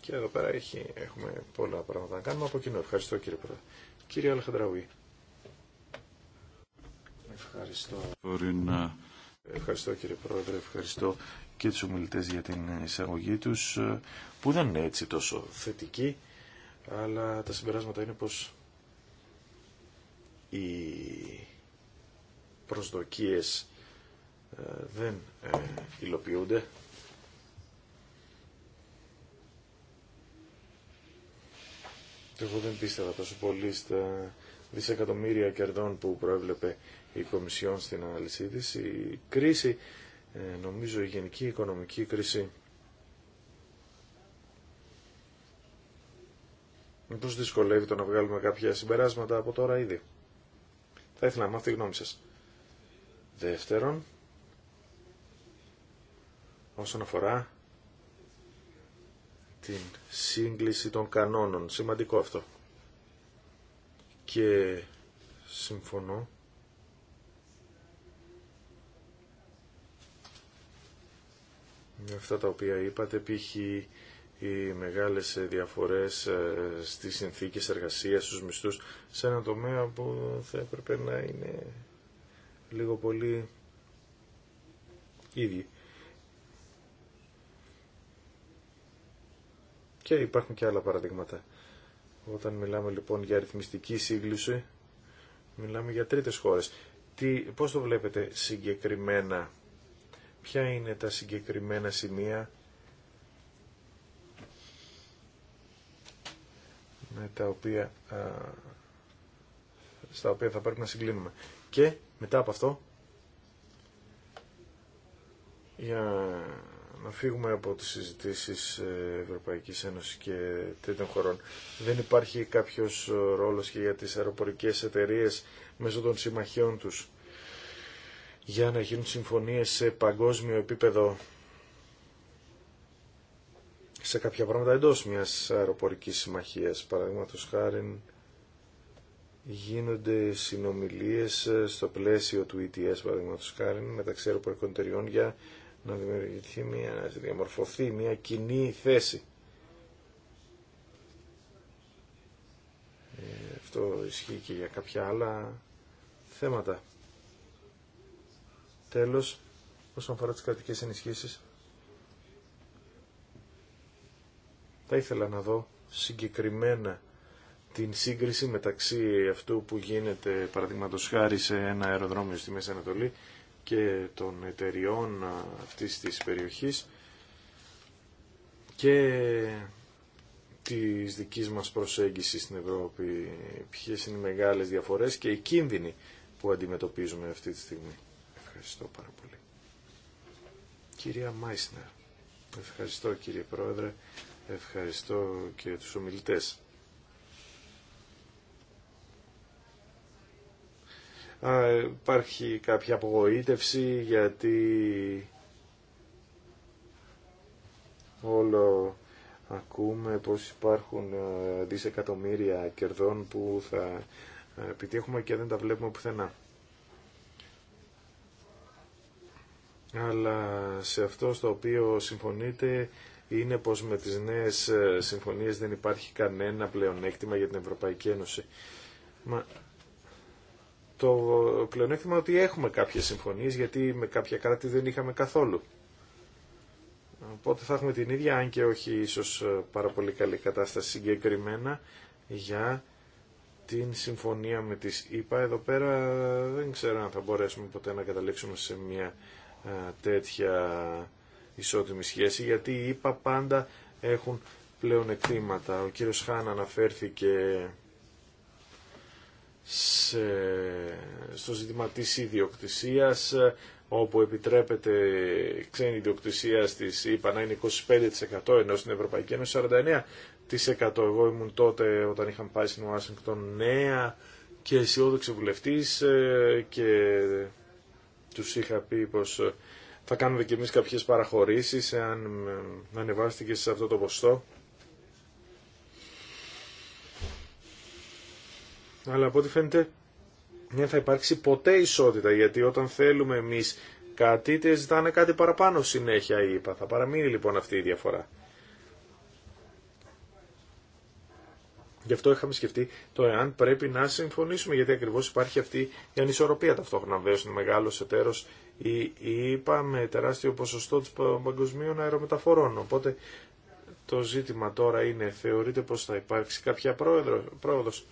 Και εδώ πέρα έχει, έχουμε πολλά πράγματα να κάνουμε από κοινό. Ευχαριστώ κύριε Πρόεδρε. Κύριε Αλεχαντραουή Ευχαριστώ. Ευχαριστώ κύριε Πρόεδρε, ευχαριστώ και τους ομιλητές για την εισαγωγή τους που δεν είναι έτσι τόσο θετική αλλά τα συμπεράσματα είναι πως οι προσδοκίες ε, δεν ε, υλοποιούνται. Εγώ δεν πίστευα τόσο πολύ στα δισεκατομμύρια κερδών που προέβλεπε η Κομισιόν στην ανάλυση της. Η κρίση, ε, νομίζω η γενική οικονομική κρίση, μήπως δυσκολεύει το να βγάλουμε κάποια συμπεράσματα από τώρα ήδη. Θα ήθελα να μάθω τη γνώμη σας. Δεύτερον, όσον αφορά την σύγκληση των κανόνων. Σημαντικό αυτό. Και συμφωνώ με αυτά τα οποία είπατε, π.χ οι μεγάλες διαφορές ε, στις συνθήκες εργασίας, στους μισθούς, σε ένα τομέα που θα έπρεπε να είναι λίγο πολύ ίδιοι. Και υπάρχουν και άλλα παραδείγματα. Όταν μιλάμε λοιπόν για αριθμιστική σύγκληση, μιλάμε για τρίτες χώρες. Τι, πώς το βλέπετε συγκεκριμένα, ποια είναι τα συγκεκριμένα σημεία τα οποία, στα οποία θα πρέπει να συγκλίνουμε. Και μετά από αυτό, για να φύγουμε από τις συζητήσεις ε, Ευρωπαϊκής Ένωσης και τέτοιων χωρών. Δεν υπάρχει κάποιος ε, ρόλος και για τις αεροπορικές εταιρείες μέσω των συμμαχιών τους για να γίνουν συμφωνίες σε παγκόσμιο επίπεδο σε κάποια πράγματα εντός μιας αεροπορικής συμμαχίας. Παραδείγματο χάρη γίνονται συνομιλίες στο πλαίσιο του ETS, παραδείγματο χάρη, μεταξύ αεροπορικών εταιριών για να δημιουργηθεί μια, να διαμορφωθεί μια κοινή θέση. Ε, αυτό ισχύει και για κάποια άλλα θέματα. Τέλος, όσον αφορά τις κρατικές ενισχύσεις, Θα ήθελα να δω συγκεκριμένα την σύγκριση μεταξύ αυτού που γίνεται παραδείγματο χάρη σε ένα αεροδρόμιο στη Μέση Ανατολή και των εταιριών αυτής της περιοχής και της δικής μας προσέγγισης στην Ευρώπη, ποιες είναι οι μεγάλες διαφορές και οι κίνδυνοι που αντιμετωπίζουμε αυτή τη στιγμή. Ευχαριστώ πάρα πολύ. Κυρία Μάισνερ, ευχαριστώ κύριε Πρόεδρε. Ευχαριστώ και τους ομιλητές. Α, υπάρχει κάποια απογοήτευση γιατί όλο ακούμε πως υπάρχουν δισεκατομμύρια κερδών που θα επιτύχουμε και δεν τα βλέπουμε πουθενά. Αλλά σε αυτό στο οποίο συμφωνείτε είναι πως με τις νέες ε, συμφωνίες δεν υπάρχει κανένα πλεονέκτημα για την Ευρωπαϊκή Ένωση. Μα το πλεονέκτημα ότι έχουμε κάποιες συμφωνίες γιατί με κάποια κράτη δεν είχαμε καθόλου. Οπότε θα έχουμε την ίδια, αν και όχι ίσως ε, πάρα πολύ καλή κατάσταση συγκεκριμένα, για την συμφωνία με τις ΗΠΑ. Εδώ πέρα ε, δεν ξέρω αν θα μπορέσουμε ποτέ να καταλήξουμε σε μια τέτοια ισότιμη σχέση γιατί οι ΙΠΑ πάντα έχουν πλέον εκτήματα. Ο κύριος Χάν αναφέρθηκε σε... στο ζήτημα της ιδιοκτησίας όπου επιτρέπεται ξένη ιδιοκτησία στις ΙΠΑ να είναι 25% ενώ στην Ευρωπαϊκή Ένωση 49%. Εγώ ήμουν τότε όταν είχαν πάει στην Ουάσιγκτον νέα και αισιόδοξη βουλευτής ε, και τους είχα πει πως θα κάνουμε και εμείς κάποιες παραχωρήσεις αν ανεβάστηκε σε αυτό το ποστό. Αλλά από ό,τι φαίνεται δεν θα υπάρξει ποτέ ισότητα γιατί όταν θέλουμε εμείς κάτι τε ζητάνε κάτι παραπάνω συνέχεια είπα. Θα παραμείνει λοιπόν αυτή η διαφορά. Γι' αυτό είχαμε σκεφτεί το εάν πρέπει να συμφωνήσουμε, γιατί ακριβώς υπάρχει αυτή η ανισορροπία ταυτόχρονα. Βέβαια, είναι μεγάλος εταίρος είπαμε τεράστιο ποσοστό των παγκοσμίων αερομεταφορών. Οπότε το ζήτημα τώρα είναι, θεωρείτε πως θα υπάρξει κάποια πρόοδος.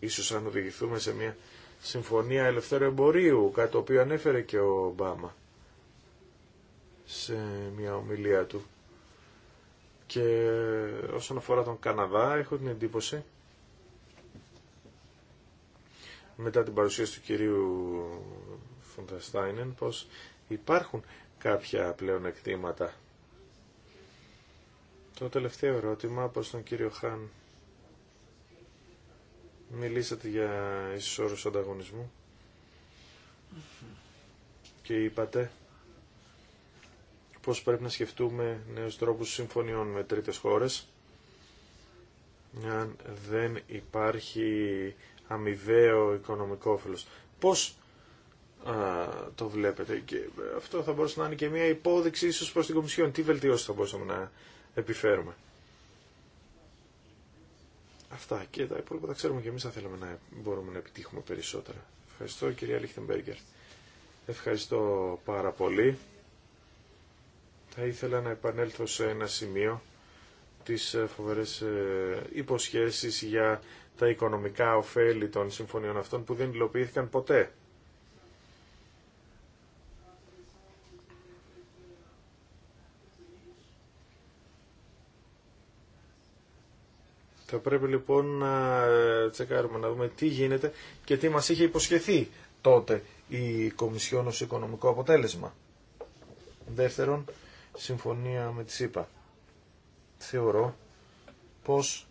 Ίσως αν οδηγηθούμε σε μια συμφωνία ελευθέρου εμπορίου, κάτι το οποίο ανέφερε και ο Ομπάμα σε μια ομιλία του. Και όσον αφορά τον Καναδά, έχω την εντύπωση μετά την παρουσίαση του κυρίου Φονταστάινεν πως υπάρχουν κάποια πλέον εκτήματα. Το τελευταίο ερώτημα προς τον κύριο Χάν. Μιλήσατε για ίσους ανταγωνισμού και είπατε πως πρέπει να σκεφτούμε νέους τρόπους συμφωνιών με τρίτες χώρες αν δεν υπάρχει αμοιβαίο οικονομικό όφελος. Πώς α, το βλέπετε και αυτό θα μπορούσε να είναι και μια υπόδειξη ίσως προς την Κομισιόν. Τι βελτιώσει θα μπορούσαμε να επιφέρουμε. Αυτά και τα υπόλοιπα τα ξέρουμε και εμείς θα θέλαμε να μπορούμε να επιτύχουμε περισσότερα. Ευχαριστώ κυρία Λίχτεμπέργκερ. Ευχαριστώ πάρα πολύ. Θα ήθελα να επανέλθω σε ένα σημείο τις ε, φοβερές ε, υποσχέσεις για τα οικονομικά ωφέλη των συμφωνιών αυτών που δεν υλοποιήθηκαν ποτέ. Θα πρέπει λοιπόν να ε, τσεκάρουμε, να δούμε τι γίνεται και τι μας είχε υποσχεθεί τότε η Κομισιόν ως οικονομικό αποτέλεσμα. Δεύτερον, συμφωνία με τη ΣΥΠΑ. Θεωρώ πως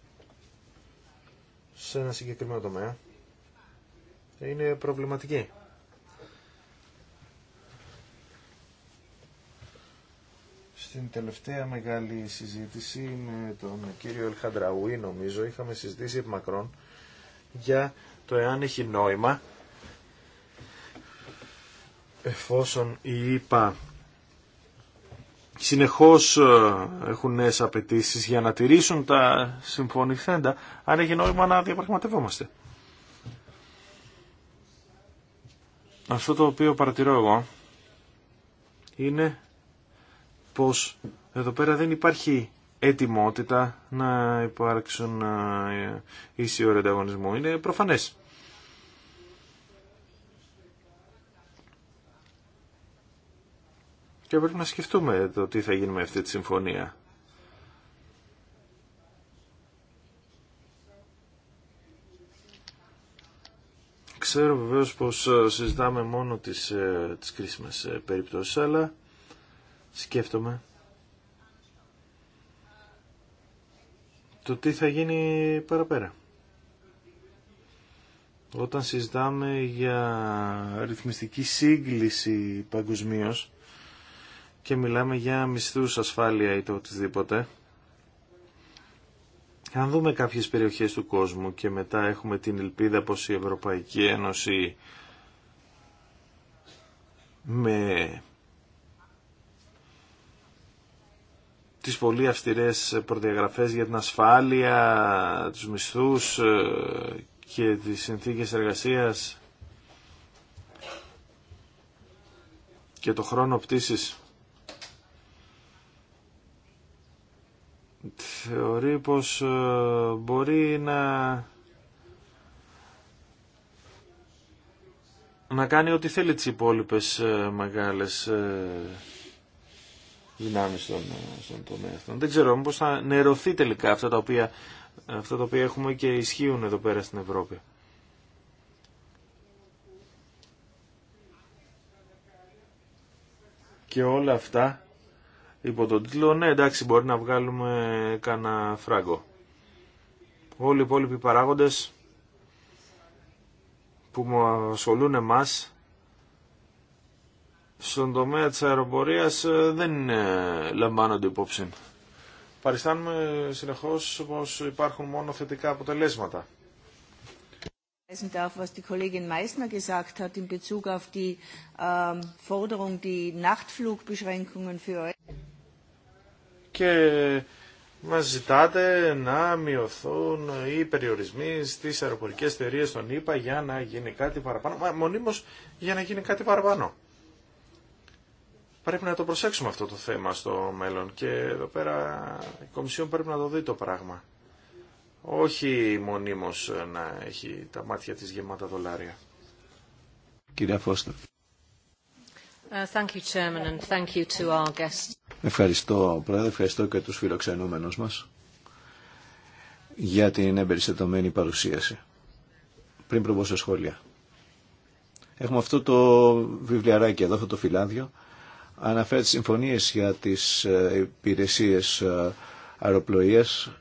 σε ένα συγκεκριμένο τομέα είναι προβληματική. Στην τελευταία μεγάλη συζήτηση με τον κύριο Ελχαντραούι νομίζω είχαμε συζητήσει επί μακρόν για το εάν έχει νόημα εφόσον η ΕΠΑ συνεχώς ε, έχουν νέες απαιτήσει για να τηρήσουν τα συμφωνηθέντα, αν έχει νόημα να διαπραγματευόμαστε. Αυτό το οποίο παρατηρώ εγώ είναι πως εδώ πέρα δεν υπάρχει ετοιμότητα να υπάρξουν ε, ίσοι όρια Είναι προφανές. Και πρέπει να σκεφτούμε το τι θα γίνει με αυτή τη συμφωνία. Ξέρω βεβαίως πως ε, συζητάμε μόνο τις, ε, τις κρίσιμες ε, περιπτώσεις, αλλά σκέφτομαι το τι θα γίνει παραπέρα. Όταν συζητάμε για ρυθμιστική σύγκληση παγκοσμίως, και μιλάμε για μισθούς ασφάλεια ή το οτιδήποτε. Αν δούμε κάποιες περιοχές του κόσμου και μετά έχουμε την ελπίδα πως η Ευρωπαϊκή Ένωση με τις πολύ αυστηρές προδιαγραφές για την ασφάλεια, τους μισθούς ε, και τις συνθήκες εργασίας και το χρόνο πτήσης θεωρεί πως ε, μπορεί να να κάνει ό,τι θέλει τις υπόλοιπες ε, μεγάλες ε, δυνάμεις στον, στον τομέα αυτόν. Δεν ξέρω πως θα νερωθεί τελικά τα, οποία, αυτά τα οποία έχουμε και ισχύουν εδώ πέρα στην Ευρώπη. Και όλα αυτά υπό τον τίτλο «Ναι, εντάξει, μπορεί να βγάλουμε κανένα φράγκο». Όλοι οι υπόλοιποι παράγοντες που μου ασχολούν εμάς στον τομέα της αεροπορίας ε, δεν λαμβάνονται υπόψη. Παριστάνουμε συνεχώς πως υπάρχουν μόνο θετικά αποτελέσματα. darf, was die Kollegin Meissner gesagt hat in Bezug auf die ähm, Forderung, die Nachtflugbeschränkungen für και μας ζητάτε να μειωθούν οι περιορισμοί στις αεροπορικέ εταιρείε των ΗΠΑ για να γίνει κάτι παραπάνω. Μονίμω για να γίνει κάτι παραπάνω. Πρέπει να το προσέξουμε αυτό το θέμα στο μέλλον και εδώ πέρα η Κομισιόν πρέπει να το δει το πράγμα. Όχι μονίμως να έχει τα μάτια της γεμάτα δολάρια. Κυρία Φώστα. Ευχαριστώ, Πρόεδρε, ευχαριστώ και τους φιλοξενούμενους μας για την εμπεριστατωμένη παρουσίαση. Πριν προβώ σε σχόλια. Έχουμε αυτό το βιβλιαράκι εδώ, αυτό το φυλάδιο. Αναφέρει τις συμφωνίες για τις ε, υπηρεσίες ε, αεροπλοείας.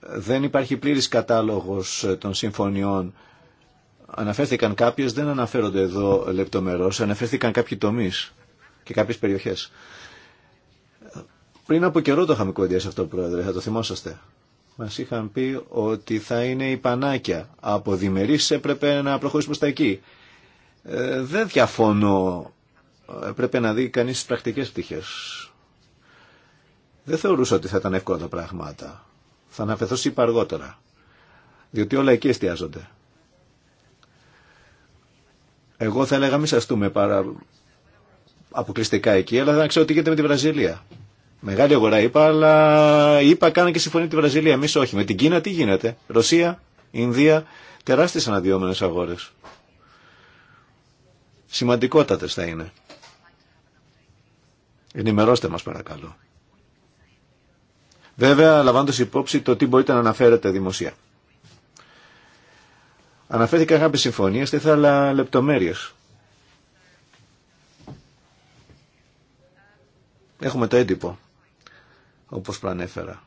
Δεν υπάρχει πλήρης κατάλογος ε, των συμφωνιών Αναφέρθηκαν κάποιες, δεν αναφέρονται εδώ λεπτομερώς, αναφέρθηκαν κάποιοι τομείς και κάποιες περιοχές. Πριν από καιρό το είχαμε κουβεντιάσει αυτό, Πρόεδρε, θα το θυμόσαστε. Μα είχαν πει ότι θα είναι η πανάκια. Από διμερεί έπρεπε να προχωρήσουμε στα εκεί. Ε, δεν διαφωνώ. Πρέπει να δει κανεί τι πρακτικέ πτυχέ. Δεν θεωρούσα ότι θα ήταν εύκολα τα πράγματα. Θα αναφερθώ σύπα αργότερα. Διότι όλα εκεί εστιάζονται. Εγώ θα έλεγα μην σαστούμε παρά αποκλειστικά εκεί, αλλά δεν ξέρω τι γίνεται με τη Βραζιλία. Μεγάλη αγορά είπα, αλλά είπα κάνα και συμφωνία με τη Βραζιλία. Εμεί όχι. Με την Κίνα τι γίνεται. Ρωσία, Ινδία, τεράστιε αναδυόμενε αγορέ. Σημαντικότατε θα είναι. Ενημερώστε μα παρακαλώ. Βέβαια, λαμβάνοντα υπόψη το τι μπορείτε να αναφέρετε δημοσία. Αναφέρθηκα κάποιες συμφωνίες, θα ήθελα λεπτομέρειες. Έχουμε το έντυπο, όπως προανέφερα.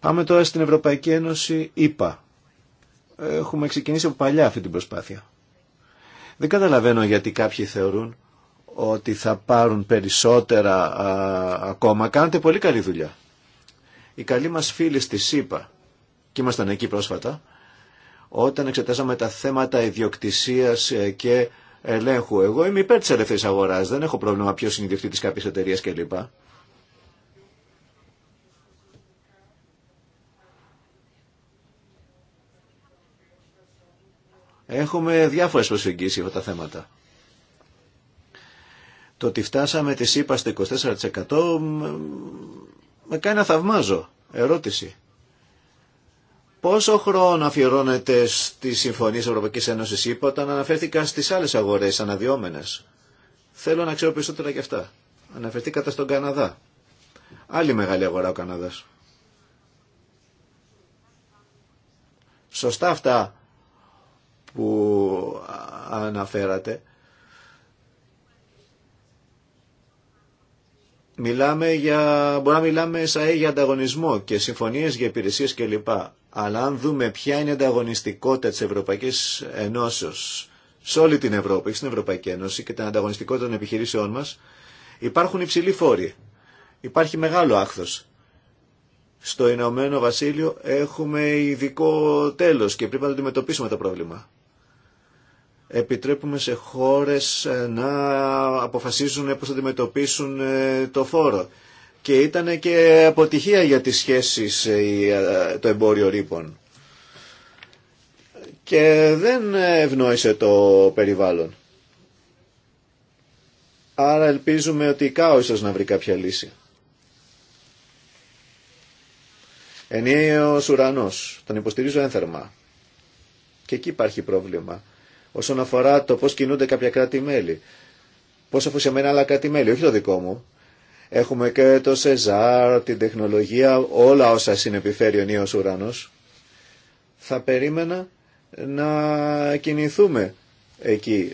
Πάμε τώρα στην Ευρωπαϊκή Ένωση ΕΙΠΑ. Έχουμε ξεκινήσει από παλιά αυτή την προσπάθεια. Δεν καταλαβαίνω γιατί κάποιοι θεωρούν ότι θα πάρουν περισσότερα ακόμα. Κάνετε πολύ καλή δουλειά. Οι καλοί μας φίλοι στη ΣΥΠΑ, και ήμασταν εκεί πρόσφατα, όταν εξετάζαμε τα θέματα ιδιοκτησία ε, και ελέγχου. Εγώ είμαι υπέρ τη ελεύθερη αγορά. δεν έχω πρόβλημα ποιος είναι τη κάποιες εταιρείας κλπ. Έχουμε διάφορες προσεγγίσει για αυτά τα θέματα. Το ότι φτάσαμε τη ΣΥΠΑ στο 24% με κάνει να θαυμάζω. Ερώτηση. Πόσο χρόνο αφιερώνεται στι συμφωνίε Ευρωπαϊκή Ένωση, είπα, όταν αναφέρθηκαν στι άλλε αγορέ αναδυόμενε. Θέλω να ξέρω περισσότερα γι' αυτά. Αναφερθήκατε στον Καναδά. Άλλη μεγάλη αγορά ο Καναδά. Σωστά αυτά που αναφέρατε. Μιλάμε για, μπορεί να μιλάμε σαν για ανταγωνισμό και συμφωνίες για υπηρεσίες κλπ. Αλλά αν δούμε ποια είναι η ανταγωνιστικότητα της Ευρωπαϊκής Ενώσεως σε όλη την Ευρώπη, στην Ευρωπαϊκή Ένωση και την ανταγωνιστικότητα των επιχειρήσεών μας, υπάρχουν υψηλοί φόροι. Υπάρχει μεγάλο άχθος. Στο Ηνωμένο Βασίλειο έχουμε ειδικό τέλος και πρέπει να αντιμετωπίσουμε το πρόβλημα. Επιτρέπουμε σε χώρες να αποφασίζουν πώς θα αντιμετωπίσουν ε, το φόρο και ήταν και αποτυχία για τις σχέσεις ε, ε, το εμπόριο ρήπων. Και δεν ευνόησε το περιβάλλον. Άρα ελπίζουμε ότι η ΚΑΟ ίσως να βρει κάποια λύση. ο ουρανός, τον υποστηρίζω ένθερμα. Και εκεί υπάρχει πρόβλημα. Όσον αφορά το πώς κινούνται κάποια κράτη-μέλη. πως μενα αφουσιαμένα άλλα κράτη-μέλη, όχι το δικό μου. Έχουμε και το ΣΕΖΑΡ, την τεχνολογία, όλα όσα συνεπιφέρει ο νέος ουρανός. Θα περίμενα να κινηθούμε εκεί.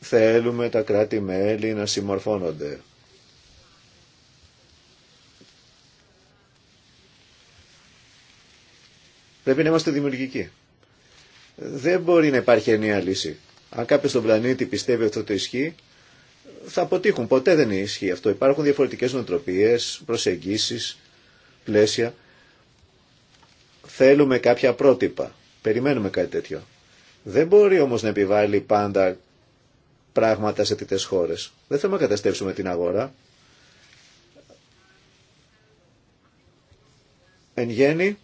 Θέλουμε τα κράτη-μέλη να συμμορφώνονται. Πρέπει να είμαστε δημιουργικοί. Δεν μπορεί να υπάρχει ενιαία λύση. Αν κάποιος στον πλανήτη πιστεύει αυτό το ισχύει, θα αποτύχουν. Ποτέ δεν ισχύει αυτό. Υπάρχουν διαφορετικές νοοτροπίες, προσεγγίσεις, πλαίσια. Θέλουμε κάποια πρότυπα. Περιμένουμε κάτι τέτοιο. Δεν μπορεί όμως να επιβάλλει πάντα πράγματα σε τέτοιες χώρες. Δεν θέλουμε να καταστρέψουμε την αγορά. Εν γέννη,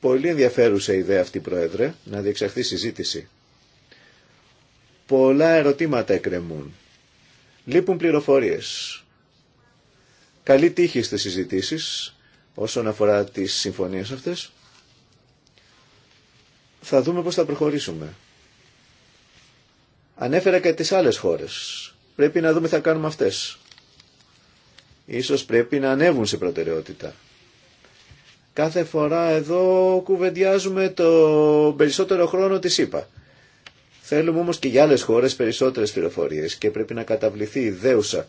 πολύ ενδιαφέρουσα ιδέα αυτή, Πρόεδρε, να διεξαχθεί συζήτηση Πολλά ερωτήματα εκκρεμούν. Λείπουν πληροφορίες. Καλή τύχη στις συζητήσεις όσον αφορά τις συμφωνίες αυτές. Θα δούμε πώς θα προχωρήσουμε. Ανέφερα και τις άλλες χώρες. Πρέπει να δούμε τι θα κάνουμε αυτές. Ίσως πρέπει να ανέβουν σε προτεραιότητα. Κάθε φορά εδώ κουβεντιάζουμε το περισσότερο χρόνο της ΕΠΑ. Θέλουμε όμως και για άλλες χώρες περισσότερες πληροφορίες και πρέπει να καταβληθεί η δέουσα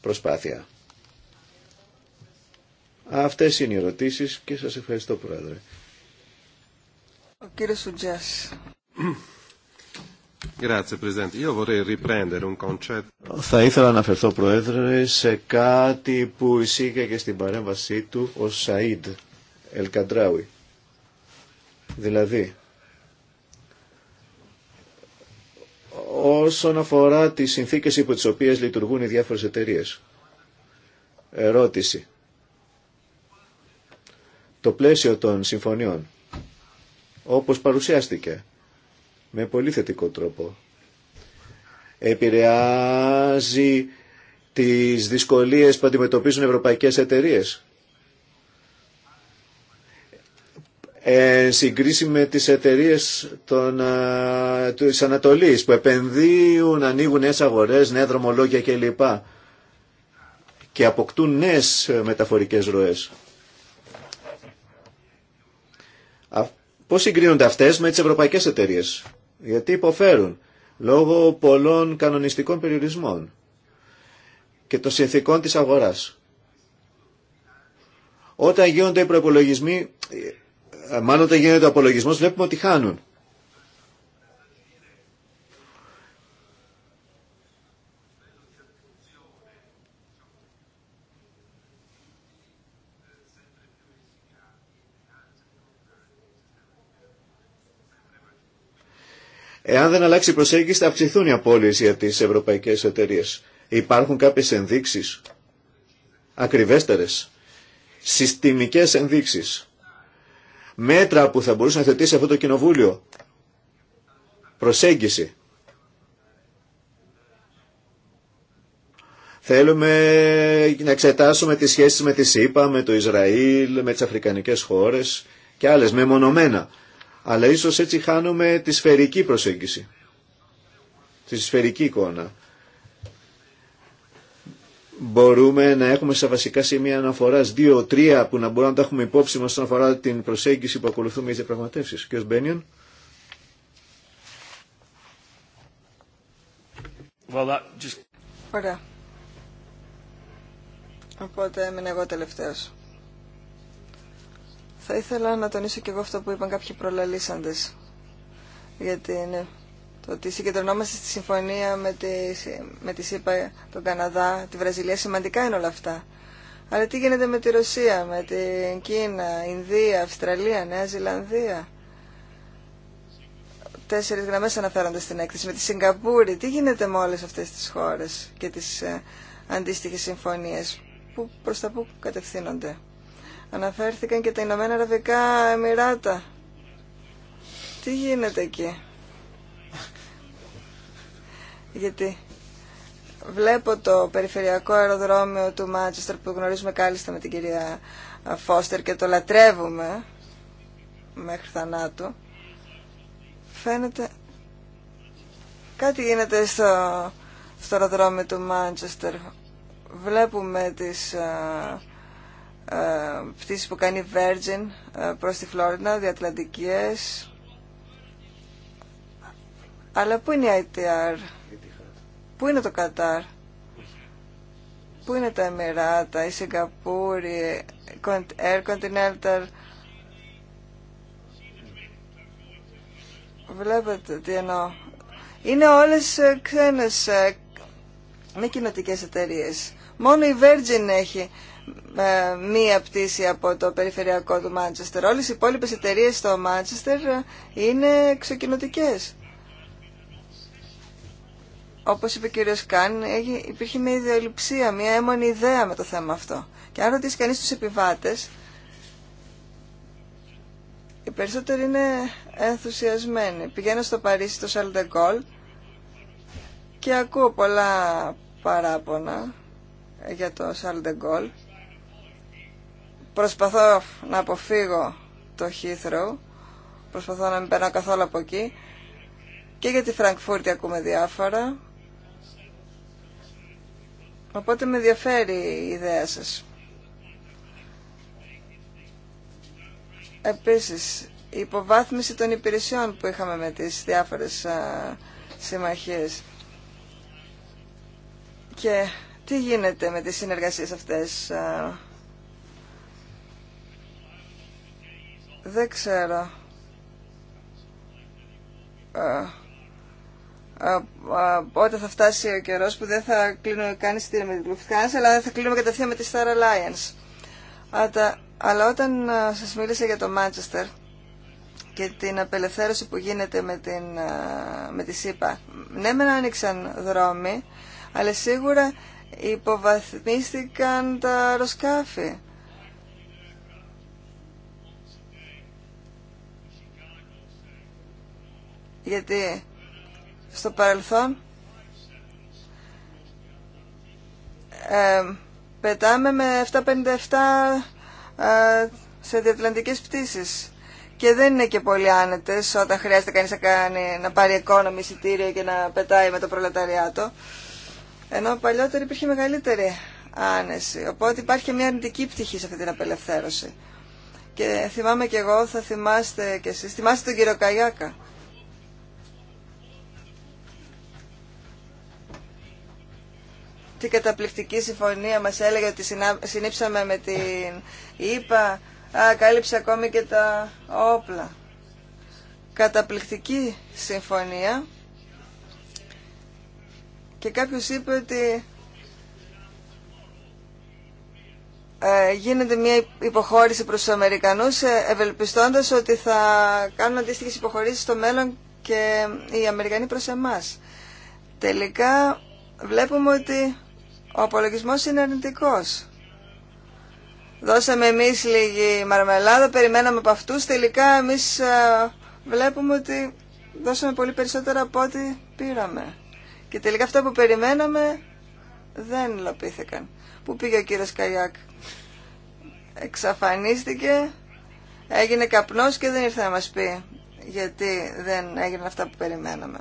προσπάθεια. Αυτές είναι οι ερωτήσεις και σας ευχαριστώ Πρόεδρε. Ο κύριος Θα ήθελα να αναφερθώ, Πρόεδρε, σε κάτι που εισήγαγε και στην παρέμβασή του ο Σαΐντ Ελκαντράουι. Δηλαδή, όσον αφορά τις συνθήκες υπό τις οποίες λειτουργούν οι διάφορες εταιρείες. Ερώτηση. Το πλαίσιο των συμφωνιών, όπως παρουσιάστηκε, με πολύ θετικό τρόπο, επηρεάζει τις δυσκολίες που αντιμετωπίζουν ευρωπαϊκές εταιρείες συγκρίση με τις εταιρείες των, α, της Ανατολής που επενδύουν, ανοίγουν νέες αγορές, νέα δρομολόγια κλπ. Και αποκτούν νέες μεταφορικές ροές. Α, πώς συγκρίνονται αυτές με τις ευρωπαϊκές εταιρείες. Γιατί υποφέρουν λόγω πολλών κανονιστικών περιορισμών και των συνθήκων της αγοράς. Όταν γίνονται οι προπολογισμοί ε, μάλλον όταν γίνεται ο απολογισμό βλέπουμε ότι χάνουν. Εάν δεν αλλάξει η προσέγγιση θα αυξηθούν οι απώλειες για τις ευρωπαϊκές εταιρείες. Υπάρχουν κάποιες ενδείξεις, ακριβέστερες, συστημικές ενδείξεις μέτρα που θα μπορούσε να θετήσει αυτό το κοινοβούλιο. Προσέγγιση. Θέλουμε να εξετάσουμε τις σχέσεις με τη ΣΥΠΑ, με το Ισραήλ, με τις Αφρικανικές χώρες και άλλες, μεμονωμένα. Αλλά ίσως έτσι χάνουμε τη σφαιρική προσέγγιση, τη σφαιρική εικόνα μπορούμε να έχουμε στα βασικά σημεία αναφορά δύο-τρία που να μπορούμε να τα έχουμε υπόψη μα όσον αφορά την προσέγγιση που ακολουθούμε για τι διαπραγματεύσει. Μπένιον. Ωραία. Οπότε έμεινα εγώ τελευταίος. Θα ήθελα να τονίσω και εγώ αυτό που είπαν κάποιοι προλαλήσαντες Γιατί είναι το ότι συγκεντρωνόμαστε στη συμφωνία με τη, με τη ΣΥΠΑ, τον Καναδά, τη Βραζιλία, σημαντικά είναι όλα αυτά. Αλλά τι γίνεται με τη Ρωσία, με την Κίνα, Ινδία, Αυστραλία, Νέα Ζηλανδία. Τέσσερι γραμμέ αναφέρονται στην έκθεση. Με τη Σιγκαπούρη, τι γίνεται με όλε αυτέ τι χώρε και τι ε, αντίστοιχε συμφωνίε, προ τα που κατευθύνονται. Αναφέρθηκαν και τα Ηνωμένα Αραβικά Εμμυράτα. Τι γίνεται εκεί γιατί βλέπω το περιφερειακό αεροδρόμιο του Μάντσεστερ που γνωρίζουμε κάλλιστα με την κυρία Φώστερ και το λατρεύουμε μέχρι θανάτου. Φαίνεται κάτι γίνεται στο, στο αεροδρόμιο του Μάντσεστερ. Βλέπουμε τις α, ε, ε, πτήσεις που κάνει Virgin α, ε, προς τη Φλόρινα, διατλαντικές, αλλά πού είναι η ITR, πού είναι το Κατάρ, πού είναι τα Εμμυράτα, η Σιγκαπούρη, η Air Continental. Βλέπετε τι εννοώ. Είναι όλες ε, ξένες, ε, μη κοινοτικές εταιρείες. Μόνο η Virgin έχει ε, μία πτήση από το περιφερειακό του Μάντσεστερ. Όλες οι υπόλοιπες εταιρείες στο Μάντσεστερ είναι ξεκινοτικές όπως είπε ο κύριος Καν, υπήρχε μια ιδεολειψία, μια έμονη ιδέα με το θέμα αυτό. Και αν ρωτήσει κανείς τους επιβάτες, οι περισσότεροι είναι ενθουσιασμένοι. Πηγαίνω στο Παρίσι, στο Σαλντεγκόλ και ακούω πολλά παράπονα για το Σαλντεγκόλ. Προσπαθώ να αποφύγω το Heathrow, προσπαθώ να μην περνάω καθόλου από εκεί. Και για τη Φραγκφούρτη ακούμε διάφορα. Οπότε με ενδιαφέρει η ιδέα σας. Επίσης, η υποβάθμιση των υπηρεσιών που είχαμε με τις διάφορες α, συμμαχίες. Και τι γίνεται με τις συνεργασίες αυτές. δεν ξέρω όταν θα φτάσει ο καιρό που δεν θα κλείνω καν στην με την Lufthansa, αλλά θα κλείνουμε κατευθείαν με τη Star Alliance. Αλλά όταν σας μίλησα για το Μάντσεστερ και την απελευθέρωση που γίνεται με, την, με τη ΣΥΠΑ, ναι μεν άνοιξαν δρόμοι, αλλά σίγουρα υποβαθμίστηκαν τα αεροσκάφη. Γιατί στο παρελθόν ε, πετάμε με 757 ε, σε διατλαντικές πτήσεις και δεν είναι και πολύ άνετες όταν χρειάζεται κανείς να, κάνει, να πάρει οικόνομη εισιτήρια και να πετάει με το προλαταριάτο, ενώ παλιότερα υπήρχε μεγαλύτερη άνεση οπότε υπάρχει και μια αρνητική πτυχή σε αυτή την απελευθέρωση και θυμάμαι και εγώ, θα θυμάστε και εσείς θυμάστε τον κύριο Καγιάκα τι καταπληκτική συμφωνία μας έλεγε ότι συνήψαμε με την ΙΠΑ. Α, κάλυψε ακόμη και τα όπλα. Καταπληκτική συμφωνία. Και κάποιος είπε ότι ε, γίνεται μια υποχώρηση προς τους Αμερικανούς ε, ευελπιστώντας ότι θα κάνουν αντίστοιχε υποχωρήσεις στο μέλλον και οι Αμερικανοί προς εμάς. Τελικά βλέπουμε ότι ο απολογισμός είναι αρνητικός. Δώσαμε εμείς λίγη μαρμελάδα, περιμέναμε από αυτούς, τελικά εμείς ε, βλέπουμε ότι δώσαμε πολύ περισσότερα από ό,τι πήραμε. Και τελικά αυτά που περιμέναμε δεν υλοποιήθηκαν. Πού πήγε ο κύριος Καγιάκ. Εξαφανίστηκε, έγινε καπνός και δεν ήρθε να μας πει γιατί δεν έγιναν αυτά που περιμέναμε.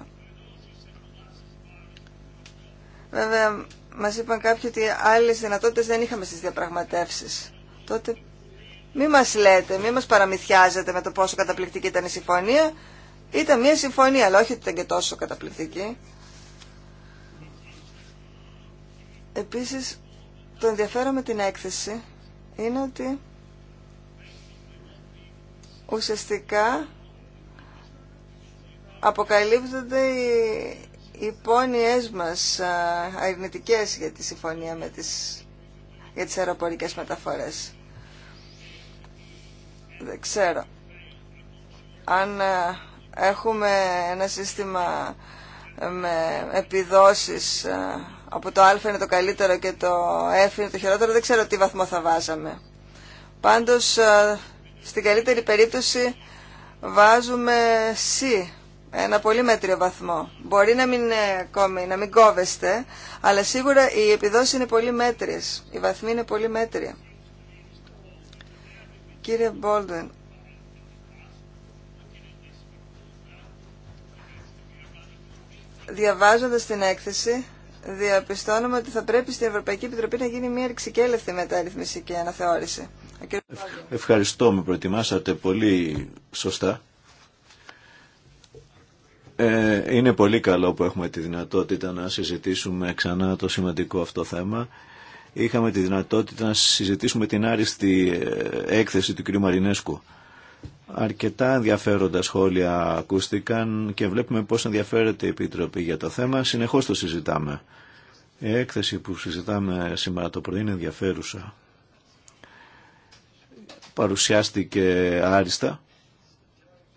Βέβαια, μας είπαν κάποιοι ότι άλλες δυνατότητες δεν είχαμε στις διαπραγματεύσεις. Τότε μη μας λέτε, μη μας παραμυθιάζετε με το πόσο καταπληκτική ήταν η συμφωνία. Ήταν μια συμφωνία, αλλά όχι ότι ήταν και τόσο καταπληκτική. Επίσης, το ενδιαφέρον με την έκθεση είναι ότι ουσιαστικά αποκαλύπτονται οι οι πόνοιές μας αρνητικές για τη συμφωνία με τις, για τις αεροπορικές μεταφορές. Δεν ξέρω. Αν έχουμε ένα σύστημα με επιδόσεις από το α είναι το καλύτερο και το ε είναι το χειρότερο, δεν ξέρω τι βαθμό θα βάζαμε. Πάντως, στην καλύτερη περίπτωση βάζουμε C ένα πολύ μέτριο βαθμό. Μπορεί να μην είναι ακόμη, να μην κόβεστε, αλλά σίγουρα οι επιδόση είναι πολύ μέτριες, οι βαθμοί είναι πολύ μέτρια. Κύριε Μπόλντεν, διαβάζοντας την έκθεση, διαπιστώνουμε ότι θα πρέπει στην Ευρωπαϊκή Επιτροπή να γίνει μια ρηξικέλευτη μεταρρύθμιση και αναθεώρηση. Ευχαριστώ, με προετοιμάσατε πολύ σωστά ε, είναι πολύ καλό που έχουμε τη δυνατότητα να συζητήσουμε ξανά το σημαντικό αυτό θέμα. Είχαμε τη δυνατότητα να συζητήσουμε την άριστη ε, έκθεση του κ. Μαρινέσκου. Αρκετά ενδιαφέροντα σχόλια ακούστηκαν και βλέπουμε πώς ενδιαφέρεται η Επιτροπή για το θέμα. Συνεχώς το συζητάμε. Η έκθεση που συζητάμε σήμερα το πρωί είναι ενδιαφέρουσα. Παρουσιάστηκε άριστα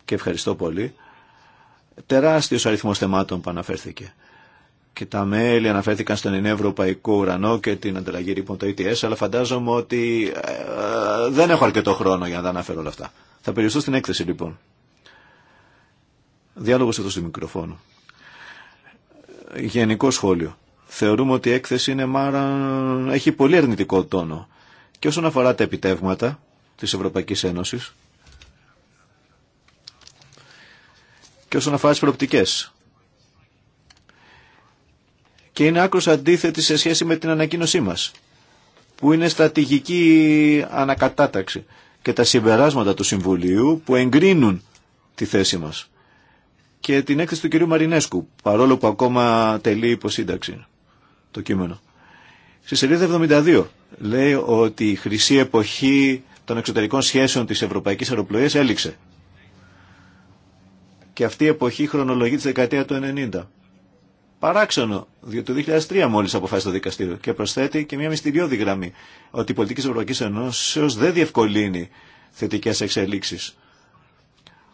και ευχαριστώ πολύ τεράστιος αριθμός θεμάτων που αναφέρθηκε. Και τα μέλη αναφέρθηκαν στον Ευρωπαϊκό Ουρανό και την ανταλλαγή λοιπόν το ETS, αλλά φαντάζομαι ότι ε, δεν έχω αρκετό χρόνο για να τα αναφέρω όλα αυτά. Θα περιοριστώ στην έκθεση λοιπόν. Διάλογος εδώ στο μικροφόνο. Γενικό σχόλιο. Θεωρούμε ότι η έκθεση είναι έχει πολύ αρνητικό τόνο. Και όσον αφορά τα επιτεύγματα της Ευρωπαϊκής Ένωσης, και όσον αφορά τι προοπτικέ. Και είναι άκρως αντίθετη σε σχέση με την ανακοίνωσή μας, που είναι στρατηγική ανακατάταξη και τα συμπεράσματα του Συμβουλίου που εγκρίνουν τη θέση μας και την έκθεση του κυρίου Μαρινέσκου, παρόλο που ακόμα τελεί υποσύνταξη το κείμενο. Στη σελίδα 72 λέει ότι η χρυσή εποχή των εξωτερικών σχέσεων της Ευρωπαϊκής Αεροπλοίας έληξε. Και αυτή η εποχή χρονολογεί τη δεκαετία του 90. Παράξενο, διότι το 2003 μόλι αποφάσισε το δικαστήριο και προσθέτει και μια μυστηριώδη γραμμή ότι η πολιτική τη Ευρωπαϊκή Ενώσεω δεν διευκολύνει θετικέ εξελίξει.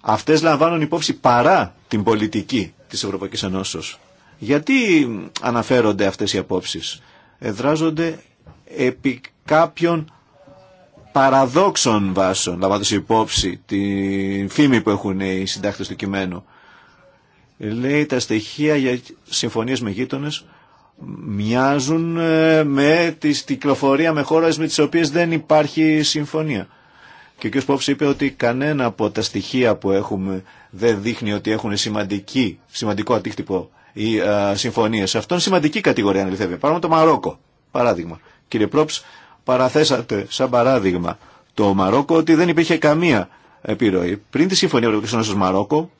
Αυτέ λαμβάνουν υπόψη παρά την πολιτική τη Ευρωπαϊκή Ενώσεω. Γιατί αναφέρονται αυτέ οι απόψει, εδράζονται επί κάποιων παραδόξων βάσεων, λαμβάνοντας υπόψη την φήμη που έχουν οι συντάκτες του κειμένου. Λέει τα στοιχεία για συμφωνίες με γείτονες μοιάζουν ε, με τη κυκλοφορία με χώρες με τις οποίες δεν υπάρχει συμφωνία. Και ο κ. Πόψη είπε ότι κανένα από τα στοιχεία που έχουμε δεν δείχνει ότι έχουν σημαντική, σημαντικό αντίκτυπο οι ε, συμφωνίε. Αυτό είναι σημαντική κατηγορία αν λυθεύει. Παράδειγμα το Μαρόκο. Παράδειγμα. Κύριε παραθέσατε σαν παράδειγμα το Μαρόκο ότι δεν υπήρχε καμία επιρροή. Πριν τη Συμφωνία Ευρωπαϊκής Ένωσης Μαρόκο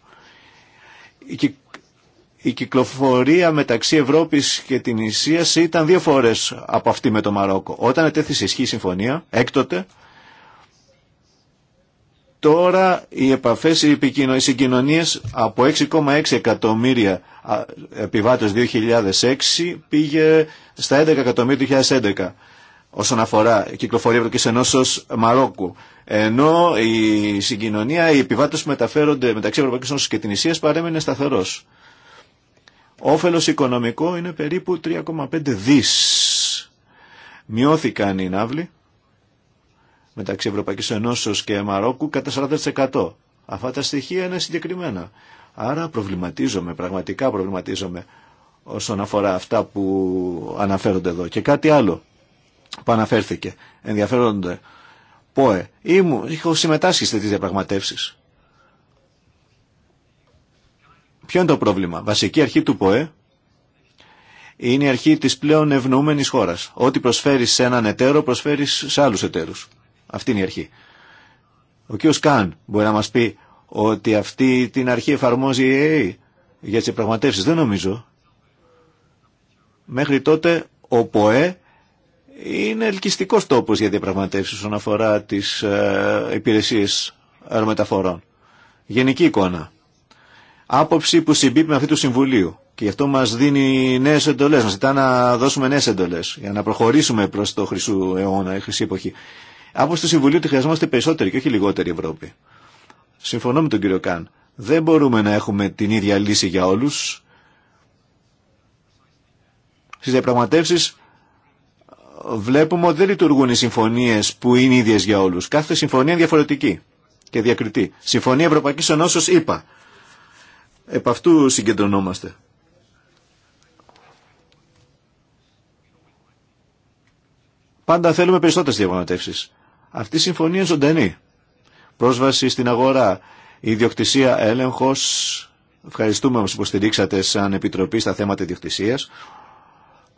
η κυκλοφορία μεταξύ Ευρώπης και την Ισία ήταν δύο φορές από αυτή με το Μαρόκο. Όταν ετέθησε ισχύ η συμφωνία, έκτοτε, τώρα οι επαφές, οι συγκοινωνίες από 6,6 εκατομμύρια επιβάτες 2006 πήγε στα 11 εκατομμύρια 2011 όσον αφορά κυκλοφορία Ευρωπαϊκής Ενώσεως Μαρόκου. Ενώ η συγκοινωνία, οι επιβάτε που μεταφέρονται μεταξύ Ευρωπαϊκή Ένωση και την Ισία παρέμεινε σταθερό. Όφέλο οικονομικό είναι περίπου 3,5 δις. Μειώθηκαν οι ναύλοι μεταξύ Ευρωπαϊκή Ένωση και Μαρόκου κατά 40%. Αυτά τα στοιχεία είναι συγκεκριμένα. Άρα προβληματίζομαι, πραγματικά προβληματίζομαι όσον αφορά αυτά που αναφέρονται εδώ. Και κάτι άλλο που αναφέρθηκε. Ενδιαφέρονται. ΠΟΕ. Ήμου, είχα συμμετάσχει σε τέτοιες διαπραγματεύσεις. Ποιο είναι το πρόβλημα. Βασική αρχή του ΠΟΕ είναι η αρχή της πλέον ευνοούμενης χώρας. Ό,τι προσφέρει σε έναν εταίρο προσφέρει σε άλλους εταίρους. Αυτή είναι η αρχή. Ο κ. Καν μπορεί να μας πει ότι αυτή την αρχή εφαρμόζει η ΕΕ για τις διαπραγματεύσεις. Δεν νομίζω. Μέχρι τότε ο ΠΟΕ είναι ελκυστικό τόπο για διαπραγματεύσει όσον αφορά τι ε, υπηρεσίες αερομεταφορών. Γενική εικόνα. Άποψη που συμπίπτει με αυτή του Συμβουλίου. Και γι' αυτό μα δίνει νέε εντολέ Μα ζητά να δώσουμε νέε εντολέ για να προχωρήσουμε προ το χρυσού αιώνα, η χρυσή εποχή. Άποψη του Συμβουλίου ότι χρειαζόμαστε περισσότερη και όχι λιγότερη Ευρώπη. Συμφωνώ με τον κύριο Καν. Δεν μπορούμε να έχουμε την ίδια λύση για όλου. Στι διαπραγματεύσει βλέπουμε ότι δεν λειτουργούν οι συμφωνίες που είναι ίδιες για όλου. Κάθε συμφωνία είναι διαφορετική και διακριτή. Συμφωνία Ευρωπαϊκή Ενώσεω, είπα. Επ' αυτού συγκεντρωνόμαστε. Πάντα θέλουμε περισσότερε διαπραγματεύσει. Αυτή η συμφωνία είναι ζωντανή. Πρόσβαση στην αγορά, ιδιοκτησία, Έλεγχο. Ευχαριστούμε που υποστηρίξατε σαν Επιτροπή στα θέματα ιδιοκτησία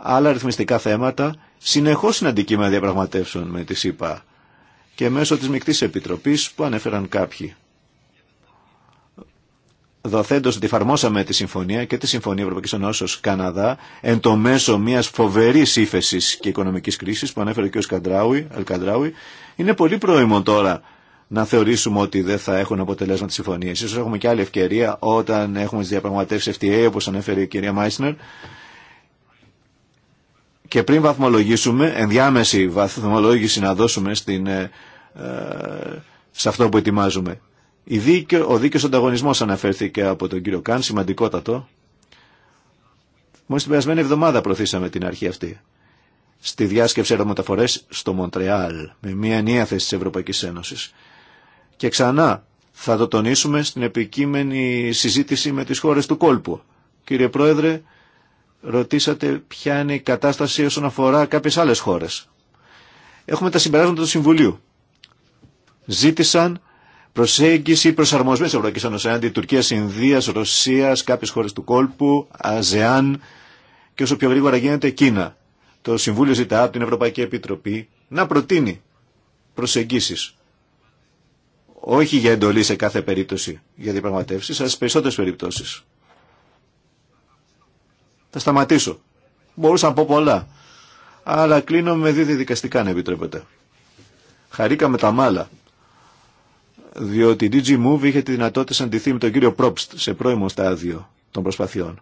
άλλα ρυθμιστικά θέματα συνεχώ είναι αντικείμενα διαπραγματεύσεων με τη ΣΥΠΑ και μέσω τη μεικτή επιτροπή που ανέφεραν κάποιοι. Δοθέντω ότι εφαρμόσαμε τη συμφωνία και τη Συμφωνία Ευρωπαϊκή Ενώσεω Καναδά εν το μέσο μια φοβερή ύφεση και οικονομική κρίση που ανέφερε και ο Σκαντράουι, Αλκαντράουι, είναι πολύ πρόημο τώρα να θεωρήσουμε ότι δεν θα έχουν αποτελέσματα τη συμφωνία. σω έχουμε και άλλη ευκαιρία όταν έχουμε τι διαπραγματεύσει FTA όπω ανέφερε η κυρία Μάισνερ και πριν βαθμολογήσουμε, ενδιάμεση βαθμολόγηση να δώσουμε στην, ε, ε, σε αυτό που ετοιμάζουμε. Η δίκαιο, ο δίκαιος ανταγωνισμός αναφέρθηκε από τον κύριο Καν, σημαντικότατο. Μόλις την περασμένη εβδομάδα προωθήσαμε την αρχή αυτή. Στη διάσκεψη αερομεταφορές στο Μοντρεάλ, με μια νέα θέση της Ευρωπαϊκής Ένωσης. Και ξανά θα το τονίσουμε στην επικείμενη συζήτηση με τις χώρες του κόλπου. Κύριε Πρόεδρε, ρωτήσατε ποια είναι η κατάσταση όσον αφορά κάποιες άλλες χώρες. Έχουμε τα συμπεράσματα του Συμβουλίου. Ζήτησαν προσέγγιση προσαρμοσμένη τη Ευρωπαϊκή Ένωση αντί Τουρκία, Ινδία, Ρωσία, κάποιε χώρε του κόλπου, ΑΖΕΑΝ και όσο πιο γρήγορα γίνεται Κίνα. Το Συμβούλιο ζητά από την Ευρωπαϊκή Επιτροπή να προτείνει προσεγγίσει. Όχι για εντολή σε κάθε περίπτωση για διαπραγματεύσει, αλλά σε περισσότερε περιπτώσει. Θα σταματήσω. Μπορούσα να πω πολλά. Αλλά κλείνω με δύο δικαστικά αν επιτρέπετε. με τα μάλα. Διότι η DG Move είχε τη δυνατότητα να αντιθεί με τον κύριο Πρόπστ σε πρώιμο στάδιο των προσπαθειών.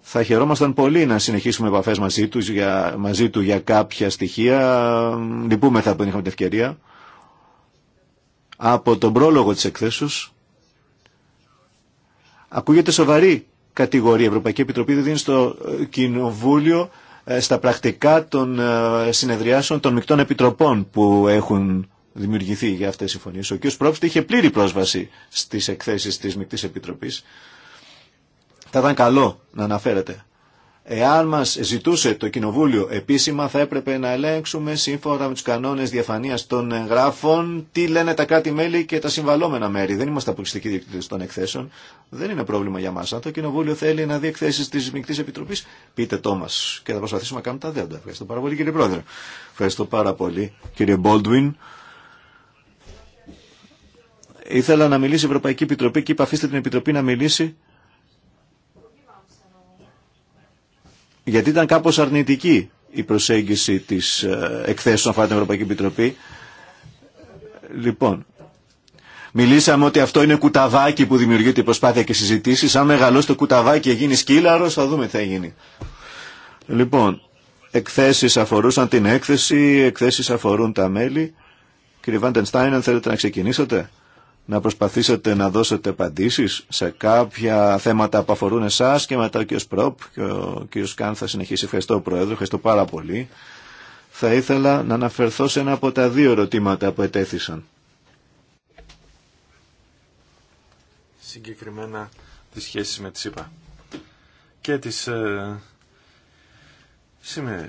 Θα χαιρόμασταν πολύ να συνεχίσουμε επαφέ μαζί, για, μαζί του για κάποια στοιχεία. Λυπούμεθα που δεν είχαμε την ευκαιρία. Από τον πρόλογο της εκθέσεως ακούγεται σοβαρή κατηγορία. Η Ευρωπαϊκή Επιτροπή δεν δίνει στο ε, Κοινοβούλιο ε, στα πρακτικά των ε, συνεδριάσεων των μεικτών επιτροπών που έχουν δημιουργηθεί για αυτές τις συμφωνίες. Ο κ. Πρόπιστη είχε πλήρη πρόσβαση στις εκθέσεις της Μικτής Επιτροπής. Θα ήταν καλό να αναφέρετε Εάν μας ζητούσε το Κοινοβούλιο επίσημα θα έπρεπε να ελέγξουμε σύμφωνα με τους κανόνες διαφανείας των γράφων, τι λένε τα κράτη-μέλη και τα συμβαλόμενα μέρη. Δεν είμαστε αποκλειστικοί διοικητές των εκθέσεων. Δεν είναι πρόβλημα για μας. Αν το Κοινοβούλιο θέλει να δει εκθέσεις της Μικτής Επιτροπής, πείτε το μας και θα προσπαθήσουμε να κάνουμε τα δέντα. Ευχαριστώ πάρα πολύ κύριε Πρόεδρε. Ευχαριστώ πάρα πολύ κύριε Μπόλτουιν. Ήθελα να μιλήσει η Ευρωπαϊκή Επιτροπή και είπα αφήστε την Επιτροπή να μιλήσει γιατί ήταν κάπως αρνητική η προσέγγιση της ε, εκθέσεων αφορά την Ευρωπαϊκή Επιτροπή. Λοιπόν, μιλήσαμε ότι αυτό είναι κουταβάκι που δημιουργείται η προσπάθεια και συζητήσεις. Αν μεγαλώσει το κουταβάκι και γίνει σκύλαρος θα δούμε τι θα γίνει. Λοιπόν, εκθέσεις αφορούσαν την έκθεση, εκθέσεις αφορούν τα μέλη. Κύριε Βάντενστάιν, αν θέλετε να ξεκινήσετε να προσπαθήσετε να δώσετε απαντήσεις σε κάποια θέματα που αφορούν εσάς και μετά ο κ. Πρόπ και ο κ. Καν θα συνεχίσει. Ευχαριστώ Πρόεδρο, ευχαριστώ πάρα πολύ. Θα ήθελα να αναφερθώ σε ένα από τα δύο ερωτήματα που ετέθησαν. Συγκεκριμένα τις σχέσεις με τη ΣΥΠΑ και τις ε,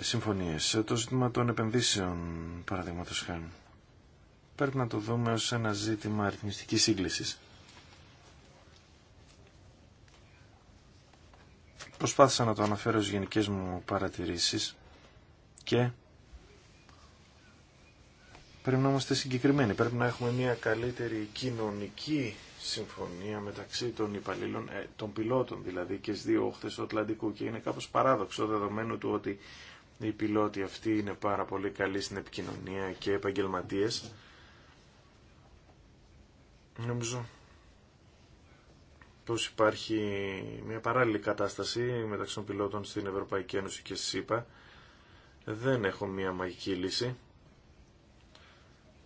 συμφωνίες. Το ζήτημα των επενδύσεων, παραδείγματος χάρη πρέπει να το δούμε ως ένα ζήτημα αριθμιστικής σύγκλησης. Προσπάθησα να το αναφέρω στις γενικές μου παρατηρήσεις και πρέπει να είμαστε συγκεκριμένοι. Πρέπει να έχουμε μια καλύτερη κοινωνική συμφωνία μεταξύ των υπαλλήλων, ε, των πιλότων δηλαδή και στις δύο όχθες του Ατλαντικού και είναι κάπως παράδοξο δεδομένου του ότι οι πιλότοι αυτοί είναι πάρα πολύ καλοί στην επικοινωνία και επαγγελματίες Νομίζω πως υπάρχει μια παράλληλη κατάσταση μεταξύ των πιλότων στην Ευρωπαϊκή Ένωση και στη ΣΥΠΑ. Δεν έχω μια μαγική λύση.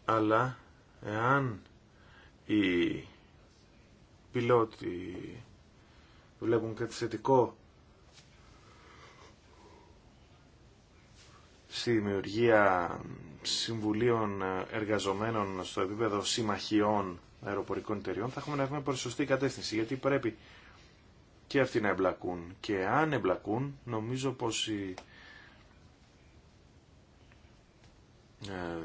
Αλλά εάν οι πιλότοι βλέπουν κάτι θετικό στη δημιουργία συμβουλίων εργαζομένων στο επίπεδο συμμαχιών αεροπορικών εταιριών, θα έχουμε να έχουμε προσωστή κατεύθυνση, γιατί πρέπει και αυτοί να εμπλακούν. Και αν εμπλακούν, νομίζω πως οι ε,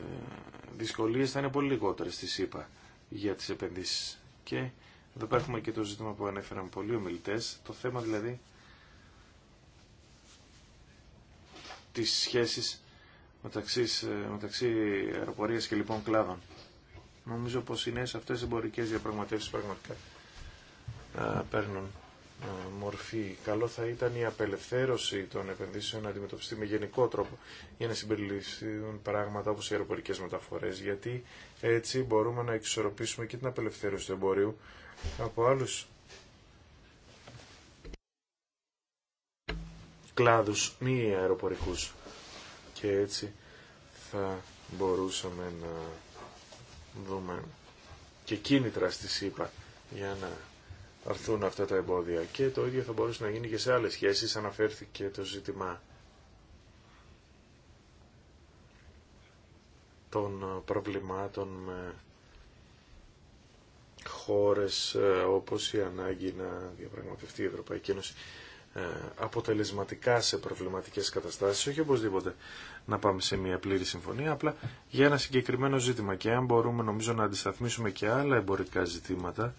δυσκολίε θα είναι πολύ λιγότερε στη ΣΥΠΑ για τις επενδύσει Και εδώ πέρα έχουμε και το ζήτημα που ανέφεραν πολλοί ομιλητέ, το θέμα δηλαδή τις σχέσεις μεταξύ, ε, μεταξύ αεροπορίας και λοιπόν κλάδων. Νομίζω πως οι νέες αυτές εμπορικές διαπραγματεύσεις πραγματικά παίρνουν μορφή. Καλό θα ήταν η απελευθέρωση των επενδύσεων να αντιμετωπιστεί με γενικό τρόπο για να συμπεριληφθούν πράγματα όπως οι αεροπορικές μεταφορές γιατί έτσι μπορούμε να εξορροπήσουμε και την απελευθέρωση του εμπορίου από άλλους κλάδους μη αεροπορικούς και έτσι θα μπορούσαμε να δούμε και κίνητρα στη ΣΥΠΑ για να αρθούν αυτά τα εμπόδια. Και το ίδιο θα μπορούσε να γίνει και σε άλλες σχέσεις, αναφέρθηκε το ζήτημα των προβλημάτων με χώρες ε, όπως η ανάγκη να διαπραγματευτεί η Ευρωπαϊκή Ένωση ε, αποτελεσματικά σε προβληματικές καταστάσεις, όχι οπωσδήποτε να πάμε σε μια πλήρη συμφωνία, απλά για ένα συγκεκριμένο ζήτημα. Και αν μπορούμε νομίζω να αντισταθμίσουμε και άλλα εμπορικά ζητήματα,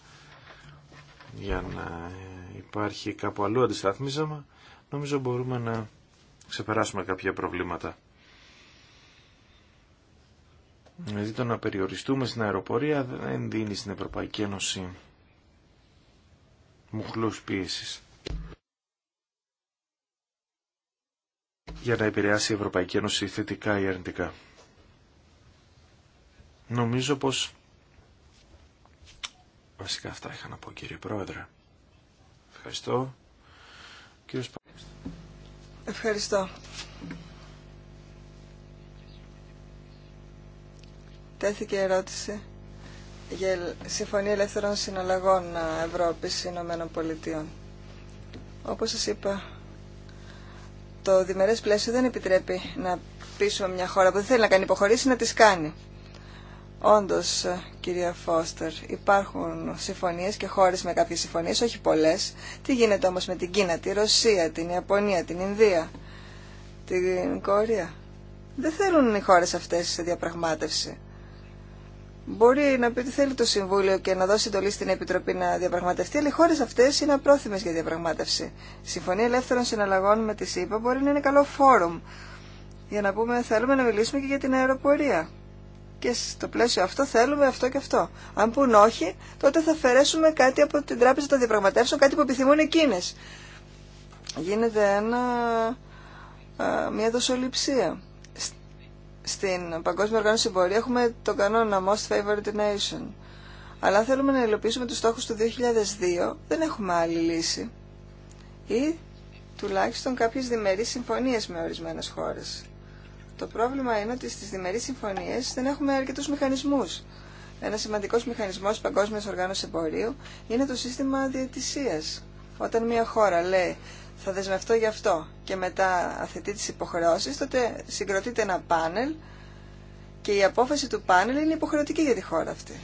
για να υπάρχει κάπου αλλού αντισταθμίζαμε, νομίζω μπορούμε να ξεπεράσουμε κάποια προβλήματα. Δηλαδή το να περιοριστούμε στην αεροπορία δεν δίνει στην Ευρωπαϊκή Ένωση μουχλούς πίεσης. για να επηρεάσει η Ευρωπαϊκή Ένωση θετικά ή αρνητικά. Νομίζω πως... Βασικά αυτά είχα να πω κύριε Πρόεδρε. Ευχαριστώ. Ευχαριστώ. Τέθηκε ερώτηση για Συμφωνία Ελεύθερων Συναλλαγών ε, Ευρώπης Ηνωμένων Πολιτείων. Όπως σας είπα το διμερές πλαίσιο δεν επιτρέπει να πείσουμε μια χώρα που δεν θέλει να κάνει υποχωρήσει να τις κάνει. Όντως, κυρία Φώστερ, υπάρχουν συμφωνίες και χώρες με κάποιες συμφωνίες, όχι πολλές. Τι γίνεται όμως με την Κίνα, τη Ρωσία, την Ιαπωνία, την Ινδία, την Κορία. Δεν θέλουν οι χώρες αυτές σε διαπραγμάτευση. Μπορεί να πει ότι θέλει το Συμβούλιο και να δώσει εντολή στην Επιτροπή να διαπραγματευτεί, αλλά οι χώρε αυτέ είναι απρόθυμε για διαπραγμάτευση. Η Συμφωνία Ελεύθερων Συναλλαγών με τη ΣΥΠΑ μπορεί να είναι καλό φόρουμ για να πούμε θέλουμε να μιλήσουμε και για την αεροπορία. Και στο πλαίσιο αυτό θέλουμε αυτό και αυτό. Αν πούν όχι, τότε θα αφαιρέσουμε κάτι από την Τράπεζα των Διαπραγματεύσεων, κάτι που επιθυμούν εκείνε. Γίνεται ένα, μια δοσοληψία στην Παγκόσμια Οργάνωση Εμπορία έχουμε τον κανόνα Most Favored Nation. Αλλά αν θέλουμε να υλοποιήσουμε τους στόχους του 2002, δεν έχουμε άλλη λύση. Ή τουλάχιστον κάποιες διμερείς συμφωνίες με ορισμένες χώρες. Το πρόβλημα είναι ότι στις διμερείς συμφωνίες δεν έχουμε αρκετούς μηχανισμούς. Ένα σημαντικό μηχανισμό Παγκόσμια Οργάνωση Εμπορίου είναι το σύστημα διαιτησία. Όταν μια χώρα λέει θα δεσμευτώ γι' αυτό και μετά αθετεί τις υποχρεώσεις, τότε συγκροτείται ένα πάνελ και η απόφαση του πάνελ είναι υποχρεωτική για τη χώρα αυτή.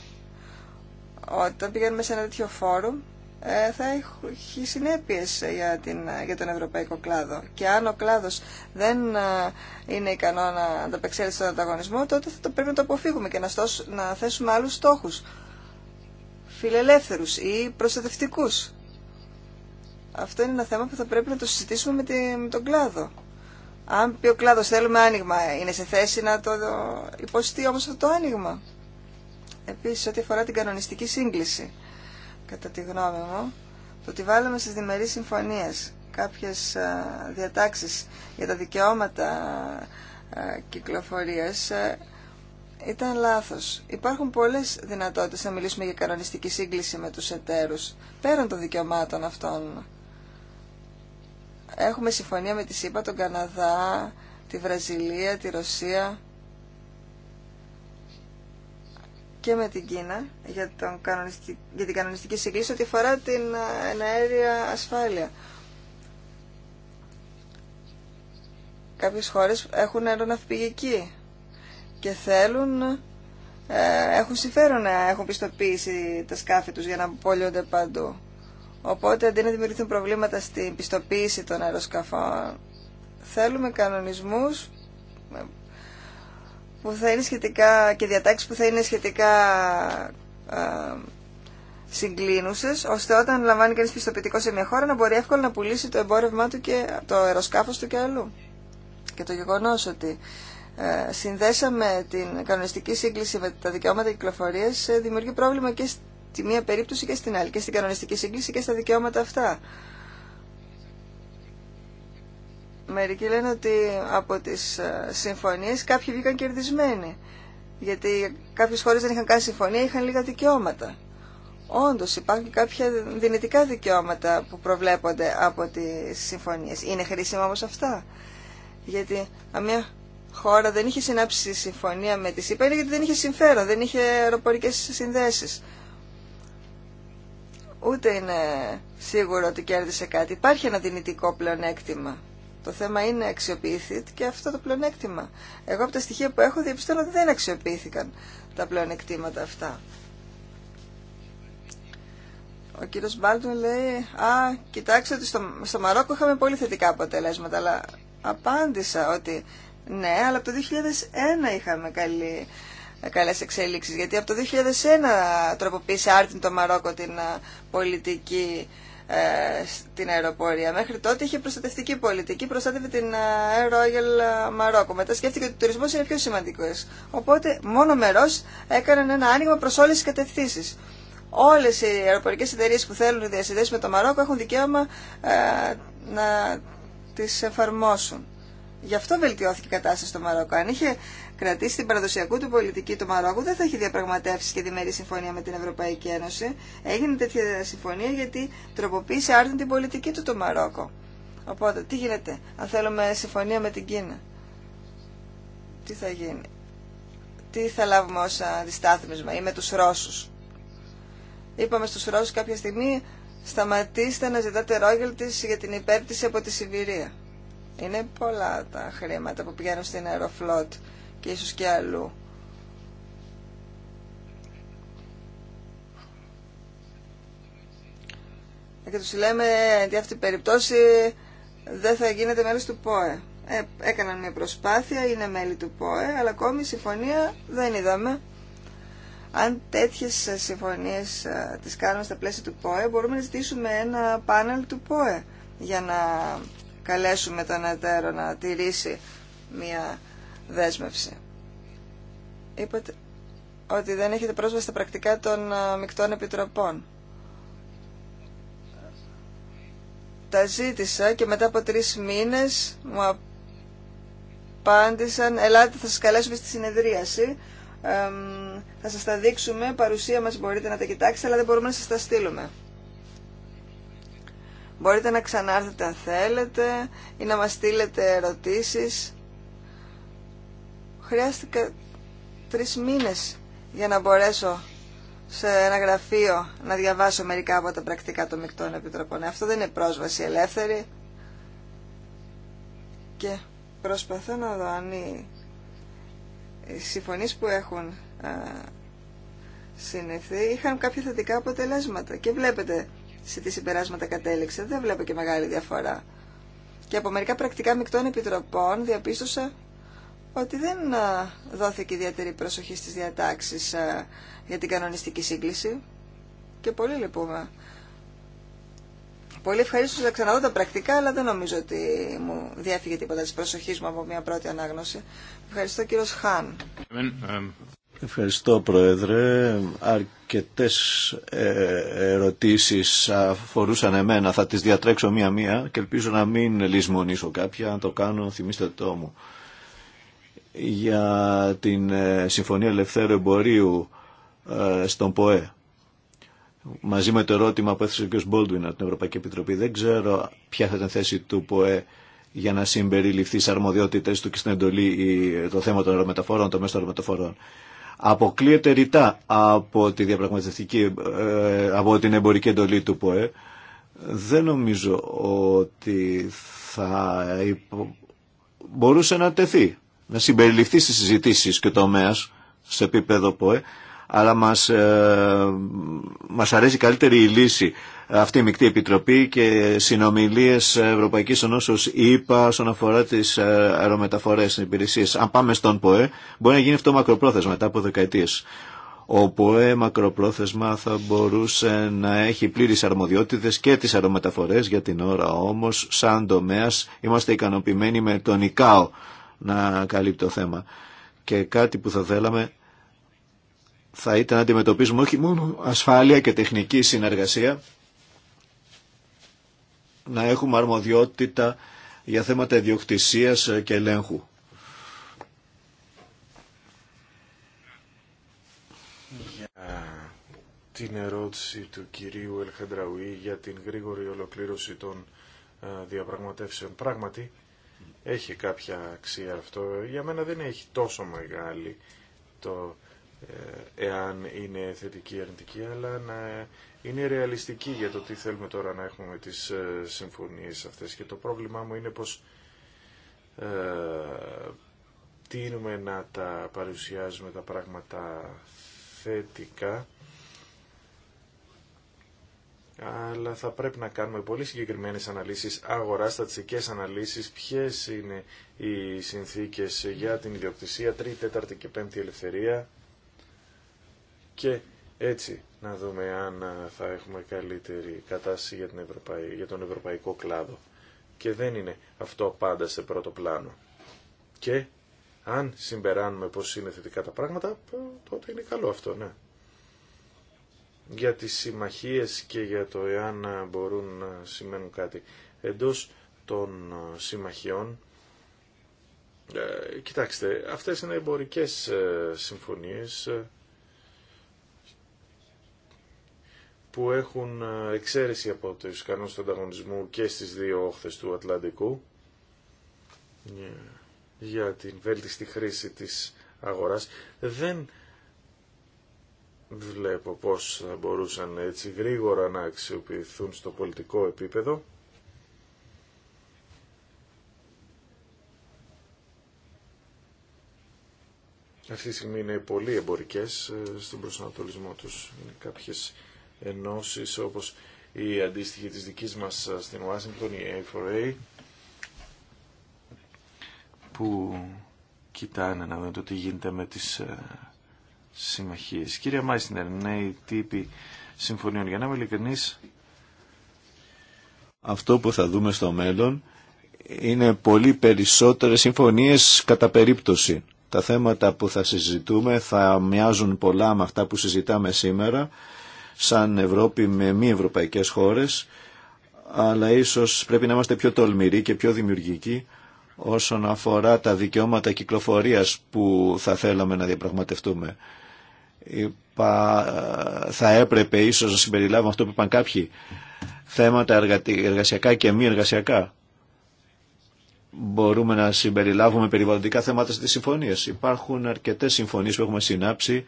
Όταν πηγαίνουμε σε ένα τέτοιο φόρουμ, ε, θα έχει συνέπειες για, την, για τον ευρωπαϊκό κλάδο. Και αν ο κλάδος δεν ε, είναι ικανό να ανταπεξέλθει στον ανταγωνισμό, τότε θα το πρέπει να το αποφύγουμε και να, να θέσουμε άλλους στόχους, φιλελεύθερους ή προστατευτικούς αυτό είναι ένα θέμα που θα πρέπει να το συζητήσουμε με, τη, τον κλάδο. Αν πει ο κλάδο θέλουμε άνοιγμα, είναι σε θέση να το υποστεί όμω αυτό το άνοιγμα. Επίση, ό,τι αφορά την κανονιστική σύγκληση, κατά τη γνώμη μου, το ότι βάλαμε στι διμερεί συμφωνίε κάποιε διατάξει για τα δικαιώματα κυκλοφορία ήταν λάθο. Υπάρχουν πολλέ δυνατότητε να μιλήσουμε για κανονιστική σύγκληση με του εταίρου, πέραν των δικαιωμάτων αυτών έχουμε συμφωνία με τη ΣΥΠΑ, τον Καναδά, τη Βραζιλία, τη Ρωσία και με την Κίνα για, τον για την κανονιστική συγκλήση ότι αφορά την ε, εναέρια ασφάλεια. Κάποιες χώρες έχουν αεροναυπηγική και θέλουν ε, έχουν συμφέρον να έχουν πιστοποίηση τα σκάφη τους για να πολιούνται παντού. Οπότε αντί να δημιουργηθούν προβλήματα στην πιστοποίηση των αεροσκαφών, θέλουμε κανονισμούς που θα είναι σχετικά και διατάξεις που θα είναι σχετικά ε, συγκλίνουσες, ώστε όταν λαμβάνει κανείς πιστοποιητικό σε μια χώρα να μπορεί εύκολα να πουλήσει το εμπόρευμά του και το αεροσκάφος του και αλλού. Και το γεγονός ότι ε, συνδέσαμε την κανονιστική σύγκληση με τα δικαιώματα κυκλοφορίας ε, δημιουργεί πρόβλημα και τη μία περίπτωση και στην άλλη, και στην κανονιστική σύγκληση και στα δικαιώματα αυτά. Μερικοί λένε ότι από τις ε, συμφωνίες κάποιοι βγήκαν κερδισμένοι, γιατί κάποιες χώρες δεν είχαν κάνει συμφωνία, είχαν λίγα δικαιώματα. Όντως υπάρχουν κάποια δυνητικά δικαιώματα που προβλέπονται από τις συμφωνίες. Είναι χρήσιμα όμως αυτά. Γιατί μια χώρα δεν είχε συνάψει συμφωνία με τη ΣΥΠΑ γιατί δεν είχε συμφέρον, δεν είχε αεροπορικές συνδέσεις ούτε είναι σίγουρο ότι κέρδισε κάτι. Υπάρχει ένα δυνητικό πλεονέκτημα. Το θέμα είναι αξιοποιηθεί και αυτό το πλεονέκτημα. Εγώ από τα στοιχεία που έχω διαπιστώνω ότι δεν αξιοποιήθηκαν τα πλεονεκτήματα αυτά. Ο κύριος Μπάλτον λέει, α, κοιτάξτε ότι στο, στο Μαρόκο είχαμε πολύ θετικά αποτελέσματα, αλλά απάντησα ότι ναι, αλλά από το 2001 είχαμε καλή ε, καλέ εξελίξει, Γιατί από το 2001 τροποποίησε άρτην το Μαρόκο την ε, πολιτική ε, στην αεροπορία. Μέχρι τότε είχε προστατευτική πολιτική, προστάτευε την Air Royal Μαρόκο. Μετά σκέφτηκε ότι ο τουρισμό είναι πιο σημαντικό. Οπότε μόνο μέρο έκανε ένα άνοιγμα προ όλε τι κατευθύνσει. Όλε οι αεροπορικέ εταιρείε που θέλουν να διασυνδέσει με το Μαρόκο έχουν δικαίωμα να τι εφαρμόσουν. Γι' αυτό βελτιώθηκε η κατάσταση στο Μαρόκο. Αν είχε κρατήσει την παραδοσιακού του πολιτική του Μαρόκου, δεν θα είχε διαπραγματεύσει και διμερή συμφωνία με την Ευρωπαϊκή Ένωση. Έγινε τέτοια συμφωνία γιατί τροποποίησε άρδιν την πολιτική του το Μαρόκο. Οπότε, τι γίνεται, αν θέλουμε συμφωνία με την Κίνα, τι θα γίνει, τι θα λάβουμε ως αντιστάθμισμα ή με τους Ρώσους. Είπαμε στους Ρώσους κάποια στιγμή, σταματήστε να ζητάτε ρόγελ τη για την υπέρπτυση από τη Σιβηρία. Είναι πολλά τα χρήματα που πηγαίνουν στην Αεροφλότ και ίσως και αλλού. Και τους λέμε, ότι αυτή την περίπτωση δεν θα γίνεται μέλος του ΠΟΕ. Ε, έκαναν μια προσπάθεια, είναι μέλη του ΠΟΕ, αλλά ακόμη συμφωνία δεν είδαμε. Αν τέτοιες συμφωνίες ε, τις κάνουμε στα πλαίσια του ΠΟΕ, μπορούμε να ζητήσουμε ένα πάνελ του ΠΟΕ για να καλέσουμε τον εταίρο να τηρήσει μια δέσμευση. Είπατε ότι δεν έχετε πρόσβαση στα πρακτικά των ε, μεικτών επιτροπών. Τα ζήτησα και μετά από τρεις μήνες μου απάντησαν «Ελάτε, θα σας καλέσουμε στη συνεδρίαση, θα σας τα δείξουμε, παρουσία μας μπορείτε να τα κοιτάξετε, αλλά δεν μπορούμε να σας τα στείλουμε». Μπορείτε να ξανάρθετε αν θέλετε ή να μας στείλετε ερωτήσεις. Χρειάστηκα τρεις μήνες για να μπορέσω σε ένα γραφείο να διαβάσω μερικά από τα πρακτικά των μεικτών επιτροπών. Αυτό δεν είναι πρόσβαση ελεύθερη. Και προσπαθώ να δω αν οι συμφωνίες που έχουν ε, συνεχθεί είχαν κάποια θετικά αποτελέσματα. Και βλέπετε σε τι συμπεράσματα κατέληξε. Δεν βλέπω και μεγάλη διαφορά. Και από μερικά πρακτικά μεικτών επιτροπών διαπίστωσα ότι δεν ε, δόθηκε ιδιαίτερη προσοχή στις διατάξεις ε, για την κανονιστική σύγκληση και πολύ λυπούμε. Πολύ ευχαρίστω να ξαναδώ τα πρακτικά, αλλά δεν νομίζω ότι μου διέφυγε τίποτα τη προσοχή μου από μια πρώτη ανάγνωση. Ευχαριστώ κύριο Χάν. Um, Ευχαριστώ Πρόεδρε. Αρκετές ε, ερωτήσεις αφορούσαν εμένα. Θα τις διατρέξω μία-μία και ελπίζω να μην λησμονήσω κάποια. Αν το κάνω θυμίστε το μου. Για την ε, Συμφωνία Ελευθέρου Εμπορίου ε, στον ΠΟΕ. Μαζί με το ερώτημα που έθεσε ο κ. Μπόλτουιν από την Ευρωπαϊκή Επιτροπή. Δεν ξέρω ποια θα ήταν θέση του ΠΟΕ για να συμπεριληφθεί σε αρμοδιότητε του και στην εντολή το θέμα των αερομεταφορών, το μέσο των αερομεταφορών αποκλείεται ρητά από τη διαπραγματευτική, ε, από την εμπορική εντολή του ΠΟΕ. Δεν νομίζω ότι θα μπορούσε να τεθεί, να συμπεριληφθεί στις συζητήσεις και τομέας σε επίπεδο ΠΟΕ, αλλά μας, ε, μας αρέσει καλύτερη η λύση αυτή η μεικτή επιτροπή και συνομιλίες Ευρωπαϊκής Ενώσεως ΕΙΠΑ όσον αφορά τις ε, αερομεταφορές υπηρεσίες. Αν πάμε στον ΠΟΕ, μπορεί να γίνει αυτό μακροπρόθεσμα μετά από δεκαετίες. Ο ΠΟΕ μακροπρόθεσμα θα μπορούσε να έχει πλήρεις αρμοδιότητες και τις αερομεταφορές για την ώρα όμως σαν τομέας είμαστε ικανοποιημένοι με τον ΙΚΑΟ να καλύπτει το θέμα. Και κάτι που θα θέλαμε θα ήταν να αντιμετωπίζουμε όχι μόνο ασφάλεια και τεχνική συνεργασία να έχουμε αρμοδιότητα για θέματα ιδιοκτησίας και ελέγχου. Για την ερώτηση του κυρίου Ελχαντραουή για την γρήγορη ολοκλήρωση των ε, διαπραγματεύσεων. Πράγματι, έχει κάποια αξία αυτό. Για μένα δεν έχει τόσο μεγάλη το ε, εάν είναι θετική ή αρνητική, αλλά να είναι ρεαλιστική για το τι θέλουμε τώρα να έχουμε με τις ε, συμφωνίες αυτές. Και το πρόβλημά μου είναι πως ε, τείνουμε να τα παρουσιάζουμε τα πράγματα θετικά αλλά θα πρέπει να κάνουμε πολύ συγκεκριμένες αναλύσεις αγοράς, στατιστικές αναλύσεις, ποιες είναι οι συνθήκες για την ιδιοκτησία, τρίτη, τέταρτη και πέμπτη ελευθερία και έτσι, να δούμε αν ε, θα έχουμε καλύτερη κατάσταση για, την τον ευρωπαϊκό κλάδο. Και δεν είναι αυτό πάντα σε πρώτο πλάνο. Και αν συμπεράνουμε πως είναι θετικά τα πράγματα, τότε είναι καλό αυτό, ναι. Για τις συμμαχίες και για το εάν ε, μπορούν να σημαίνουν κάτι. Εντός των ε, συμμαχιών, ε, κοιτάξτε, αυτές είναι εμπορικές συμφωνίες που έχουν ε, εξαίρεση από τους κανόνες του ανταγωνισμού και στις δύο όχθες του Ατλαντικού ε, για την βέλτιστη χρήση της αγοράς. Δεν βλέπω πώς θα μπορούσαν έτσι γρήγορα να αξιοποιηθούν στο πολιτικό επίπεδο. Αυτή τη στιγμή είναι πολύ εμπορικές ε, στον προσανατολισμό τους. Είναι κάποιες ενώσεις όπως η αντίστοιχη της δικής μας ε, στην Ουάσιγκτον, η A4A, που κοιτάνε να δουν το τι γίνεται με τις ε, συμμαχίες. Κύριε Μάισνερ, νέοι ναι, τύποι συμφωνίων. Για να είμαι ειλικρινής, αυτό που θα δούμε στο μέλλον είναι πολύ περισσότερες συμφωνίες κατά περίπτωση. Τα θέματα που θα συζητούμε θα μοιάζουν πολλά με αυτά που συζητάμε σήμερα σαν Ευρώπη με μη ευρωπαϊκές χώρες, αλλά ίσως πρέπει να είμαστε πιο τολμηροί και πιο δημιουργικοί όσον αφορά τα δικαιώματα κυκλοφορίας που θα θέλαμε να διαπραγματευτούμε. Θα έπρεπε ίσως να συμπεριλάβουμε αυτό που είπαν κάποιοι θέματα εργασιακά και μη εργασιακά. Μπορούμε να συμπεριλάβουμε περιβαλλοντικά θέματα στις συμφωνίες. Υπάρχουν αρκετές συμφωνίες που έχουμε συνάψει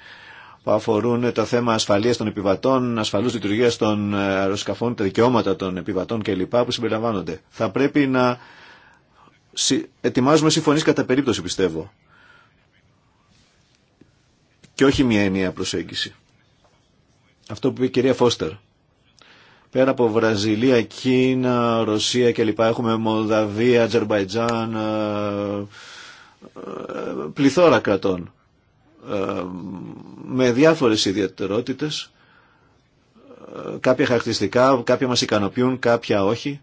που αφορούν το θέμα ασφαλείας των επιβατών, ασφαλούς λειτουργία των αεροσκαφών, τα δικαιώματα των επιβατών κλπ. που συμπεριλαμβάνονται. Θα πρέπει να ετοιμάζουμε συμφωνίε κατά περίπτωση πιστεύω και όχι μια ενιαία προσέγγιση. Αυτό που είπε η κυρία Φώστερ. Πέρα από Βραζιλία, Κίνα, Ρωσία κλπ. Έχουμε Μολδαβία, Αζερβαϊτζάν, ε, ε, πληθώρα κρατών με διάφορες ιδιαιτερότητες, ε, κάποια χαρακτηριστικά, κάποια μας ικανοποιούν, κάποια όχι.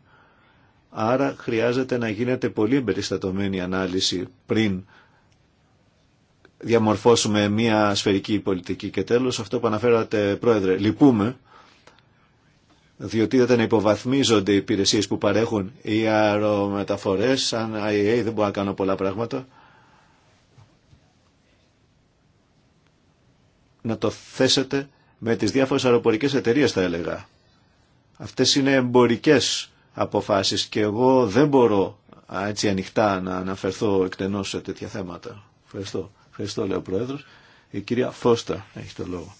Άρα χρειάζεται να γίνεται πολύ εμπεριστατωμένη ανάλυση πριν διαμορφώσουμε μια σφαιρική πολιτική. Και τέλος, αυτό που αναφέρατε, Πρόεδρε, λυπούμε, διότι δεν υποβαθμίζονται οι υπηρεσίες που παρέχουν οι αερομεταφορές, σαν IA δεν μπορώ να κάνω πολλά πράγματα. να το θέσετε με τις διάφορες αεροπορικές εταιρείες θα έλεγα. Αυτές είναι εμπορικές αποφάσεις και εγώ δεν μπορώ έτσι ανοιχτά να αναφερθώ εκτενώς σε τέτοια θέματα. Ευχαριστώ. Ευχαριστώ λέει ο Πρόεδρος. Η κυρία Φώστα έχει το λόγο.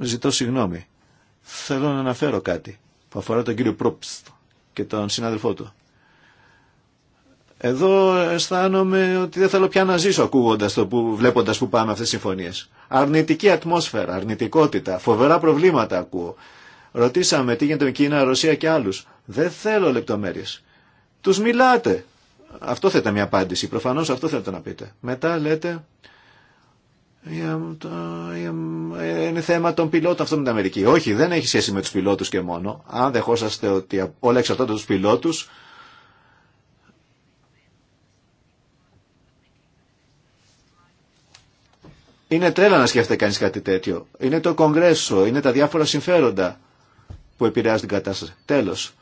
Ζητώ συγγνώμη. Θέλω να αναφέρω κάτι που αφορά τον κύριο Πρόπστ και τον συνάδελφό του. Εδώ αισθάνομαι ότι δεν θέλω πια να ζήσω ακούγοντα το που, βλέποντα που πάμε αυτέ τι συμφωνίε. Αρνητική ατμόσφαιρα, αρνητικότητα, φοβερά προβλήματα ακούω. Ρωτήσαμε τι γίνεται με Κίνα, Ρωσία και άλλου. Δεν θέλω λεπτομέρειε. Του μιλάτε. Αυτό θα μια απάντηση. Προφανώ αυτό θέλετε να πείτε. Μετά λέτε. Είναι θέμα των πιλότων αυτό με την Αμερική. Όχι, δεν έχει σχέση με του πιλότου και μόνο. Αν δεχόσαστε ότι όλα εξαρτάται από του πιλότου, Είναι τρέλα να σκέφτεται κανείς κάτι τέτοιο. Είναι το κογκρέσο, είναι τα διάφορα συμφέροντα που επηρεάζουν την κατάσταση. Τέλος.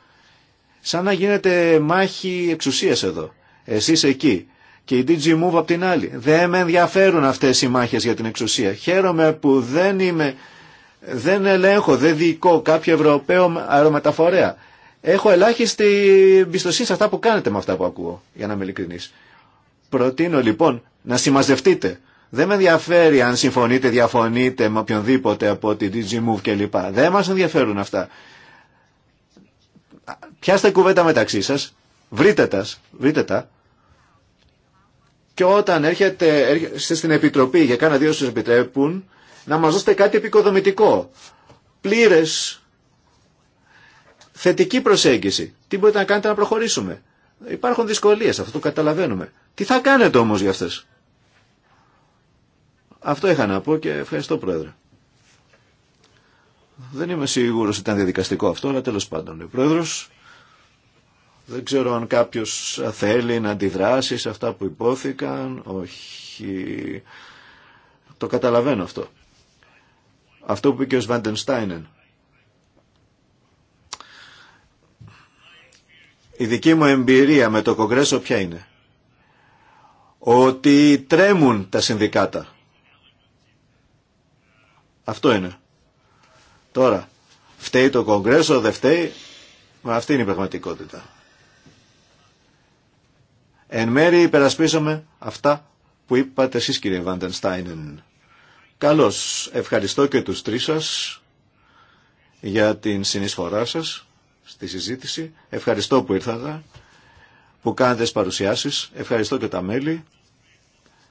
Σαν να γίνεται μάχη εξουσίας εδώ. Εσείς εκεί και η DG Move απ' την άλλη. Δεν με ενδιαφέρουν αυτές οι μάχες για την εξουσία. Χαίρομαι που δεν είμαι, δεν ελέγχω, δεν διοικώ κάποιο Ευρωπαίο αερομεταφορέα. Έχω ελάχιστη εμπιστοσύνη σε αυτά που κάνετε με αυτά που ακούω, για να είμαι ειλικρινής. Προτείνω λοιπόν να συμμαζευτείτε. Δεν με ενδιαφέρει αν συμφωνείτε, διαφωνείτε με οποιονδήποτε από τη DG Move κλπ. Δεν μας ενδιαφέρουν αυτά. Πιάστε κουβέντα μεταξύ σας, βρείτε τα, βρείτε τα. Και όταν έρχεται, έρχεστε στην Επιτροπή για κάνα δύο σας επιτρέπουν, να μας δώσετε κάτι επικοδομητικό. Πλήρες, θετική προσέγγιση. Τι μπορείτε να κάνετε να προχωρήσουμε. Υπάρχουν δυσκολίες, αυτό το καταλαβαίνουμε. Τι θα κάνετε όμως για αυτές. Αυτό είχα να πω και ευχαριστώ Πρόεδρε. Δεν είμαι σίγουρος ότι ήταν διαδικαστικό αυτό, αλλά τέλος πάντων. Ο Πρόεδρος δεν ξέρω αν κάποιος θέλει να αντιδράσει σε αυτά που υπόθηκαν. Όχι. Το καταλαβαίνω αυτό. Αυτό που είπε και ο Σβάντενστάινεν. Η δική μου εμπειρία με το Κογκρέσο ποια είναι. Ότι τρέμουν τα συνδικάτα. Αυτό είναι. Τώρα, φταίει το Κογκρέσο, δεν φταίει. Μα αυτή είναι η πραγματικότητα. Εν μέρη υπερασπίζομαι αυτά που είπατε εσείς κύριε Βαντενστάινεν. Καλώς, ευχαριστώ και τους τρεις σας για την συνεισφορά σας στη συζήτηση. Ευχαριστώ που ήρθατε, που κάνετε τις παρουσιάσεις. Ευχαριστώ και τα μέλη.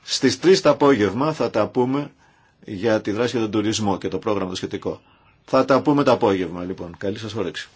Στις 3 το απόγευμα θα τα πούμε για τη δράση για τον τουρισμό και το πρόγραμμα το σχετικό. Θα τα πούμε το απόγευμα λοιπόν. Καλή σας όρεξη.